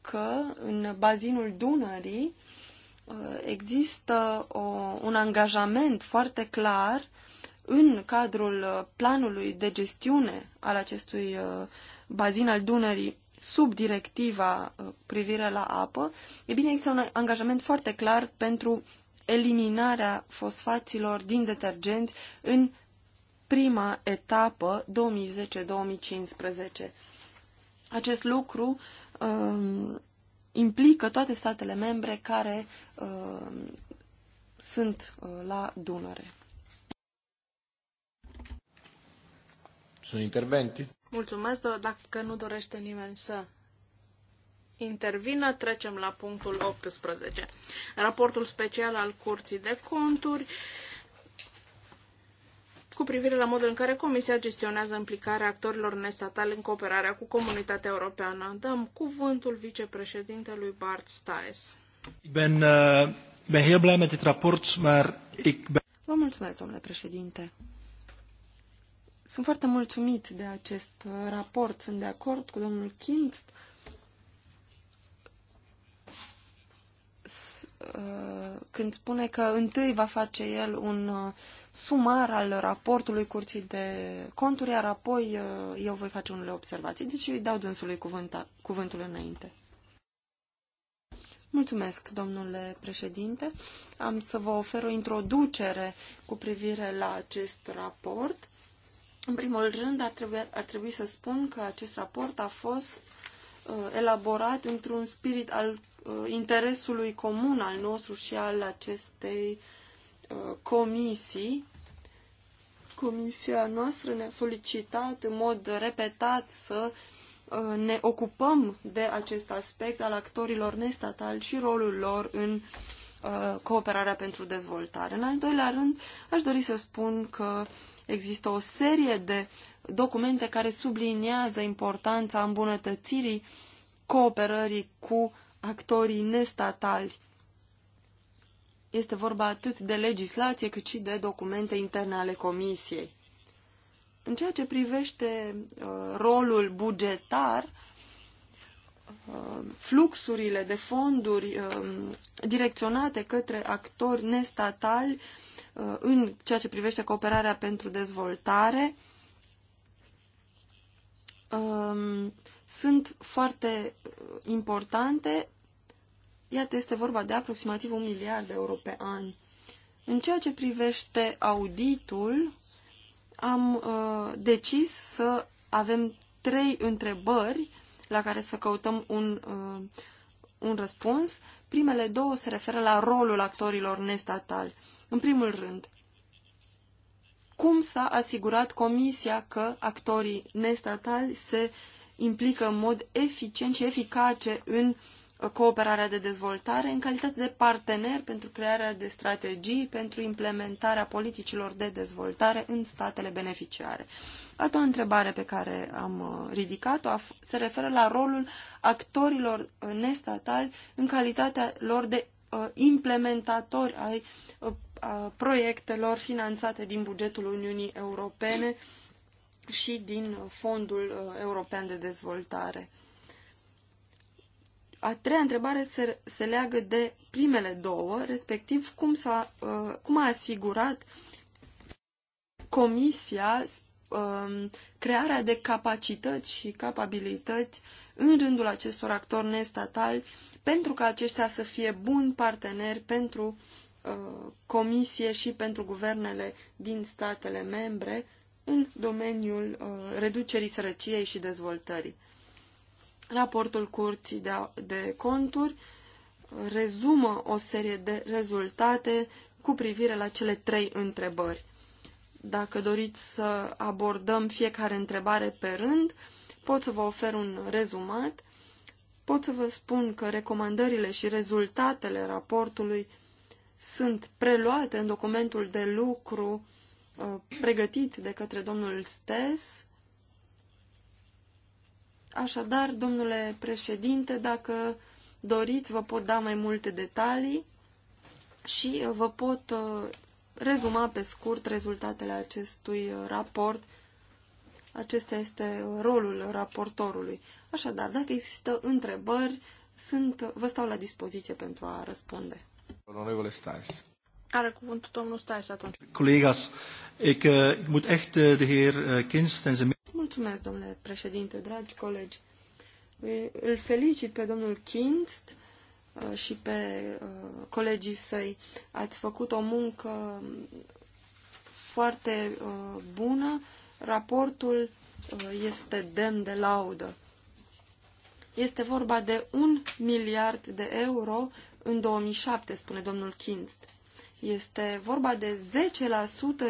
că în bazinul Dunării uh, există o, un angajament foarte clar în cadrul uh, planului de gestiune al acestui uh, bazin al Dunării sub directiva privire la apă, e bine, există un angajament foarte clar pentru eliminarea fosfaților din detergenți în prima etapă 2010-2015. Acest lucru um, implică toate statele membre care um, sunt uh, la Dunăre. Sunt interventi? Mulțumesc, dacă nu dorește nimeni să intervină, trecem la punctul 18. Raportul special al Curții de Conturi cu privire la modul în care Comisia gestionează implicarea actorilor nestatali în cooperarea cu comunitatea europeană. Dăm cuvântul vicepreședintelui Bart Staes. Ben, uh, ben heel blij met dit rapport, maar ik ben... Vă mulțumesc, domnule președinte. Sunt foarte mulțumit de acest eh, raport. Sunt de acord cu domnul Kinst Uh, când spune că întâi va face el un uh, sumar al raportului curții de conturi, iar apoi uh, eu voi face unele observații. Deci îi dau dânsului cuvânta, cuvântul înainte. Mulțumesc, domnule președinte. Am să vă ofer o introducere cu privire la acest raport. În primul rând, ar trebui, ar trebui să spun că acest raport a fost uh, elaborat într-un spirit al Uh, interesului comun al nostru și al acestei uh, comisii. Comisia noastră ne-a solicitat în mod repetat să uh, ne ocupăm de acest aspect al actorilor nestatali și rolul lor în cooperarea pentru dezvoltare. În al doilea rând, aș dori să spun că există o serie de documente care subliniază importanța îmbunătățirii cooperării cu actorii nestatali. Este vorba atât de legislație cât și de documente interne ale Comisiei. În ceea ce privește uh, rolul bugetar, uh, fluxurile de fonduri um, direcționate către actori nestatali uh, în ceea ce privește cooperarea pentru dezvoltare um, sunt foarte importante Iată, este vorba de aproximativ un miliard de euro pe an. În ceea ce privește auditul, am uh, decis să avem trei întrebări la care să căutăm un, uh, un răspuns. Primele două se referă la rolul actorilor nestatali. În primul rând, cum s-a asigurat Comisia că actorii nestatali se implică în mod eficient și eficace în cooperarea de dezvoltare în calitate de partener pentru crearea de strategii pentru implementarea politicilor de dezvoltare în statele beneficiare. A doua întrebare pe care am uh, ridicat-o se referă la rolul actorilor uh, nestatali în calitatea lor de uh, implementatori ai proiectelor finanțate din bugetul Uniunii Europene și din Fondul European de Dezvoltare a treia întrebare se, se leagă de primele două, respectiv cum, s-a, uh, cum a asigurat Comisia um, crearea de capacități și capabilități în rândul acestor actori nestatali pentru ca aceștia să fie buni parteneri pentru uh, Comisie și pentru guvernele din statele membre în domeniul uh, reducerii sărăciei și dezvoltării. Raportul Curții de, de Conturi rezumă o serie de rezultate cu privire la cele trei întrebări. Dacă doriți să abordăm fiecare întrebare pe rând, pot să vă ofer un rezumat. Pot să vă spun că recomandările și rezultatele raportului sunt preluate în documentul de lucru uh, pregătit de către domnul Stes Așadar, domnule președinte, dacă doriți, vă pot da mai multe detalii și vă pot uh, rezuma pe scurt rezultatele acestui uh, raport. Acesta este rolul raportorului. Așadar, dacă există întrebări, sunt, vă stau la dispoziție pentru a răspunde. Onorevole Stais. Are cuvântul domnul Stais atunci. Colegas, ik, eh, ik moet echt eh, de heer eh, Kins en zijn Mulțumesc, domnule președinte, dragi colegi. Îl felicit pe domnul Kinst uh, și pe uh, colegii săi. Ați făcut o muncă foarte uh, bună. Raportul este demn de laudă. Este vorba de un miliard de euro în 2007, spune domnul Kinst. Este vorba de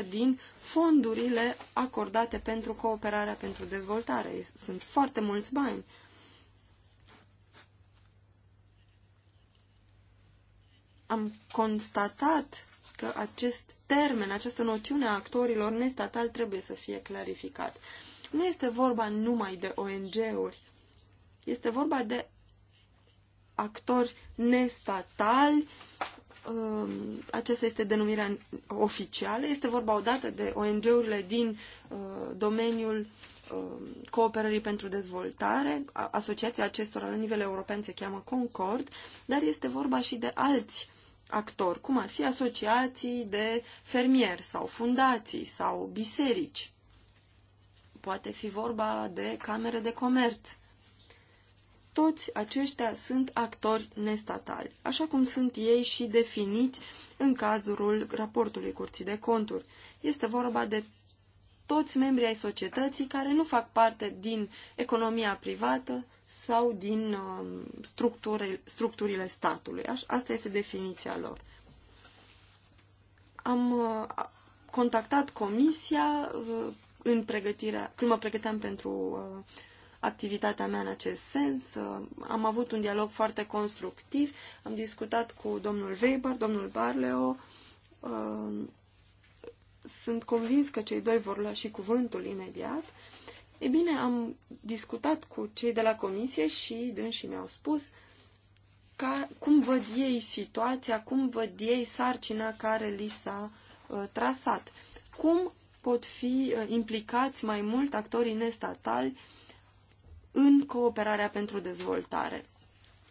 10% din fondurile acordate pentru cooperarea pentru dezvoltare. Sunt foarte mulți bani. Am constatat că acest termen, această noțiune a actorilor nestatali trebuie să fie clarificat. Nu este vorba numai de ONG-uri, este vorba de actori nestatali Um, aceasta este denumirea oficială, este vorba odată de ONG-urile din uh, domeniul um, cooperării pentru dezvoltare, asociația acestora la nivel european se cheamă Concord, dar este vorba și de alți actori, cum ar fi asociații de fermieri sau fundații sau biserici. Poate fi vorba de camere de comerț toți aceștia sunt actori nestatali, așa cum sunt ei și definiți în cazul raportului Curții de Conturi. Este vorba de toți membrii ai societății care nu fac parte din economia privată sau din um, structurile, statului. Asta este definiția lor. Am uh, contactat comisia uh, în pregătirea, când mă pregăteam pentru uh, activitatea mea în acest sens. Uh, am avut un dialog foarte constructiv, am discutat cu domnul Weber, domnul Barleo. Uh, sunt convins că cei doi vor lua și cuvântul imediat. E bine, am discutat cu cei de la comisie și dânsii mi-au spus ca, cum văd ei situația, cum văd ei sarcina care li s-a uh, trasat, cum pot fi uh, implicați mai mult actorii nestatali uh, în cooperarea pentru dezvoltare.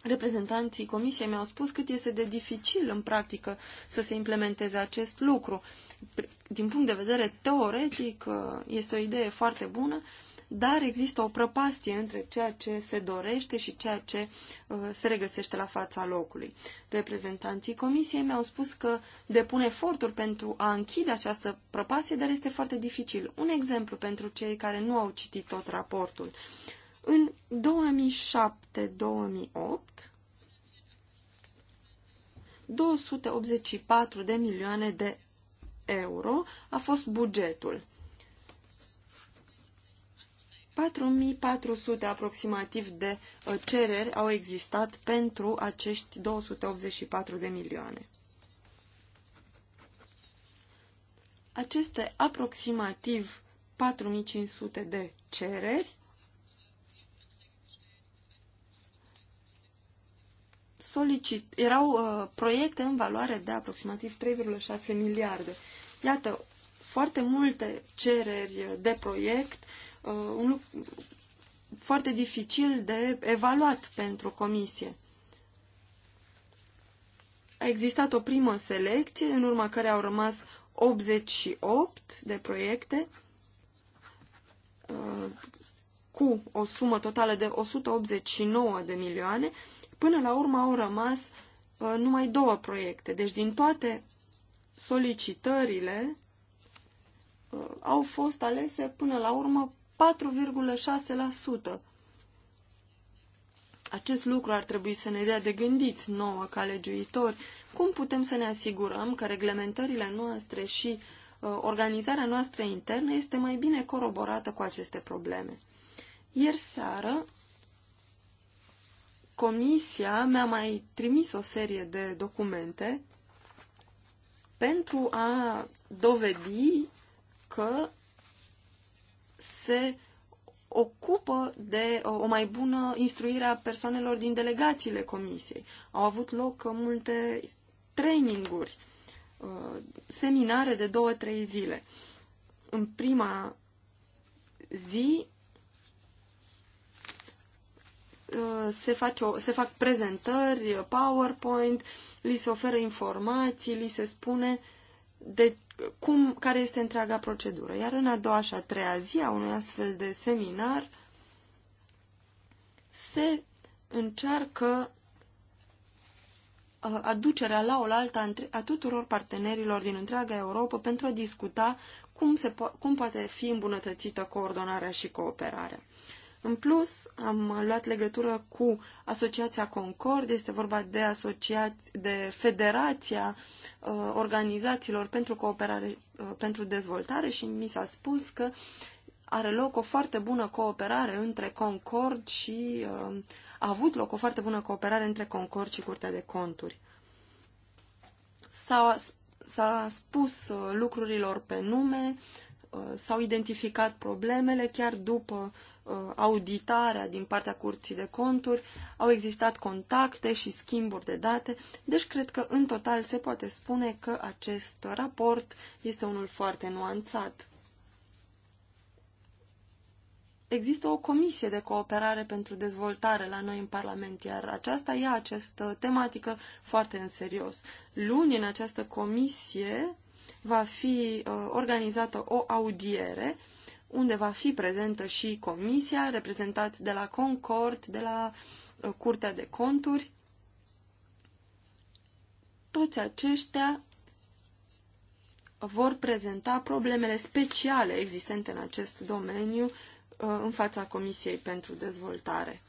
Reprezentanții comisiei mi-au spus cât este de dificil în practică să se implementeze acest lucru. Din punct de vedere teoretic, este o idee foarte bună, dar există o prăpastie între ceea ce se dorește și ceea ce uh, se regăsește la fața locului. Reprezentanții comisiei mi-au spus că depun eforturi pentru a închide această prăpastie, dar este foarte dificil. Un exemplu pentru cei care nu au citit tot raportul. Uh, în 2007-2008, 284 de milioane de euro a fost bugetul. 4400 aproximativ de uh, cereri au existat pentru acești 284 de milioane. Aceste aproximativ 4500 de cereri solicit, erau uh, proiecte în valoare de aproximativ 3,6 miliarde. Iată, foarte multe cereri de proiect, uh, un lucru foarte dificil de evaluat pentru comisie. A existat o primă selecție, în urma care au rămas 88 de proiecte uh, cu o sumă totală de 189 de milioane Până la urmă au rămas uh, numai două proiecte. Deci din toate solicitările uh, au fost alese până la urmă 4,6%. Acest lucru ar trebui să ne dea de gândit nouă ca legiuitori. Cum putem să ne asigurăm că reglementările noastre și uh, organizarea noastră internă este mai bine coroborată cu aceste probleme? Ieri seară Comisia mi-a mai trimis o serie de documente pentru a dovedi că se ocupă de o mai bună instruire a persoanelor din delegațiile comisiei. Au avut loc multe traininguri, uh, seminare de două-trei zile. În prima zi Uh, se, face o, se fac prezentări, PowerPoint, li se oferă informații, li se spune de cum, care este întreaga procedură. Iar în a doua și a treia zi a unui astfel de seminar se încearcă uh, aducerea la oaltă a tuturor partenerilor din întreaga Europa pentru a discuta cum, se po- cum poate fi îmbunătățită coordonarea și cooperarea. În plus, am luat legătură cu Asociația Concord, este vorba de, asociați, de Federația uh, Organizațiilor pentru Cooperare uh, pentru Dezvoltare și mi s-a spus că are loc o foarte bună cooperare între Concord și uh, a avut loc o foarte bună cooperare între Concord și Curtea de Conturi. S-a, s-a spus uh, lucrurilor pe nume, uh, s-au identificat problemele chiar după uh, Uh, auditarea din partea curții de conturi, au existat contacte și schimburi de date, deci cred că în total se poate spune că acest raport este unul foarte nuanțat. Există o comisie de cooperare pentru dezvoltare la noi în Parlament, iar aceasta ia această tematică foarte în serios. Luni, în această comisie, va fi uh, organizată o audiere uh, unde va fi prezentă și comisia, reprezentați de la Concord, de la uh, Curtea de Conturi. Toți aceștia vor prezenta problemele speciale existente în acest domeniu uh, în fața Comisiei pentru Dezvoltare.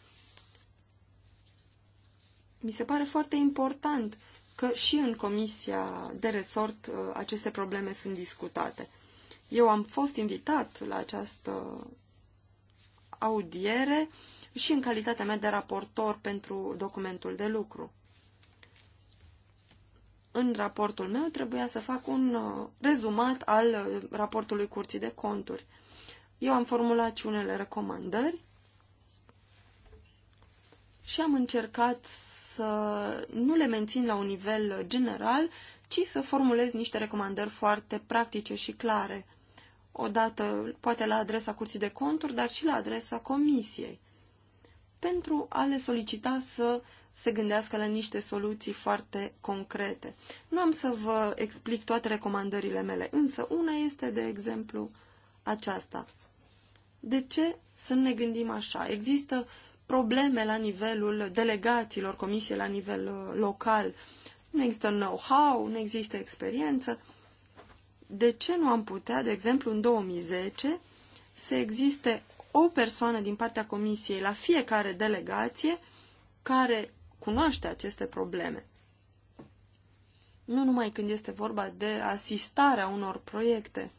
Mi se pare foarte important că și în Comisia de Resort uh, aceste probleme sunt discutate. Eu am fost invitat la această audiere și în calitatea mea de raportor pentru documentul de lucru. În raportul meu trebuia să fac un uh, rezumat al uh, raportului Curții de Conturi. Eu am formulat și unele recomandări și am încercat să nu le mențin la un nivel general, ci să formulez niște recomandări foarte practice și clare odată poate la adresa curții de conturi, dar și la adresa comisiei, pentru a le solicita să se gândească la niște soluții foarte concrete. Nu am să vă explic toate recomandările mele, însă una este, de exemplu, aceasta. De ce să nu ne gândim așa? Există probleme la nivelul delegațiilor, comisie la nivel uh, local. Nu există know-how, nu există experiență de ce nu am putea, de exemplu, în 2010, să existe o persoană din partea Comisiei la fiecare delegație care cunoaște aceste probleme? Nu numai când este vorba de asistarea unor proiecte,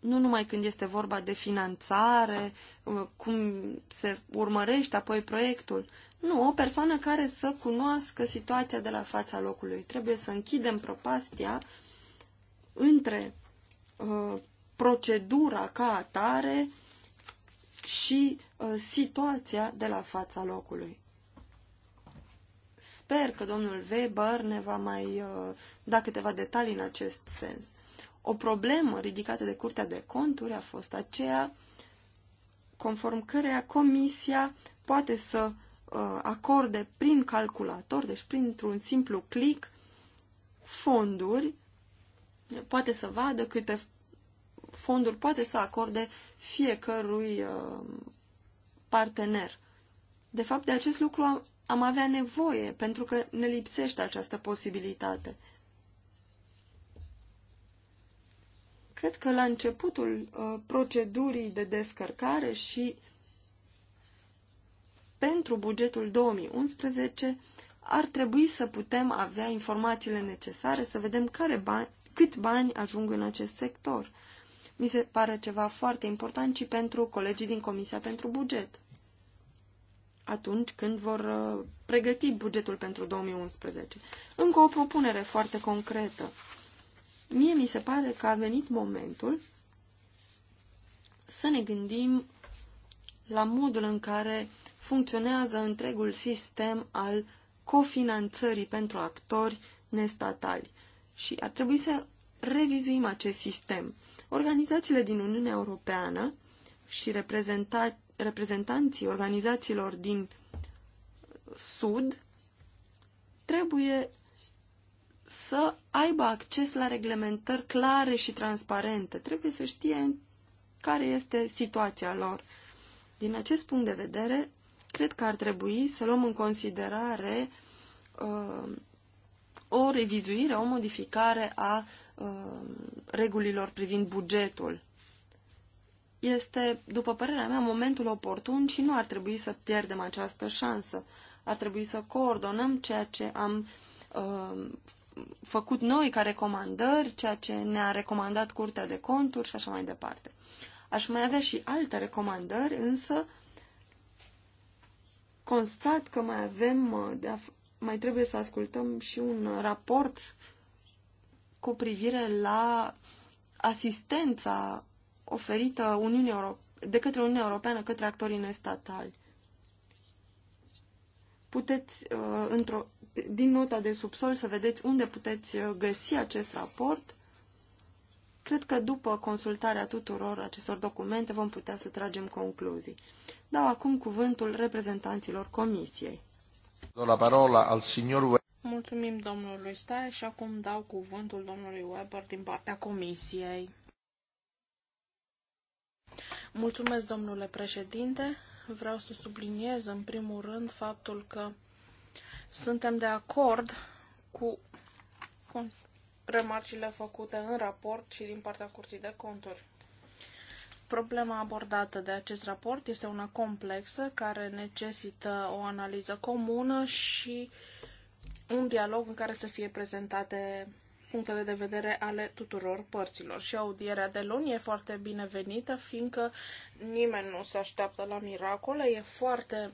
nu numai când este vorba de finanțare, uh, cum se urmărește apoi proiectul. Nu, o persoană care să cunoască situația de la fața locului. Trebuie să închidem propastia între uh, procedura ca atare și uh, situația de la fața locului. Sper că domnul Weber ne va mai uh, da câteva detalii în acest sens. O problemă ridicată de Curtea de Conturi a fost aceea conform căreia Comisia poate să acorde prin calculator, deci printr-un simplu click, fonduri poate să vadă câte fonduri poate să acorde fiecărui uh, partener. De fapt, de acest lucru am avea nevoie, pentru că ne lipsește această posibilitate. Cred că la începutul uh, procedurii de descărcare și pentru bugetul 2011 ar trebui să putem avea informațiile necesare, să vedem care bani, cât bani ajung în acest sector. Mi se pare ceva foarte important și pentru colegii din Comisia pentru Buget. Atunci când vor uh, pregăti bugetul pentru 2011. Încă o propunere foarte concretă. Mie mi se pare că a venit momentul să ne gândim la modul în care funcționează întregul sistem al cofinanțării pentru actori nestatali și ar trebui să revizuim acest sistem. Organizațiile din Uniunea Europeană și reprezentanții organizațiilor din Sud trebuie să aibă acces la reglementări clare și transparente. Trebuie să știe care este situația lor. Din acest punct de vedere, cred că ar trebui să luăm în considerare uh, o revizuire, o modificare a uh, regulilor privind bugetul. Este, după părerea mea, momentul oportun și nu ar trebui să pierdem această șansă. Ar trebui să coordonăm ceea ce am uh, făcut noi ca recomandări, ceea ce ne-a recomandat Curtea de Conturi și așa mai departe. Aș mai avea și alte recomandări, însă constat că mai avem uh, de a mai trebuie să ascultăm și un raport cu privire la asistența oferită Uniunii Euro- de către Uniunea Europeană către actorii nestatali. Puteți, uh, într-o, din nota de subsol, să vedeți unde puteți uh, găsi acest raport. Cred că după consultarea tuturor acestor documente vom putea să tragem concluzii. Dau acum cuvântul reprezentanților Comisiei. Do la parola al signor Mulțumim domnului Stai și acum dau cuvântul domnului Weber din partea comisiei. Mulțumesc, domnule președinte. Vreau să subliniez, în primul rând, faptul că suntem de acord cu remarcile făcute în raport și din partea Curții de Conturi. Problema abordată de acest raport este una complexă care necesită o analiză comună și un dialog în care să fie prezentate punctele de vedere ale tuturor părților. Și audierea de luni e foarte binevenită, fiindcă nimeni nu se așteaptă la miracole, e foarte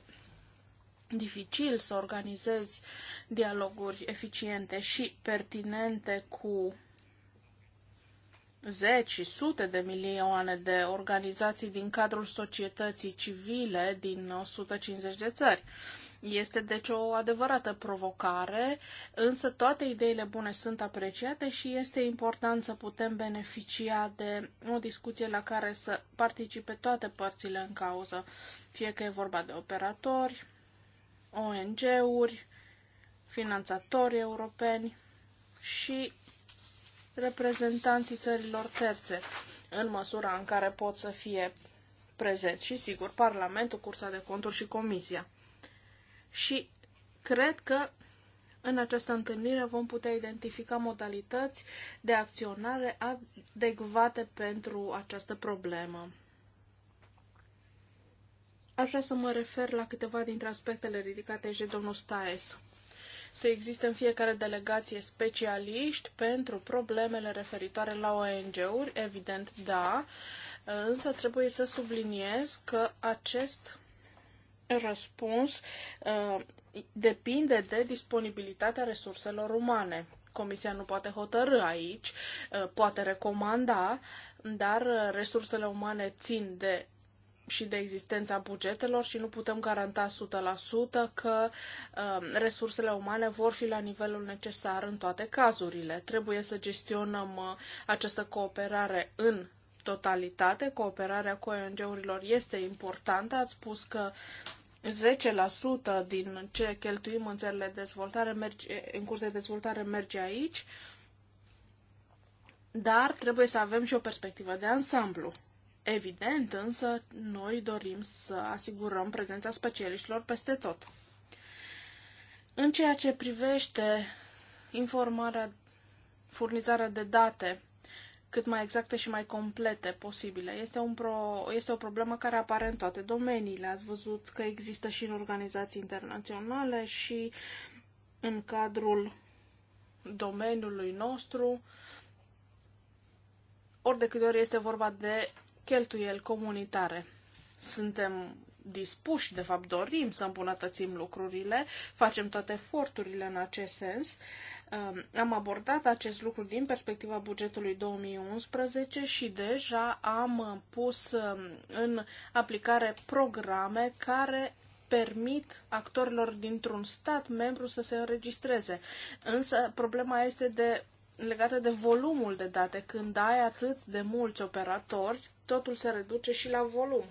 dificil să organizezi dialoguri eficiente și pertinente cu zeci sute de milioane de organizații din cadrul societății civile din 150 de țări. Este deci o adevărată provocare, însă toate ideile bune sunt apreciate și este important să putem beneficia de o discuție la care să participe toate părțile în cauză, fie că e vorba de operatori, ONG-uri, finanțatori europeni și reprezentanții țărilor terțe, în măsura în care pot să fie prezenți și, sigur, Parlamentul, Cursa de Conturi și Comisia. Și cred că în această întâlnire vom putea identifica modalități de acționare adecvate pentru această problemă. Aș vrea să mă refer la câteva dintre aspectele ridicate și de domnul Staes să existe în fiecare delegație specialiști pentru problemele referitoare la ONG-uri? Evident, da. Însă trebuie să subliniez că acest răspuns uh, depinde de disponibilitatea resurselor umane. Comisia nu poate hotărâ aici, uh, poate recomanda, dar uh, resursele umane țin de și de existența bugetelor și nu putem garanta 100% că um, resursele umane vor fi la nivelul necesar în toate cazurile. Trebuie să gestionăm uh, această cooperare în totalitate. Cooperarea cu ONG-urilor este importantă. Ați spus că 10% din ce cheltuim în țările de dezvoltare merge, în curs de dezvoltare merge aici, dar trebuie să avem și o perspectivă de ansamblu. Evident, însă, noi dorim să asigurăm prezența specialiștilor peste tot. În ceea ce privește informarea, furnizarea de date cât mai exacte și mai complete posibile. Este, un pro, este o problemă care apare în toate domeniile. Ați văzut că există și în organizații internaționale și în cadrul domeniului nostru. Ori de câte ori este vorba de cheltuieli comunitare. Suntem dispuși, de fapt dorim să îmbunătățim lucrurile, facem toate eforturile în acest sens. Am abordat acest lucru din perspectiva bugetului 2011 și deja am pus um, în aplicare programe care permit actorilor dintr-un stat membru să se înregistreze. Însă problema este de legată de volumul de date. Când ai atât de mulți operatori, totul se reduce și la volum.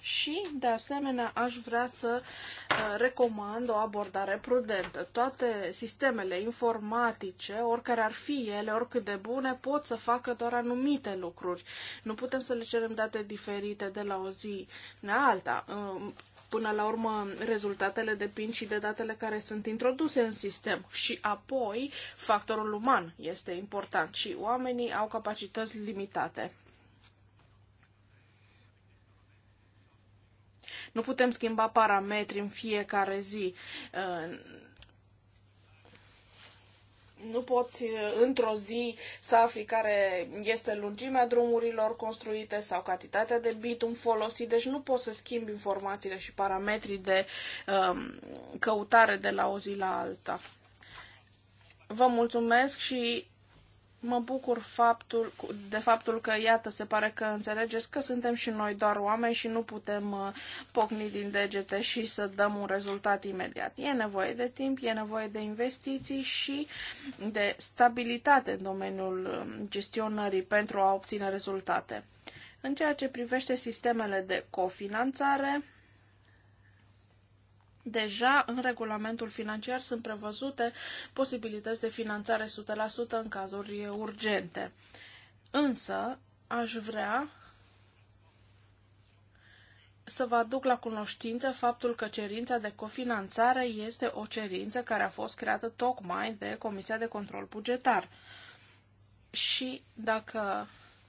Și, de asemenea, aș vrea să uh, recomand o abordare prudentă. Toate sistemele informatice, oricare ar fi ele, oricât de bune, pot să facă doar anumite lucruri. Nu putem să le cerem date diferite de la o zi la alta. Uh, Până la urmă, rezultatele depind și de datele care sunt introduse în sistem. Și apoi, factorul uman este important și oamenii au capacități limitate. Nu putem schimba parametri în fiecare zi. Uh, nu poți uh, într-o zi să afli care este lungimea drumurilor construite sau cantitatea de bitum folosit, deci nu poți să schimbi informațiile și parametrii de um, căutare de la o zi la alta. Vă mulțumesc și Mă bucur faptul, de faptul că, iată, se pare că înțelegeți că suntem și noi doar oameni și nu putem uh, pocni din degete și să dăm un rezultat imediat. E nevoie de timp, e nevoie de investiții și de stabilitate în domeniul um, gestionării pentru a obține rezultate. În ceea ce privește sistemele de cofinanțare, Deja în regulamentul financiar sunt prevăzute posibilități de finanțare 100% în cazuri urgente. Însă, aș vrea să vă aduc la cunoștință faptul că cerința de cofinanțare este o cerință care a fost creată tocmai de Comisia de Control Bugetar. Și dacă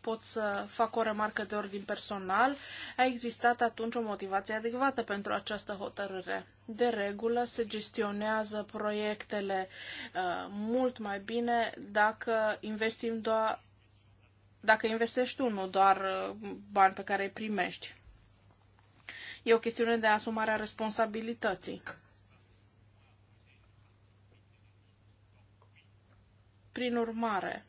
pot să fac o remarcă de ordin personal, a existat atunci o motivație adecvată pentru această hotărâre. De regulă se gestionează proiectele uh, mult mai bine dacă investim doar dacă investești unul doar uh, bani pe care îi primești. E o chestiune de asumare a responsabilității. Prin urmare,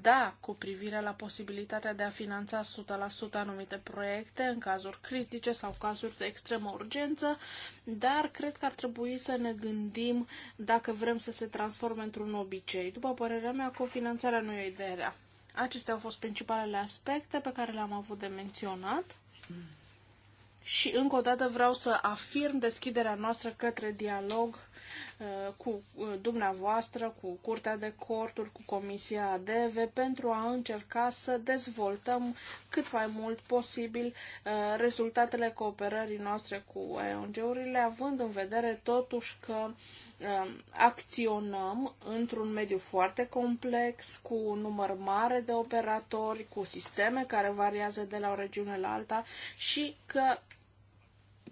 da cu privire la posibilitatea de a finanța 100% anumite proiecte în cazuri critice sau cazuri de extremă urgență, dar cred că ar trebui să ne gândim dacă vrem să se transforme într-un obicei. După părerea mea, cofinanțarea nu e ideea. Acestea au fost principalele aspecte pe care le-am avut de menționat. Și încă o dată vreau să afirm deschiderea noastră către dialog Uh, cu uh, dumneavoastră, cu Curtea de Corturi, cu Comisia ADV, pentru a încerca să dezvoltăm cât mai mult posibil uh, rezultatele cooperării noastre cu ONG-urile, având în vedere totuși că acționăm într-un mediu foarte complex, cu un număr mare de operatori, cu sisteme care variază de la o regiune la alta și că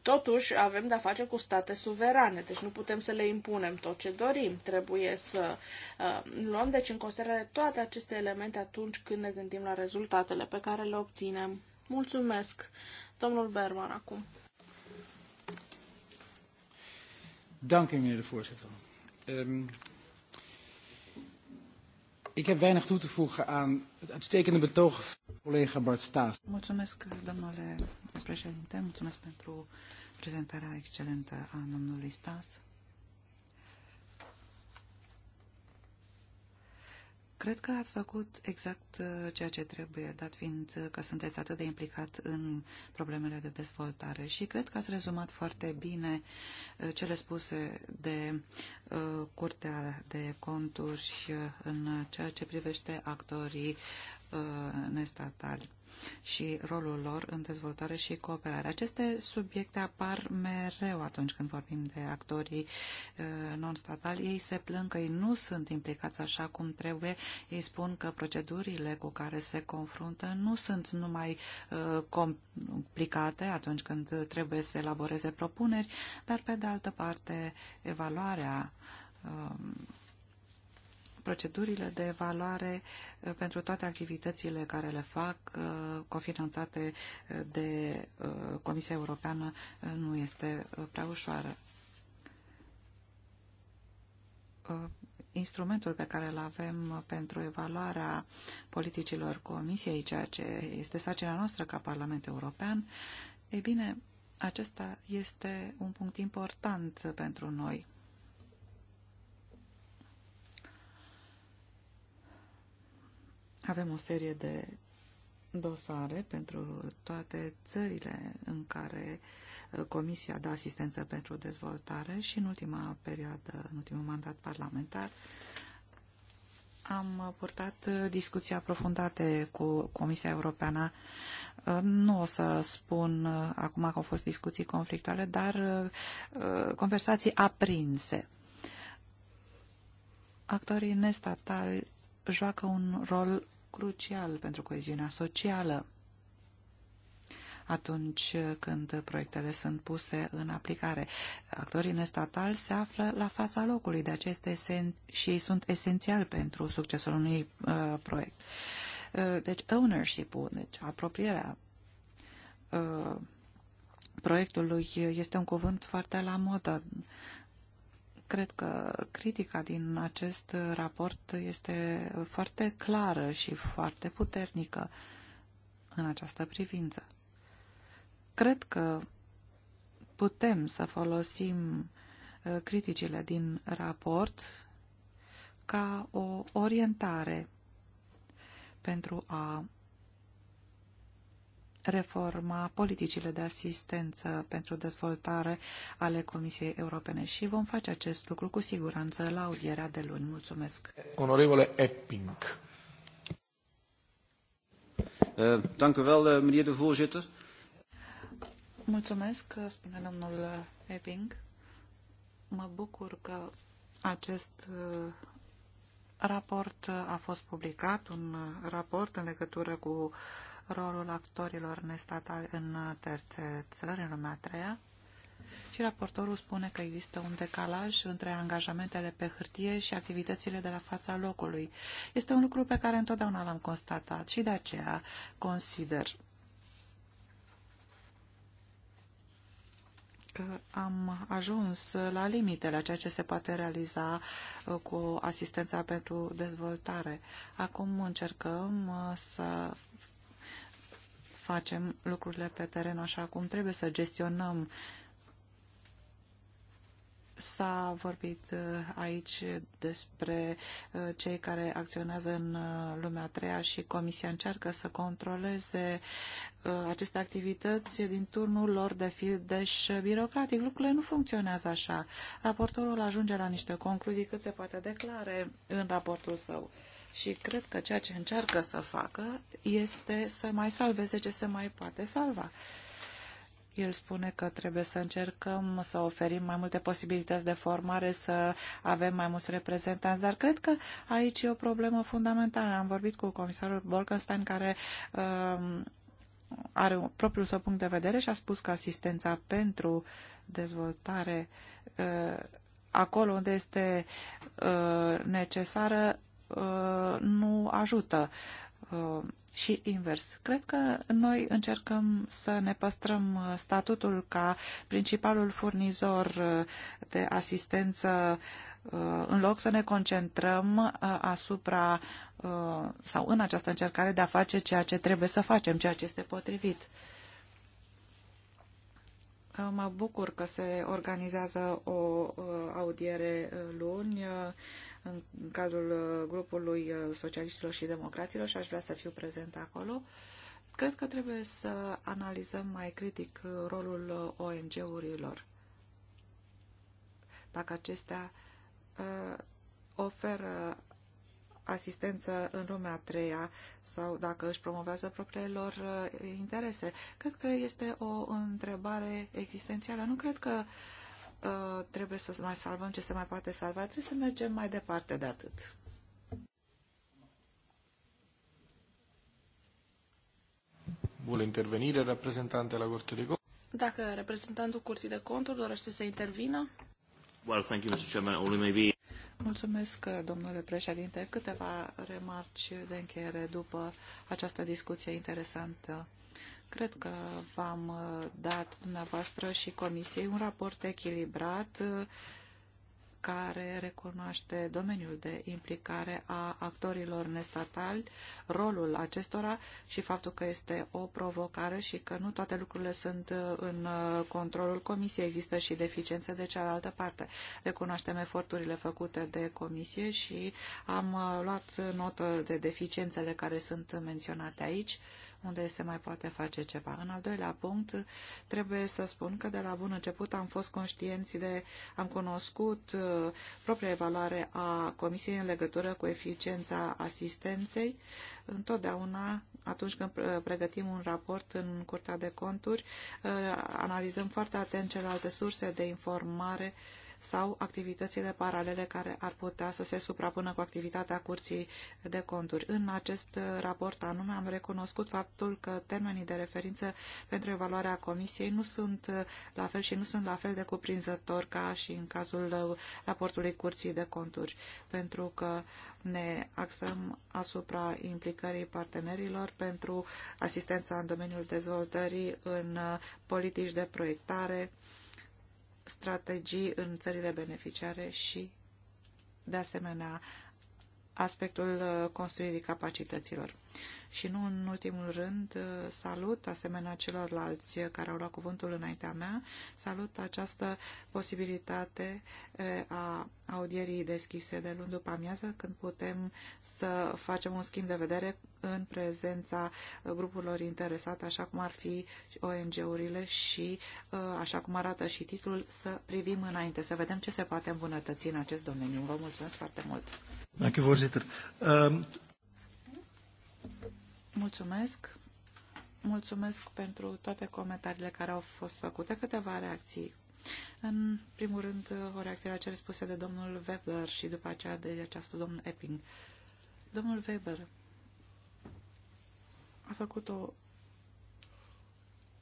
Totuși, avem de-a face cu state suverane, deci nu putem să le impunem tot ce dorim. Trebuie să uh, luăm deci în considerare toate aceste elemente atunci când ne gândim la rezultatele pe care le obținem. Mulțumesc, domnul Berman, acum. Dank, meneer de voorzitter. Um... Ähm, Ik heb weinig toe te voegen aan het uitstekende betoog van collega Bart Staes. Mulțumesc, domnule președinte, mulțumesc pentru prezentarea excelentă a domnului Staes. Cred că ați făcut exact uh, ceea ce trebuie, dat fiind uh, că sunteți atât de implicat în problemele de dezvoltare și cred că ați rezumat foarte bine uh, cele spuse de Curtea de Conturi în ceea ce privește actorii nestatali și rolul lor în dezvoltare și cooperare. Aceste subiecte apar mereu atunci când vorbim de actorii uh, non-statali. Ei se plâng că ei nu sunt implicați așa cum trebuie. Ei spun că procedurile cu care se confruntă nu sunt numai uh, complicate atunci când trebuie să elaboreze propuneri, dar pe de altă parte evaluarea um, procedurile de evaluare uh, pentru toate activitățile care le fac, uh, cofinanțate uh, de Comisia Europeană, nu este prea ușoară. Instrumentul pe care îl avem pentru evaluarea politicilor Comisiei, ceea ce este sacina noastră ca Parlament European, e bine, acesta este un punct important pentru noi Avem o serie de dosare pentru toate țările în care uh, Comisia dă asistență pentru dezvoltare și în ultima perioadă, în ultimul mandat parlamentar, am purtat discuții aprofundate cu Comisia Europeană. Uh, nu o să spun uh, acum că au fost discuții conflictuale, dar conversații aprinse. Actorii nestatali joacă un rol crucial pentru coeziunea socială atunci când proiectele sunt puse în aplicare. Actorii nestatali se află la fața locului, de aceste și ei sunt esențiali pentru succesul unui uh, proiect. Uh, deci ownership-ul, deci apropierea uh, proiectului este un cuvânt foarte la modă. Uh, Cred că critica din acest raport este foarte clară și foarte puternică în această privință. Cred că putem să folosim uh, criticile din raport ca o orientare pentru a reforma politicile de asistență pentru dezvoltare ale Comisiei Europene și vom face acest lucru cu siguranță la audierea de luni. Mulțumesc. Onorevole Epping. Eh, eh, Mulțumesc, spune domnul Epping. Mă bucur că acest eh, raport a fost publicat, un raport în legătură cu uh, rolul actorilor nestatali în terțe țări, în lumea treia, și raportorul spune că există un decalaj între angajamentele pe hârtie și activitățile de la fața locului. Este un lucru pe care întotdeauna l-am constatat și de aceea consider că am ajuns la limitele a ceea ce se poate realiza uh, cu asistența pentru dezvoltare. Acum încercăm uh, să facem lucrurile pe teren așa cum trebuie, să gestionăm. S-a vorbit uh, aici despre uh, cei care acționează în uh, lumea a treia și Comisia încearcă să controleze aceste activități din turnul lor de fildeș birocratic. Lucrurile nu funcționează așa. Raportorul ajunge la niște concluzii cât se poate declare în raportul său. Și cred că ceea ce încearcă să facă este să mai salveze ce se mai poate salva. El spune că trebuie să încercăm să oferim mai multe posibilități de formare, să avem mai mulți reprezentanți, dar cred că aici e o problemă fundamentală. Am vorbit cu comisarul Bolkenstein care uh, are propriul său punct de vedere și a spus că asistența pentru dezvoltare uh, acolo unde este uh, necesară Uh, nu ajută uh, și invers. Cred că noi încercăm să ne păstrăm uh, statutul ca principalul furnizor de asistență în loc să ne concentrăm asupra sau în această încercare de a face ceea ce trebuie să facem, ceea ce este potrivit. Mă bucur că se organizează o audiere luni în cadrul uh, grupului uh, socialiștilor și democraților și aș vrea să fiu prezent acolo. Cred că trebuie să analizăm mai critic uh, rolul ONG-urilor. Dacă acestea oferă asistență în lumea a treia sau dacă își promovează propriile lor interese. Cred că este o întrebare existențială. Nu cred că uh, Uh, trebuie să mai salvăm ce se mai poate salva, trebuie să mergem mai departe de atât. Bună intervenire, reprezentante la Curte de Conturi. Dacă reprezentantul Curții de Conturi dorește să intervină. Well, thank you, Mr. Chairman. Only maybe... Mulțumesc, domnule președinte. Câteva remarci de încheiere după această discuție interesantă Cred că v-am uh, dat dumneavoastră și Comisiei un raport echilibrat uh, care recunoaște domeniul de implicare a actorilor nestatali, rolul acestora și faptul că este o provocare și că nu toate lucrurile sunt uh, în controlul Comisiei. Există și deficiențe de cealaltă parte. Recunoaștem eforturile făcute de Comisie și am luat notă de deficiențele care sunt menționate aici unde se mai poate face ceva. În al doilea punct, trebuie să spun că de la bun început am fost conștienți de, am cunoscut uh, propria evaluare a Comisiei în legătură cu eficiența asistenței. Întotdeauna, atunci când pregătim un raport în Curtea de Conturi, uh, analizăm foarte atent celelalte surse de informare uh, sau activitățile paralele care ar putea să se suprapună cu activitatea Curții de Conturi. În acest raport anume am recunoscut faptul că termenii de referință pentru evaluarea Comisiei nu sunt la fel și nu sunt la fel de cuprinzător ca și în cazul raportului Curții de Conturi, pentru că ne axăm asupra implicării partenerilor pentru asistența în domeniul dezvoltării, în politici de proiectare, strategii în țările beneficiare și, de asemenea, aspectul uh, construirii capacităților. Și nu în ultimul rând, uh, salut, asemenea celorlalți care au luat cuvântul înaintea mea, salut această posibilitate uh, a audierii deschise de luni după amiază, când putem să facem un schimb de vedere în prezența grupurilor interesate, așa cum ar fi ONG-urile și, așa cum arată și titlul, să privim înainte, să vedem ce se poate îmbunătăți în acest domeniu. Vă mulțumesc foarte mult! Dank u, voorzitter. Um... Mulțumesc. Mulțumesc pentru toate comentariile care au fost făcute. Câteva reacții. În primul rând, o reacție la cele spuse de domnul Weber și după aceea de ce a spus domnul Epping. Domnul Weber a făcut o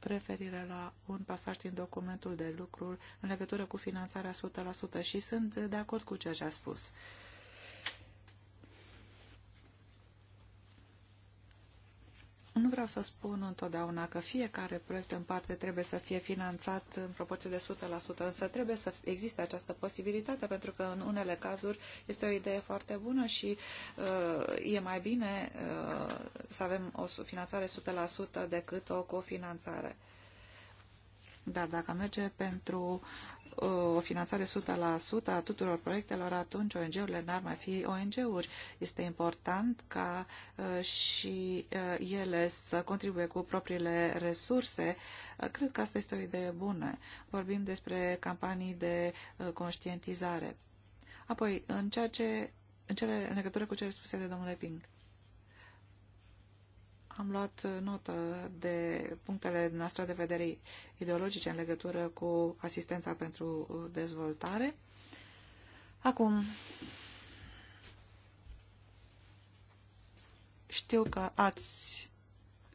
referire la un pasaj din documentul de lucru în legătură cu finanțarea 100% și sunt de acord cu ceea ce a spus. Uh, Nu vreau să spun întotdeauna că fiecare proiect în parte trebuie să fie finanțat în proporție de 100%, însă trebuie să existe această posibilitate, pentru că în unele cazuri este o idee foarte bună și uh, e mai bine uh, să avem o finanțare 100% decât o cofinanțare. Dar dacă merge pentru uh, o finanțare 100% a tuturor proiectelor, atunci ONG-urile n-ar mai fi ONG-uri. Este important ca uh, și uh, ele să contribuie cu propriile resurse. Cred că asta este o idee bună. Vorbim despre campanii de conștientizare. Apoi, în ceea ce în, cele, în legătură cu cele spuse de domnule Ping. Am luat notă de punctele noastre de vedere ideologice în legătură cu asistența pentru uh, dezvoltare. Acum, știu că ați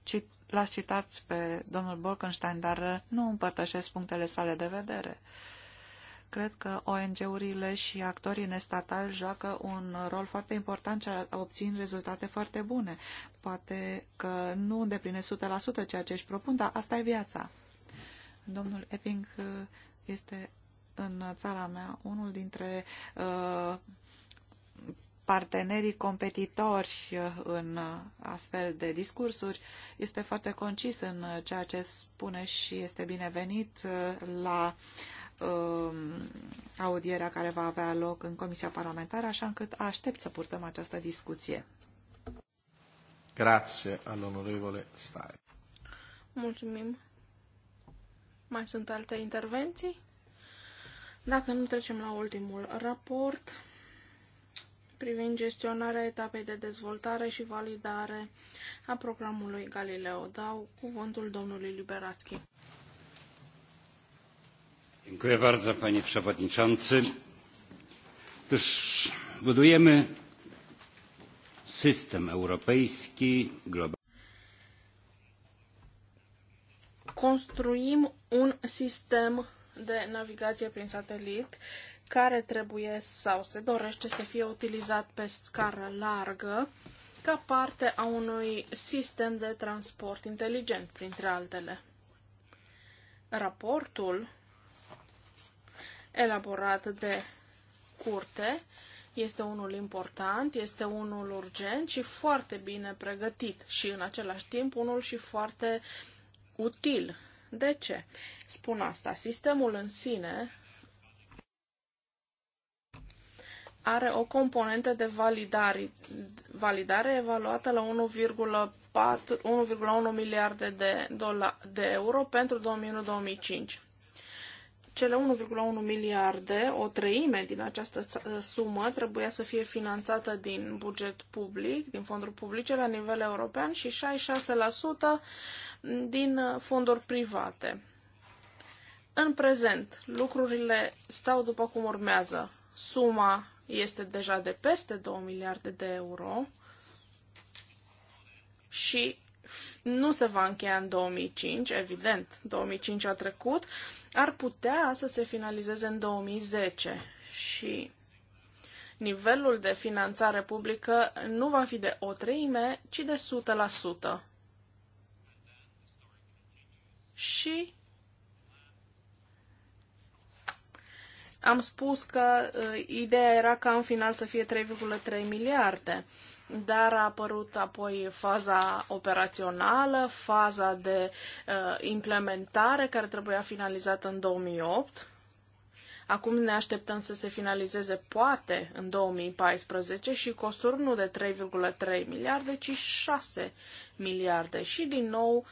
cit, l-ați citat pe domnul Bolkenstein, dar nu împărtășesc punctele sale de vedere. Uh, Cred că ONG-urile și actorii nestatali joacă un rol foarte important și obțin rezultate foarte bune. Poate că nu îndeplinesc 100% ceea ce își propun, dar asta e viața. Domnul Epping uh, este în țara mea unul dintre uh, partenerii competitori uh, în astfel de discursuri. Este foarte concis în ceea ce spune și este binevenit la Um, audierea care va avea loc în Comisia Parlamentară, așa încât aștept să purtăm această discuție. Grazie all'onorevole Stai. Mulțumim. Mai sunt alte intervenții? Dacă nu trecem la ultimul raport privind gestionarea etapei de dezvoltare și validare a programului Galileo. Dau cuvântul domnului Liberaschi. Dziękuję bardzo, panie przewodniczący. budujemy system europejski, globalny. Construim un sistem de navigație prin satelit care trebuie sau se dorește să fie utilizat pe scară largă ca parte a unui sistem de transport inteligent, printre altele. Raportul elaborat de curte. Este unul important, este unul urgent și foarte bine pregătit și în același timp unul și foarte util. De ce? Spun asta. Sistemul în sine are o componentă de validare, validare evaluată la 1,1 miliarde de, dola, de euro pentru 2001-2005 cele 1,1 miliarde, o treime din această uh, sumă trebuia să fie finanțată din buget public, din fonduri publice la nivel european și 66% din uh, fonduri private. În prezent, lucrurile stau după cum urmează. Suma este deja de peste 2 miliarde de euro și nu se va încheia în 2005, evident, 2005 a trecut, ar putea să se finalizeze în 2010 și nivelul de finanțare publică nu va fi de o treime, ci de 100%. Și am spus că uh, ideea era ca în final să fie 3,3 miliarde dar a apărut apoi faza operațională, faza de uh, implementare care trebuia finalizată în 2008. Acum ne așteptăm să se finalizeze poate în 2014 și costuri nu de 3,3 miliarde, ci 6 miliarde. Și din nou,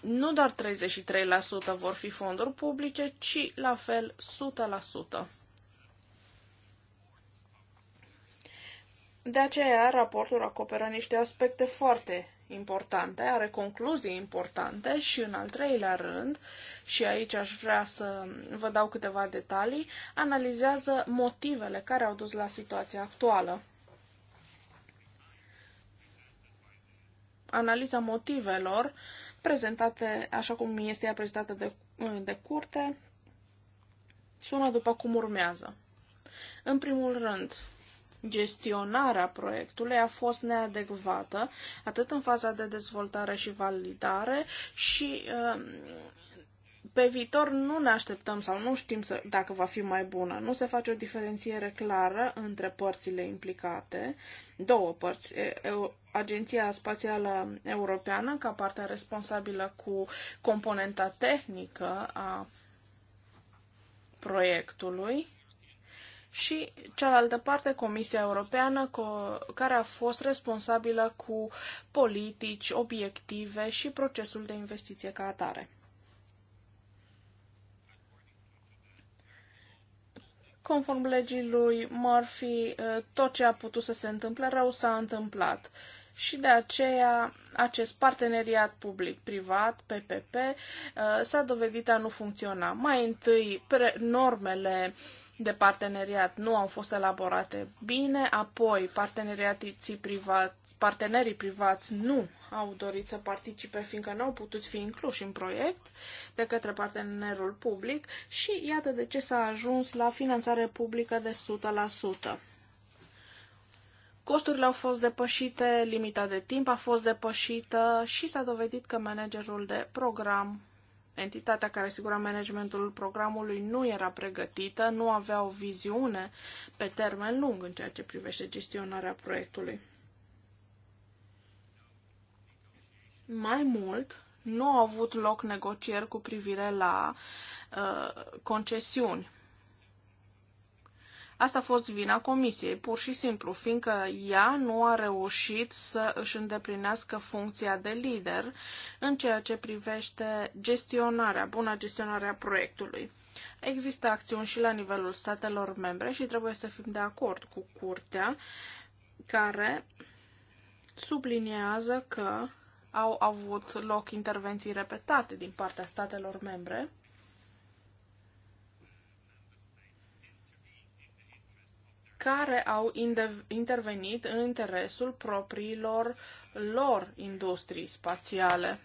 nu doar 33% vor fi fonduri publice, ci la fel 100%. De aceea, raportul acoperă niște aspecte foarte importante, are concluzii importante și, în al treilea rând, și aici aș vrea să vă dau câteva detalii, analizează motivele care au dus la situația actuală. Analiza motivelor prezentate așa cum este ea prezentată de, de curte sună după cum urmează. În primul rând, gestionarea proiectului a fost neadecvată, atât în faza de dezvoltare și validare și um, pe viitor nu ne așteptăm sau nu știm să, dacă va fi mai bună. Nu se face o diferențiere clară între părțile implicate, două părți, Agenția Spațială Europeană, ca partea responsabilă cu componenta tehnică a proiectului, și cealaltă parte Comisia Europeană, care a fost responsabilă cu politici, obiective și procesul de investiție ca atare. Conform legii lui Murphy, eh, tot ce a putut să se întâmple rău s-a întâmplat și de aceea acest parteneriat public-privat, PPP, eh, s-a dovedit a nu funcționa. Mai întâi, normele uh, de parteneriat nu au fost elaborate bine, apoi parteneriații privați, partenerii privați nu au dorit să participe fiindcă nu au putut fi incluși în proiect de către partenerul public și iată de ce s-a ajuns la finanțare publică de 100%. Costurile au fost depășite, limita de timp a fost depășită și s-a dovedit că managerul de program entitatea care asigura managementul programului nu era pregătită, nu avea o viziune pe termen lung în ceea ce privește gestionarea proiectului. Mai mult, nu au avut loc negocieri cu privire la uh, concesiuni Asta a fost vina comisiei, pur și simplu, fiindcă ea nu a reușit să își îndeplinească funcția de lider în ceea ce privește gestionarea, buna gestionarea proiectului. Există acțiuni și la nivelul statelor membre și trebuie să fim de acord cu curtea care subliniază că au avut loc intervenții repetate din partea statelor membre care au intervenit în interesul propriilor lor industrii spațiale.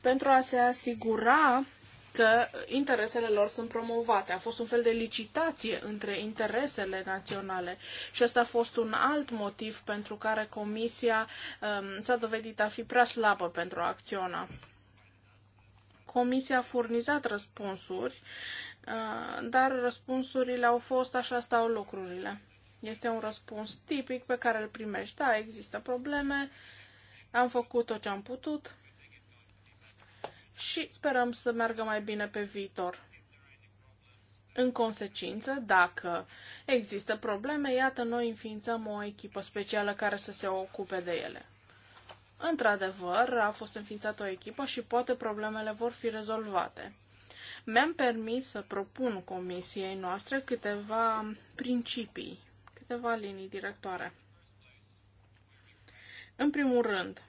Pentru a se asigura că interesele lor sunt promovate. A fost un fel de licitație între interesele naționale și ăsta a fost un alt motiv pentru care Comisia um, s-a dovedit a fi prea slabă pentru a acționa. Comisia a furnizat răspunsuri Ah, dar răspunsurile au fost așa stau lucrurile. Este un răspuns tipic pe care îl primești. Da, există probleme, am făcut tot ce am putut și sperăm să meargă mai bine pe viitor. În consecință, dacă există probleme, iată, noi înființăm o echipă specială care să se ocupe de ele. Într-adevăr, a fost înființată o echipă și poate problemele vor fi rezolvate. Mi-am permis să propun comisiei noastre câteva principii, câteva linii directoare. În primul rând,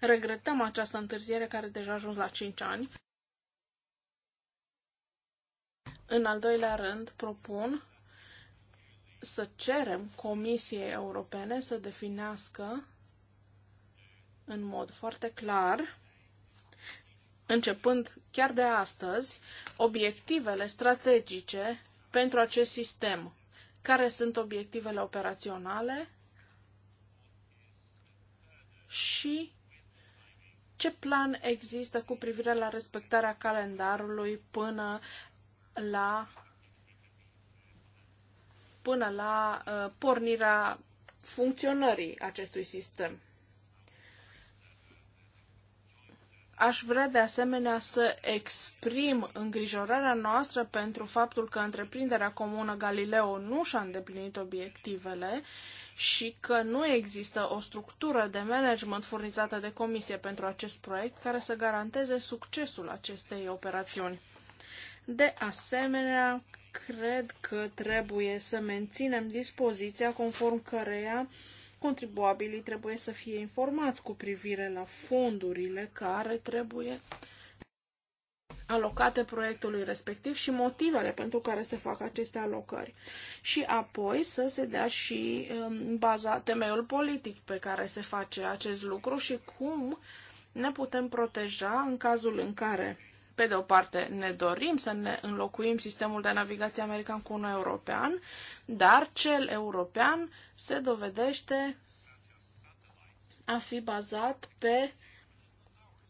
regretăm această întârziere care deja a ajuns la 5 ani. În al doilea rând, propun să cerem Comisiei Europene să definească în mod foarte clar începând chiar de astăzi, obiectivele strategice pentru acest sistem. Care sunt obiectivele operaționale și ce plan există cu privire la respectarea calendarului până la până la uh, pornirea funcționării acestui sistem. Aș vrea de asemenea să exprim îngrijorarea noastră pentru faptul că întreprinderea comună Galileo nu și-a îndeplinit obiectivele și că nu există o structură de management furnizată de comisie pentru acest proiect care să garanteze succesul acestei operațiuni. De asemenea, cred că trebuie să menținem dispoziția conform căreia uh, Contribuabilii trebuie să fie informați cu privire la fondurile care trebuie alocate proiectului respectiv și motivele pentru care se fac aceste alocări. Și apoi să se dea și um, baza, temeiul politic pe care se face acest lucru și cum ne putem proteja în cazul în care pe de o parte, ne dorim să ne înlocuim sistemul de navigație american cu unul european, dar cel european se dovedește a fi bazat pe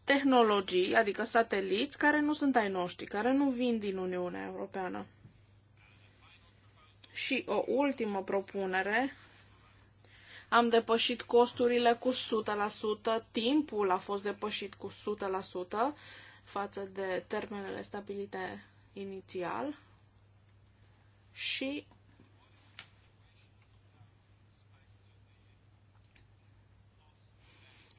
tehnologii, adică sateliți, care nu sunt ai noștri, care nu vin din Uniunea Europeană. Și o ultimă propunere. Am depășit costurile cu 100%, timpul a fost depășit cu față de termenele stabilite inițial și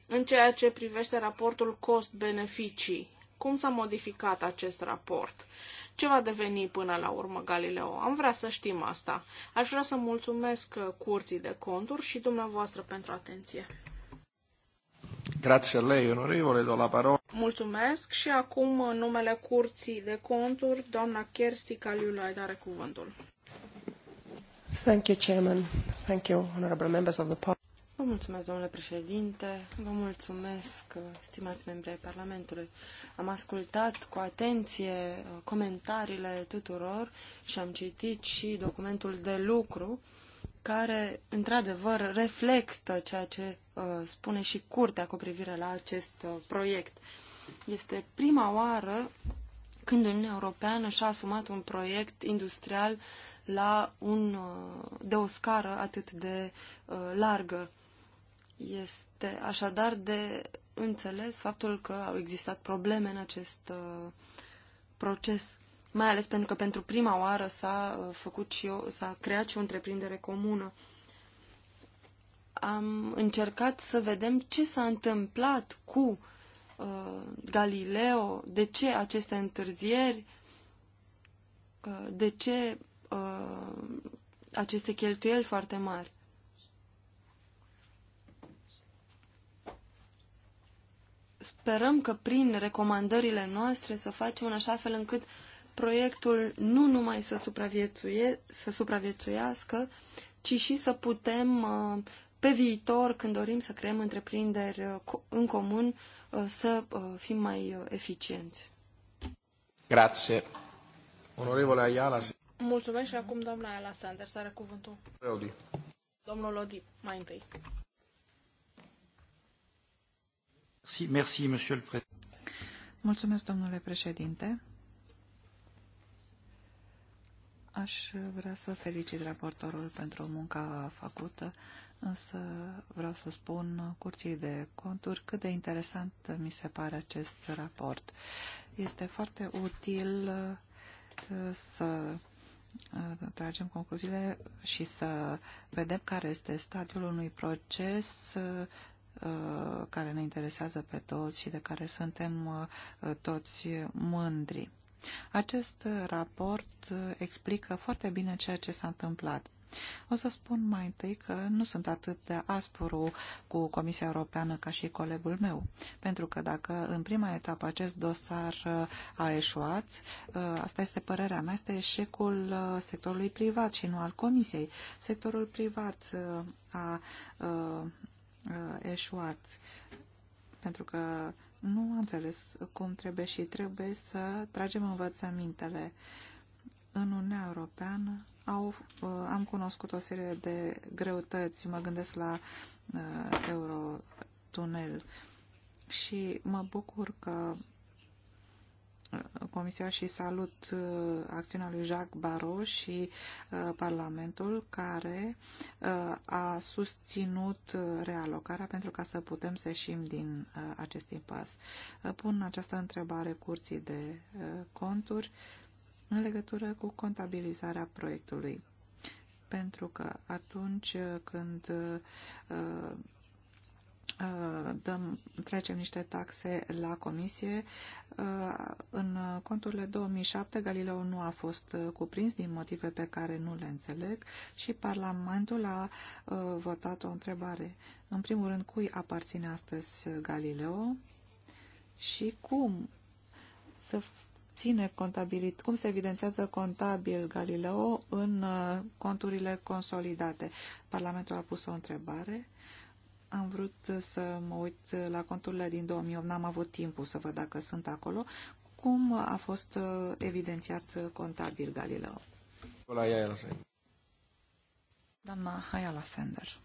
în ceea ce privește raportul cost-beneficii. Cum s-a modificat acest raport? Ce va deveni până la urmă Galileo? Am vrea să știm asta. Aș vrea să mulțumesc uh, curții de conturi și dumneavoastră pentru atenție. Grazie a lei, onorevole, do la parola. Mulțumesc și acum, în numele Curții de Conturi, doamna Kersti Caliulai are cuvântul. Thank you, Chairman. Thank you, honorable members of the Parliament. Vă mulțumesc, domnule președinte, vă mulțumesc, stimați membri ai Parlamentului. Am ascultat cu atenție uh, comentariile tuturor și am citit și documentul de lucru care, într-adevăr, reflectă ceea ce uh, spune și curtea cu privire la acest uh, proiect. Este prima oară când Uniunea Europeană și-a asumat un proiect industrial la un, uh, de o scară atât de uh, largă. Este așadar de înțeles faptul că au existat probleme în acest uh, proces mai ales pentru că pentru prima oară s-a uh, făcut și eu, s-a creat și o întreprindere comună. Am încercat să vedem ce s-a întâmplat cu uh, Galileo, de ce aceste întârzieri, uh, de ce uh, aceste cheltuieli foarte mari. Sperăm că prin recomandările noastre să facem în așa fel încât uh, proiectul nu numai să, supraviețuie, să supraviețuiască, ci și să putem uh, pe viitor, când dorim să creăm întreprinderi uh, în comun, uh, să fim mai eficienți. Grazie. Onorevole Ayala. Mulțumesc și acum doamna Ayala Sanders are cuvântul. Lodi. Domnul Lodi. mai întâi. Mulțumesc, domnule președinte. Aș vrea să felicit raportorul pentru munca făcută, însă vreau să spun curții de conturi cât de interesant mi se pare acest raport. Este foarte util uh, să uh, tragem concluziile și să vedem care este stadiul unui proces uh, care ne interesează pe toți și de care suntem toți mândri. Acest raport explică foarte bine ceea ce s-a întâmplat. O să spun mai întâi că nu sunt atât de aspru cu Comisia Europeană ca și colegul meu, pentru că dacă în prima etapă acest dosar uh, a eșuat, uh, asta este părerea mea, este eșecul uh, sectorului privat și nu al Comisiei. Sectorul privat a eșuat, pentru că nu a înțeles cum trebuie și trebuie să tragem învățămintele. În Uniunea Europeană au, uh, am cunoscut o serie de greutăți, mă gândesc la uh, Eurotunel și mă bucur că Comisia și salut uh, acțiunea lui Jacques Barrot și uh, Parlamentul care uh, a susținut realocarea pentru ca să putem să ieșim din acest impas. Pun această întrebare curții de conturi în legătură cu contabilizarea proiectului. Pentru că atunci când Uh, dăm, trecem niște taxe la comisie. Uh, în conturile 2007, Galileo nu a fost uh, cuprins din motive pe care nu le înțeleg și Parlamentul a votat o întrebare. În primul rând, cui aparține astăzi Galileo și cum să ține contabilit, cum se evidențează contabil Galileo în conturile consolidate. Parlamentul a pus o întrebare am vrut să mă uit la conturile din 2008, n-am avut timpul să văd dacă sunt acolo. Cum a fost uh, evidențiat contabil Galileo? Doamna Hayala Sender.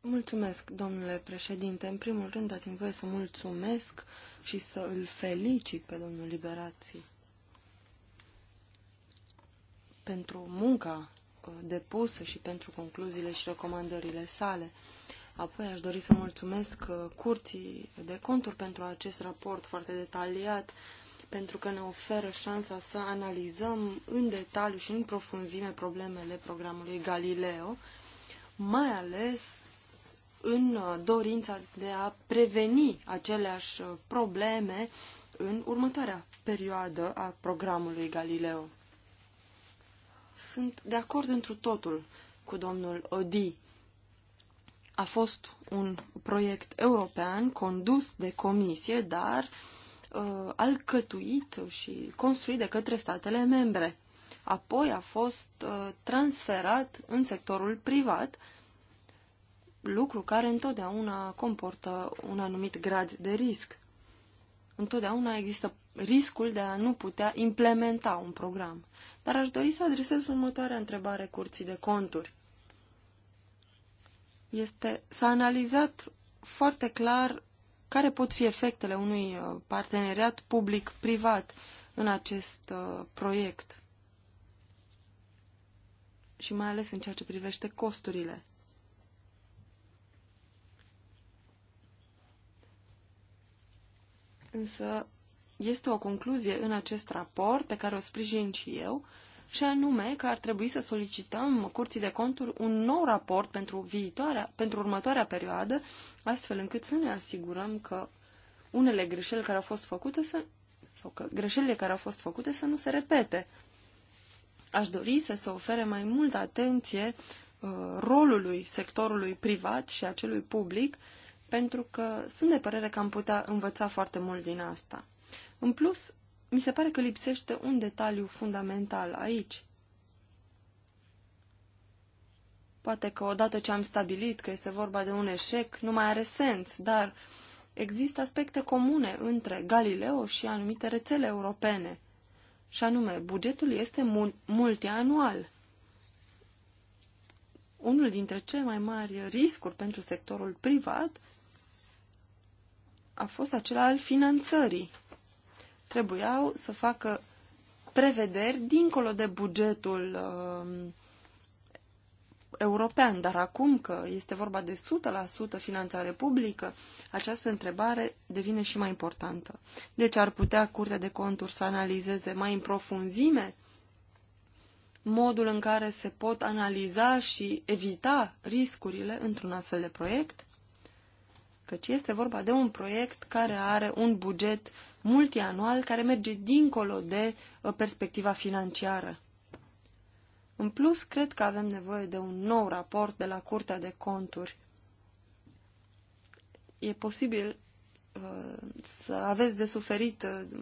Mulțumesc, domnule președinte. În primul rând, dați-mi voie să mulțumesc și să îl felicit pe domnul Liberații pentru munca Uh, depusă și pentru concluziile și recomandările sale. Apoi aș dori să mulțumesc uh, curții de conturi pentru acest raport foarte detaliat, pentru că ne oferă șansa să analizăm în detaliu și în profunzime problemele programului Galileo, mai ales în uh, dorința de a preveni aceleași probleme în următoarea perioadă a programului Galileo. Sunt de acord întru totul cu domnul Odi. A fost un proiect european condus de comisie, dar uh, alcătuit și construit de către statele membre. Apoi a fost uh, transferat în sectorul privat, lucru care întotdeauna comportă un anumit grad de risc. Întotdeauna există riscul de a nu putea implementa un program. Dar aș dori să adresez următoarea întrebare curții de conturi. Este, s-a analizat foarte clar care pot fi efectele unui uh, parteneriat public-privat în acest uh, proiect și mai ales în ceea ce privește costurile. Însă este o concluzie în acest raport pe care o sprijin și eu, și anume că ar trebui să solicităm Curții de Conturi un nou raport pentru, viitoarea, pentru următoarea perioadă, astfel încât să ne asigurăm că unele greșeli care au fost făcute să, sau că greșelile care au fost făcute să nu se repete. Aș dori să se ofere mai multă atenție uh, rolului sectorului privat și acelui public, pentru că sunt de părere că am putea învăța foarte mult din asta. În plus, mi se pare că lipsește un detaliu fundamental aici. Poate că odată ce am stabilit că este vorba de un eșec, nu mai are sens, dar există aspecte comune între Galileo și anumite rețele europene. Și anume, bugetul este mul multianual. Unul dintre cele mai mari riscuri pentru sectorul privat a fost acela al finanțării trebuiau să facă prevederi dincolo de bugetul uh, european, dar acum că este vorba de 100% finanțare publică, această întrebare devine și mai importantă. Deci ar putea Curtea de Conturi să analizeze mai în profunzime modul în care se pot analiza și evita riscurile într-un astfel de proiect, căci este vorba de un proiect care are un buget multianual care merge dincolo de uh, perspectiva financiară. În plus, cred că avem nevoie de un nou raport de la Curtea de Conturi. E posibil uh, să aveți de suferit uh,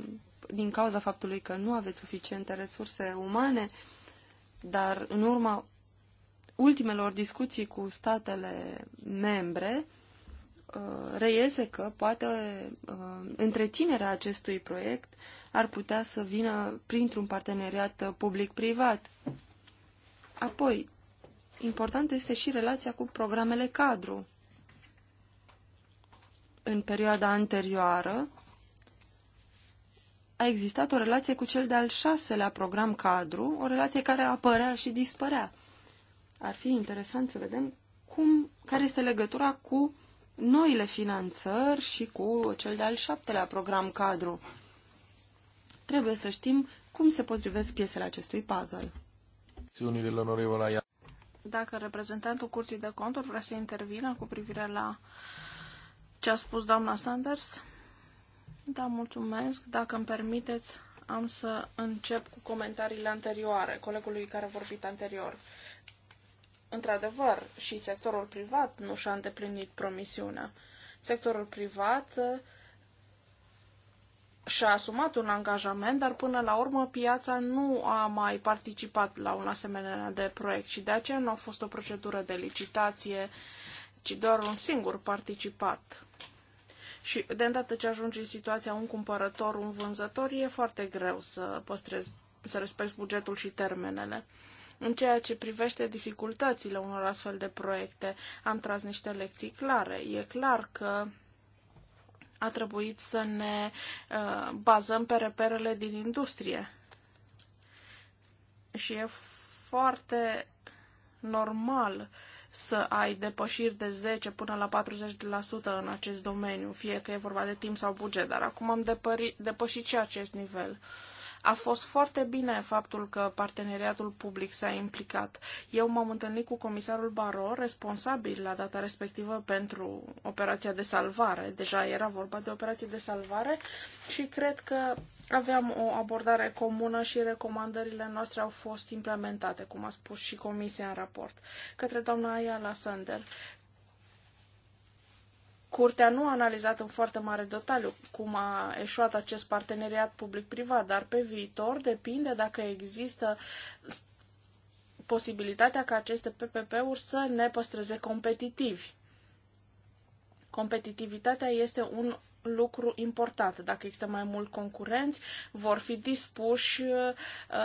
din cauza faptului că nu aveți suficiente resurse umane, dar în urma ultimelor discuții cu statele membre, uh, Uh, reiese că poate uh, întreținerea acestui proiect ar putea să vină printr-un parteneriat uh, public-privat. Apoi, important este și relația cu programele cadru. În perioada anterioară a existat o relație cu cel de-al șaselea program cadru, o relație care apărea și dispărea. Ar fi interesant să vedem cum, care este legătura cu noile finanțări și cu cel de-al șaptelea program cadru. Trebuie să știm cum se potrivesc piesele acestui puzzle. Dacă reprezentantul Curții de Conturi vrea să intervină cu privire la ce a spus doamna Sanders, da, mulțumesc. Dacă îmi permiteți, am să încep cu comentariile anterioare, colegului care a vorbit anterior într-adevăr, și sectorul privat nu și-a îndeplinit promisiunea. Sectorul privat uh, și-a asumat un angajament, dar până la urmă piața nu a mai participat la un asemenea de proiect și de aceea nu a fost o procedură de licitație, ci doar un singur participat. Și de îndată ce ajungi în situația un cumpărător, un vânzător, e foarte greu să păstrezi, să respecti bugetul și termenele. În ceea ce privește dificultățile unor astfel de proiecte, am tras niște lecții clare. E clar că a trebuit să ne uh, bazăm pe reperele din industrie. Și e foarte normal să ai depășiri de 10 până la 40% în acest domeniu, fie că e vorba de timp sau buget, dar acum am depări, depășit și acest nivel. Uh, a fost foarte bine faptul că parteneriatul public s-a implicat. Eu m-am întâlnit cu comisarul Baro, responsabil la data respectivă pentru operația de salvare. Deja era vorba de operație de salvare și cred că aveam o abordare comună și recomandările noastre au fost implementate, cum a spus și comisia în raport, către doamna Ayala Sander. Curtea nu a analizat în foarte mare detaliu cum a eșuat acest parteneriat public-privat, dar pe viitor depinde dacă există posibilitatea ca aceste PPP-uri să ne păstreze competitivi. Competitivitatea este un lucru important. Dacă există mai mult concurenți, vor fi dispuși uh,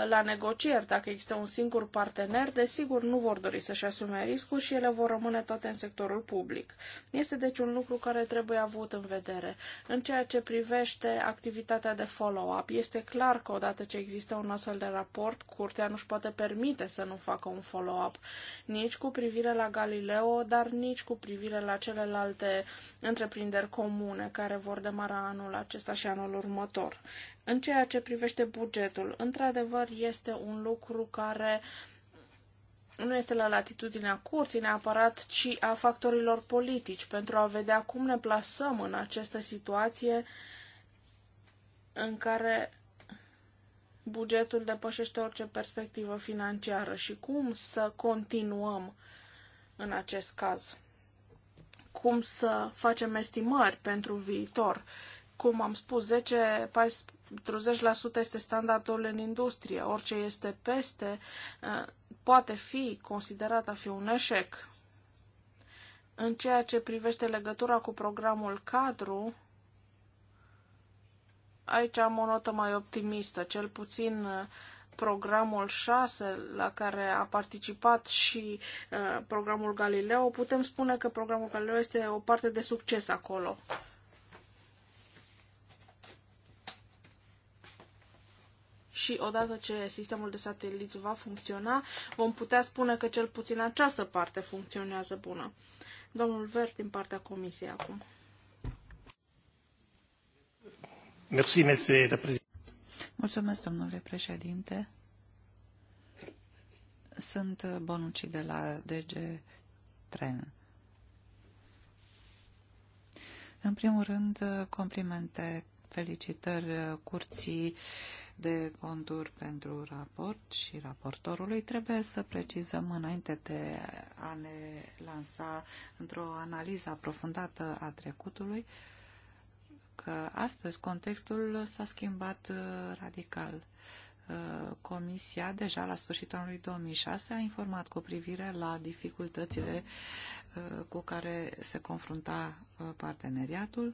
la negocieri. Dacă există un singur partener, desigur nu vor dori să-și asume riscul și ele vor rămâne toate în sectorul public. Este deci un lucru care trebuie avut în vedere. În ceea ce privește activitatea de follow-up, este clar că odată ce există un astfel de raport, curtea nu-și poate permite să nu facă un follow-up nici cu privire la Galileo, dar nici cu privire la celelalte întreprinderi comune care vor demara anul acesta și anul următor. În ceea ce privește bugetul, într-adevăr este un lucru care nu este la latitudinea curții neapărat, ci a factorilor politici, pentru a vedea cum ne plasăm în această situație în care bugetul depășește orice perspectivă financiară și cum să continuăm în acest caz cum să facem estimări pentru viitor. Cum am spus, 10, 40% este standardul în industrie. Orice este peste uh, poate fi considerat a fi un eșec. În ceea ce privește legătura cu programul cadru, aici am o notă mai optimistă, cel puțin uh, programul 6 la care a participat și uh, programul Galileo, putem spune că programul Galileo este o parte de succes acolo. și odată ce sistemul de sateliți va funcționa, vom putea spune că cel puțin această parte funcționează bună. Domnul Vert din partea comisiei acum. Mersi, mese, Mulțumesc, domnule președinte. Sunt Bonucci de la DG Tren. În primul rând, complimente, felicitări curții de conduri pentru raport și raportorului. Trebuie să precizăm înainte de a ne lansa într-o analiză aprofundată a trecutului, uh, că astăzi contextul s-a schimbat uh, radical. Uh, comisia, deja la sfârșitul anului 2006, a informat cu privire la dificultățile uh, cu care se confrunta parteneriatul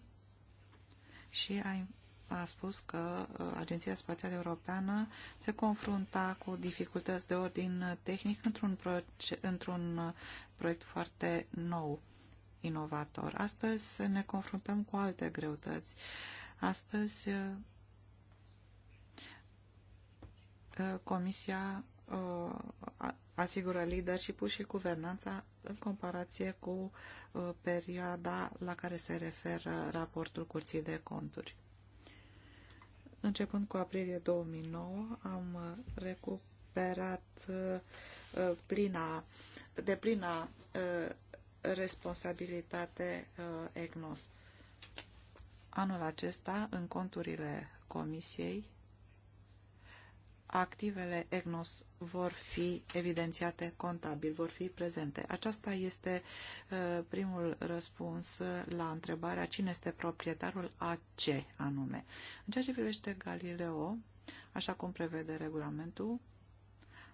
și a a spus că Agenția Spațială Europeană se confrunta cu dificultăți de ordin tehnic într-un, într, proiect, într proiect foarte nou inovator. Astăzi ne confruntăm cu alte greutăți. Astăzi uh, uh, Comisia uh, asigură leadership și guvernanța în comparație cu perioada la care se referă raportul Curții de Conturi. Începând cu aprilie 2009, am recuperat plina, de plina responsabilitate uh, EGNOS. Anul acesta, în conturile Comisiei, activele EGNOS vor fi evidențiate contabil, vor fi prezente. Aceasta este uh, primul răspuns la întrebarea cine este proprietarul a ce anume. În ceea ce privește Galileo, așa cum prevede regulamentul,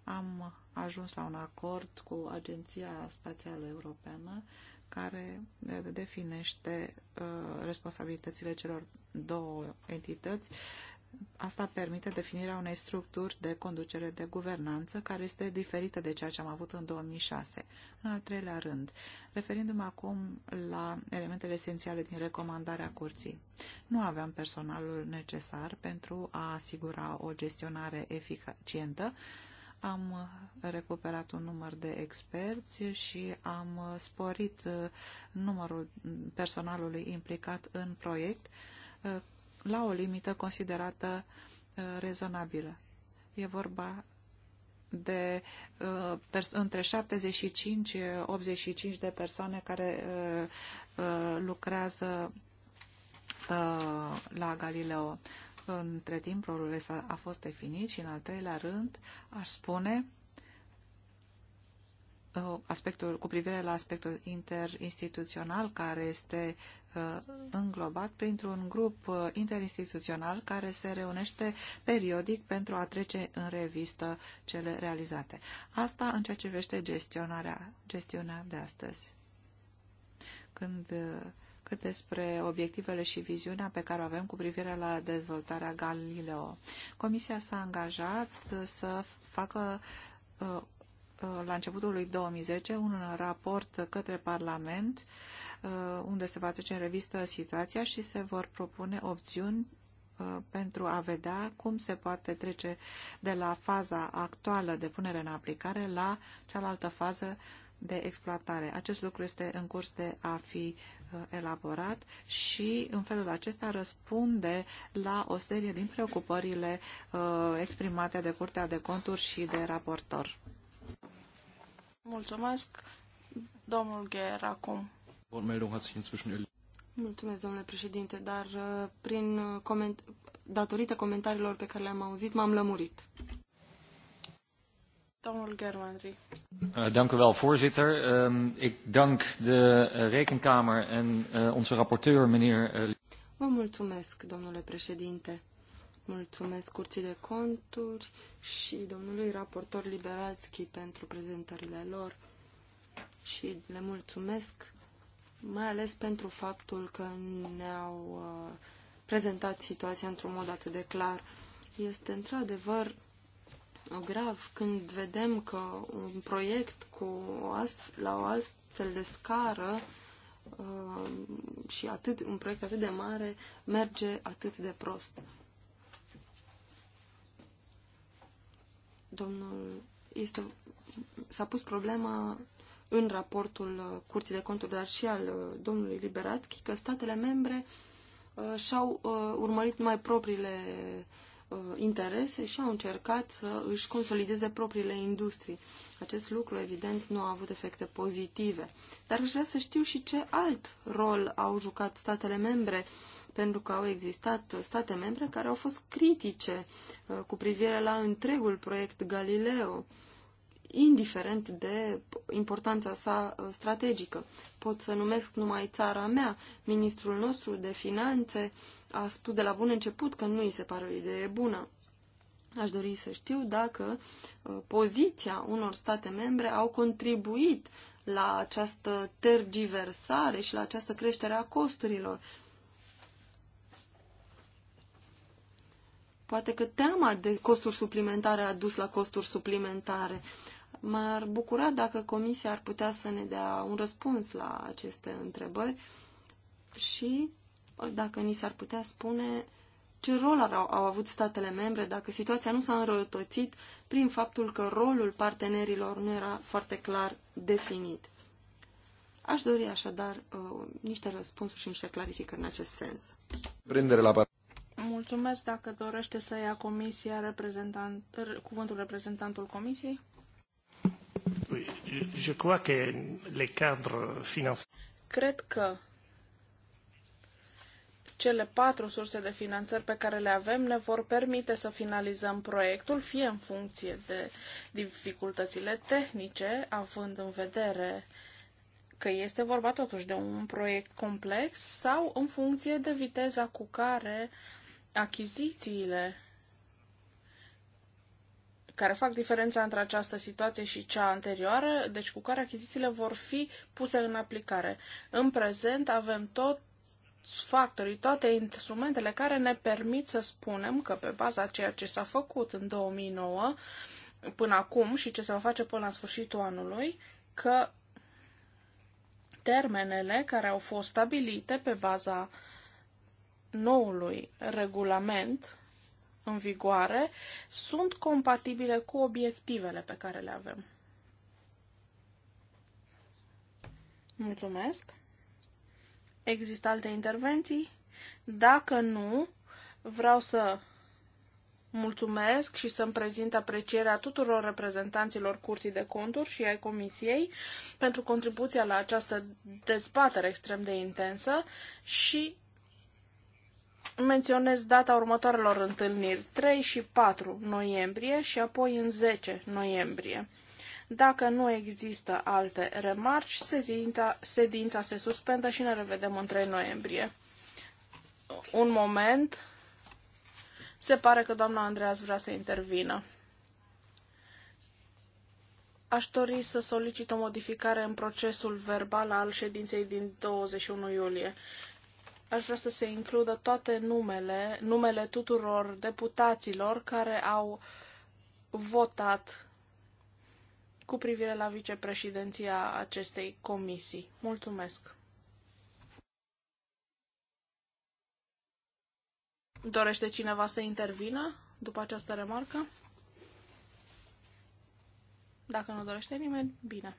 am ajuns la un acord cu Agenția Spațială Europeană care definește uh, responsabilitățile celor două entități. Asta permite definirea unei structuri de conducere de guvernanță care este diferită de ceea ce am avut în 2006. În al treilea rând, referindu-mă acum la elementele esențiale din recomandarea curții, nu aveam personalul necesar pentru a asigura o gestionare eficientă am recuperat un număr de experți și am sporit uh, numărul personalului implicat în proiect uh, la o limită considerată uh, rezonabilă. E vorba de între 75 85 de persoane care lucrează la Galileo că între timp rolul a, a fost definit și în al treilea rând aș spune uh, aspectul, cu privire la aspectul interinstituțional care este uh, înglobat printr-un grup uh, interinstituțional care se reunește periodic pentru a trece în revistă cele realizate. Asta în ceea ce vește gestionarea, gestiunea de astăzi. Când uh, cât despre obiectivele și viziunea pe care o avem cu privire la dezvoltarea Galileo. Comisia s-a angajat să facă uh, la începutul lui 2010 un raport către Parlament uh, unde se va trece în revistă situația și se vor propune opțiuni uh, pentru a vedea cum se poate trece de la faza actuală de punere în aplicare la cealaltă fază de exploatare. Acest lucru este în curs de a fi uh, elaborat și în felul acesta răspunde la o serie din preocupările uh, exprimate de Curtea de Conturi și de raportor. Mulțumesc, domnul Gher, acum. Mulțumesc, domnule președinte, dar uh, prin coment datorită comentariilor pe care le-am auzit, m-am lămurit. Domnul Germandri. Eh, dank u wel, voorzitter. Ehm, ik dank de eh, Rekenkamer en eh, onze rapporteur, meneer... Vă mulțumesc, domnule președinte. Mulțumesc Curții de Conturi și domnului raportor Liberalski pentru prezentările lor și le mulțumesc mai ales pentru faptul că ne-au prezentat situația într-un mod atât de clar. Este într-adevăr grav când vedem că un proiect cu o astfel, la o astfel de scară uh, și atât, un proiect atât de mare merge atât de prost. Domnul este, s-a pus problema în raportul uh, Curții de Conturi, dar și al uh, domnului Liberațchi, că statele membre uh, și-au uh, urmărit numai propriile uh, Uh, interese și au încercat să își consolideze propriile industrii. Acest lucru, evident, nu a avut efecte pozitive. Dar aș vrea să știu și ce alt rol au jucat statele membre, pentru că au existat state membre care au fost critice uh, cu privire la întregul proiect Galileo indiferent de importanța sa uh, strategică. Pot să numesc numai țara mea. Ministrul nostru de finanțe a spus de la bun început că nu îi se pare o idee bună. Aș dori să știu dacă uh, poziția unor state membre au contribuit la această tergiversare și la această creștere a costurilor. Poate că teama de costuri suplimentare a dus la costuri suplimentare. M-ar bucura dacă Comisia ar putea să ne dea un răspuns la aceste întrebări și dacă ni s-ar putea spune ce rol au, au avut statele membre dacă situația nu s-a înrăutățit prin faptul că rolul partenerilor nu era foarte clar definit. Aș dori așadar uh, niște răspunsuri și niște clarificări în acest sens. Prindere la Mulțumesc dacă dorește să ia comisia reprezentant, cuvântul reprezentantul comisiei je crois que les cadres financiers... Cred că cele patru surse de finanțări pe care le avem ne vor permite să finalizăm proiectul, fie în funcție de dificultățile tehnice, având în vedere că este vorba totuși de un proiect complex, sau în funcție de viteza cu care achizițiile care fac diferența între această situație și cea anterioară, deci cu care achizițiile vor fi puse în aplicare. În prezent avem tot factorii, toate instrumentele care ne permit să spunem că pe baza ceea ce s-a făcut în 2009 până acum și ce se va face până la sfârșitul anului, că termenele care au fost stabilite pe baza noului regulament în vigoare sunt compatibile cu obiectivele pe care le avem. Mulțumesc. Există alte intervenții? Dacă nu, vreau să mulțumesc și să-mi prezint aprecierea tuturor reprezentanților Curții de Conturi și ai Comisiei pentru contribuția la această dezbatere extrem de intensă și menționez data următoarelor întâlniri, 3 și 4 noiembrie și apoi în 10 noiembrie. Dacă nu există alte remarci, sedința, sedința se suspendă și ne revedem în 3 noiembrie. Un moment. Se pare că doamna Andreas vrea să intervină. Aș dori să solicit o modificare în procesul verbal al ședinței din 21 iulie. Aș vrea să se includă toate numele, numele tuturor deputaților care au votat cu privire la vicepreședinția acestei comisii. Mulțumesc! Dorește cineva să intervină după această remarcă? Dacă nu dorește nimeni, bine.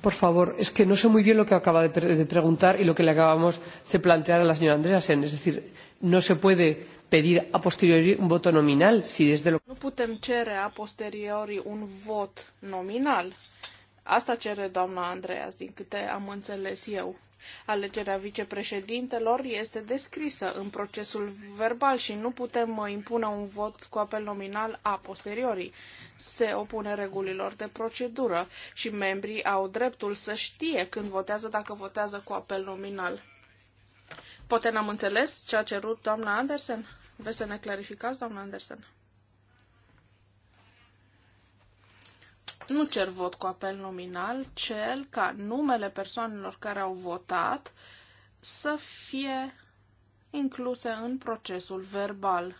por favor, es que no sé muy bien lo que acaba de, preguntar y lo que le acabamos de plantear a la señora Andreasen. Es decir, no se puede pedir a posteriori un voto nominal si desde lo... Nu putem cere a posteriori un vot nominal. Asta cere doamna Andreas, din câte am înțeles eu. Alegerea vicepreședintelor este descrisă în procesul verbal și nu putem uh, impune un vot cu apel nominal a posteriori. Se opune regulilor de procedură și membrii au dreptul să știe când votează dacă votează cu apel nominal. Poate n-am înțeles ce a cerut doamna Andersen? Vreți să ne clarificați, doamna Andersen? Nu cer vot cu apel nominal, cer ca numele persoanelor care au votat să fie incluse în procesul verbal.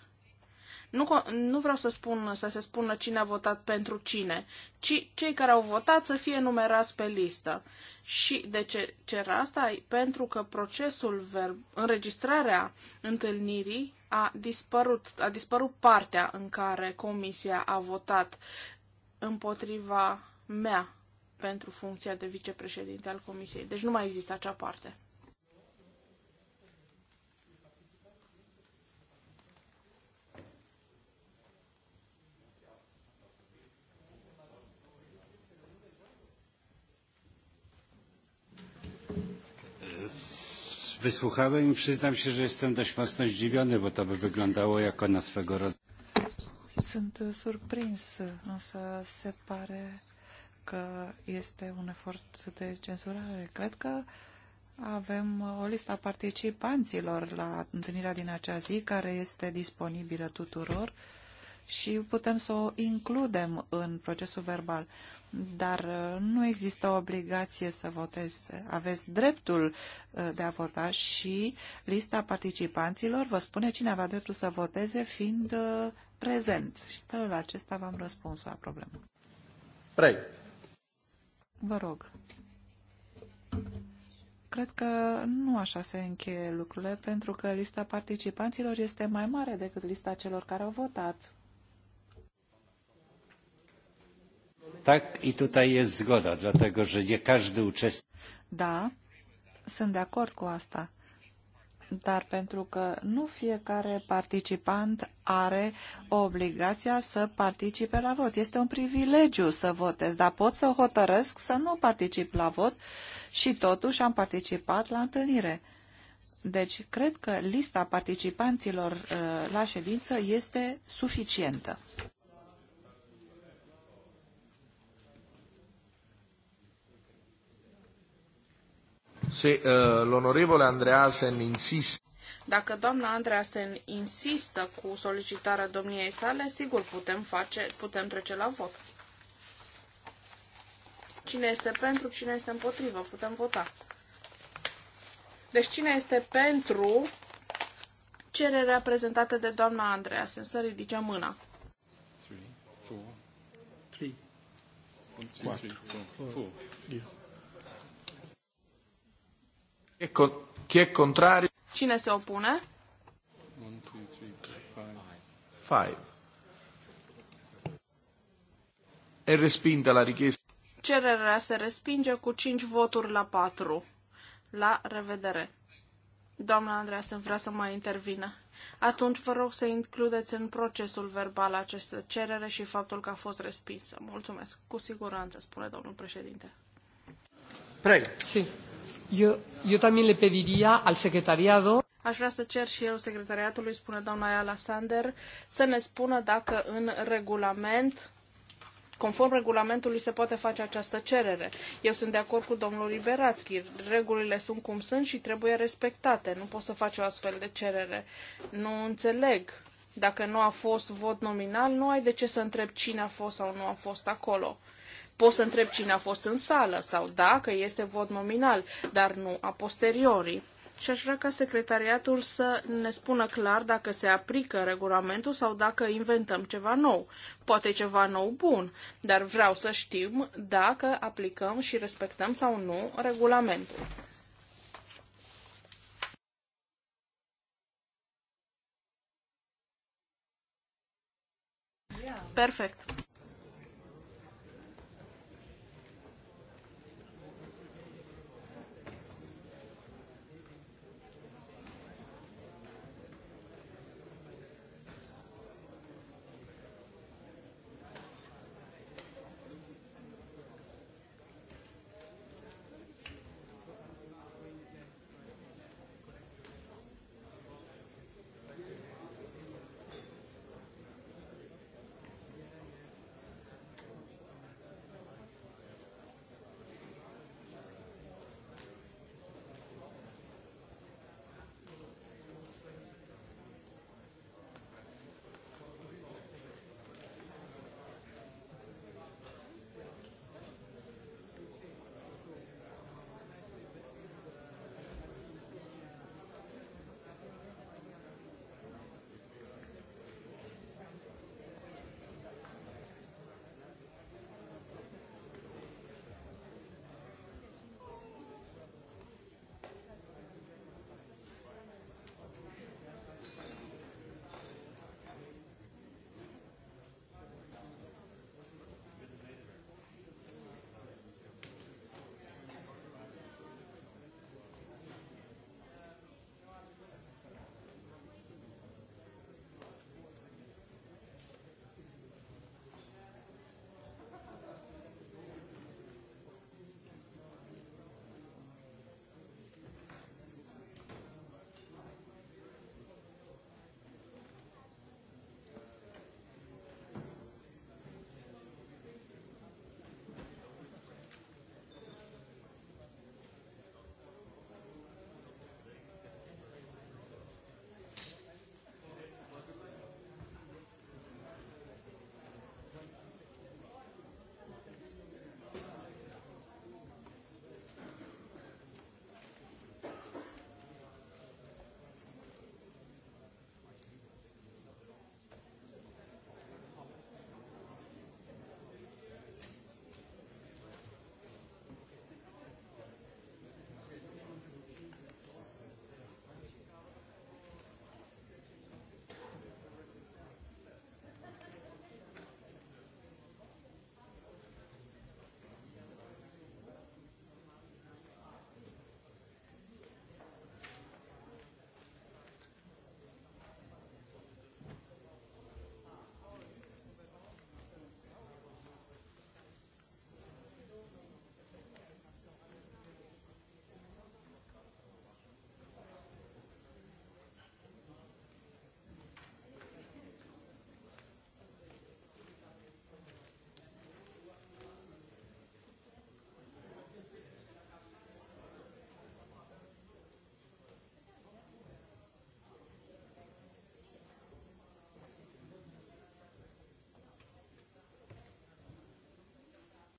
Nu, nu vreau să spun să se spună cine a votat pentru cine, ci cei care au votat să fie numerați pe listă. Și de ce cer asta? Pentru că procesul verb, înregistrarea întâlnirii a dispărut, a dispărut partea în care comisia a votat împotriva mea pentru funcția de vicepreședinte al Comisiei. Deci nu mai există acea parte. Wysłuchałem i przyznam się, że jestem dość mocno zdziwiony, bo to by wyglądało jako na swego rodzaju. Sunt uh, surprins, însă se pare că este un efort de cenzurare. Cred că avem o listă a participanților la întâlnirea din acea zi, care este disponibilă tuturor și putem să o includem în procesul verbal. Dar uh, nu există o obligație să voteze. Aveți dreptul uh, de a vota și lista participanților vă spune cine avea dreptul să voteze fiind prezent. Și felul acesta v-am răspuns la problemă. Prei. Vă rog. Cred că nu așa se încheie lucrurile, pentru că lista participanților este mai mare decât lista celor care au votat. Tak, i tutaj jest zgoda, dlatego że nie każdy uczestnik. Da, sunt de acord cu asta dar pentru că nu fiecare participant are obligația să participe la vot. Este un privilegiu să votez, dar pot să hotărăsc să nu particip la vot și totuși am participat la întâlnire. Deci, cred că lista participanților uh, la ședință este suficientă. Se uh, l'onorevole Andreasen Dacă doamna Andreasen insistă cu solicitarea domniei sale, sigur putem face, putem trece la vot. Cine este pentru, cine este împotrivă, putem vota. Deci cine este pentru cererea prezentată de doamna Andreasen? Să ridice mâna. 3, 4, 3, 4, 4, 4, 4. Chi e contrario? Cine se opune? 1, 2, 3, 5. E respinta la richiesta. Cererea se respinge cu 5 voturi la 4. La revedere. Doamna Andreea, Andreasen vrea să mai intervină. Atunci vă rog să includeți în procesul verbal această cerere și faptul că a fost respinsă. Mulțumesc. Cu siguranță, spune domnul președinte. Preg. Si. Sí. Eu, eu también le pediría al secretariado... Aș vrea să cer și eu secretariatului, spune doamna Ayala Sander, să ne spună dacă în regulament, conform regulamentului, se poate face această cerere. Eu sunt de acord cu domnul Liberațchi. Regulile sunt cum sunt și trebuie respectate. Nu pot să faci o astfel de cerere. Nu înțeleg. Dacă nu a fost vot nominal, nu ai de ce să întreb cine a fost sau nu a fost acolo pot să întreb cine a fost în sală sau dacă este vot nominal, dar nu a posteriori. Și aș vrea ca secretariatul să ne spună clar dacă se aplică regulamentul sau dacă inventăm ceva nou. Poate ceva nou bun, dar vreau să știm dacă aplicăm și respectăm sau nu regulamentul. Perfect.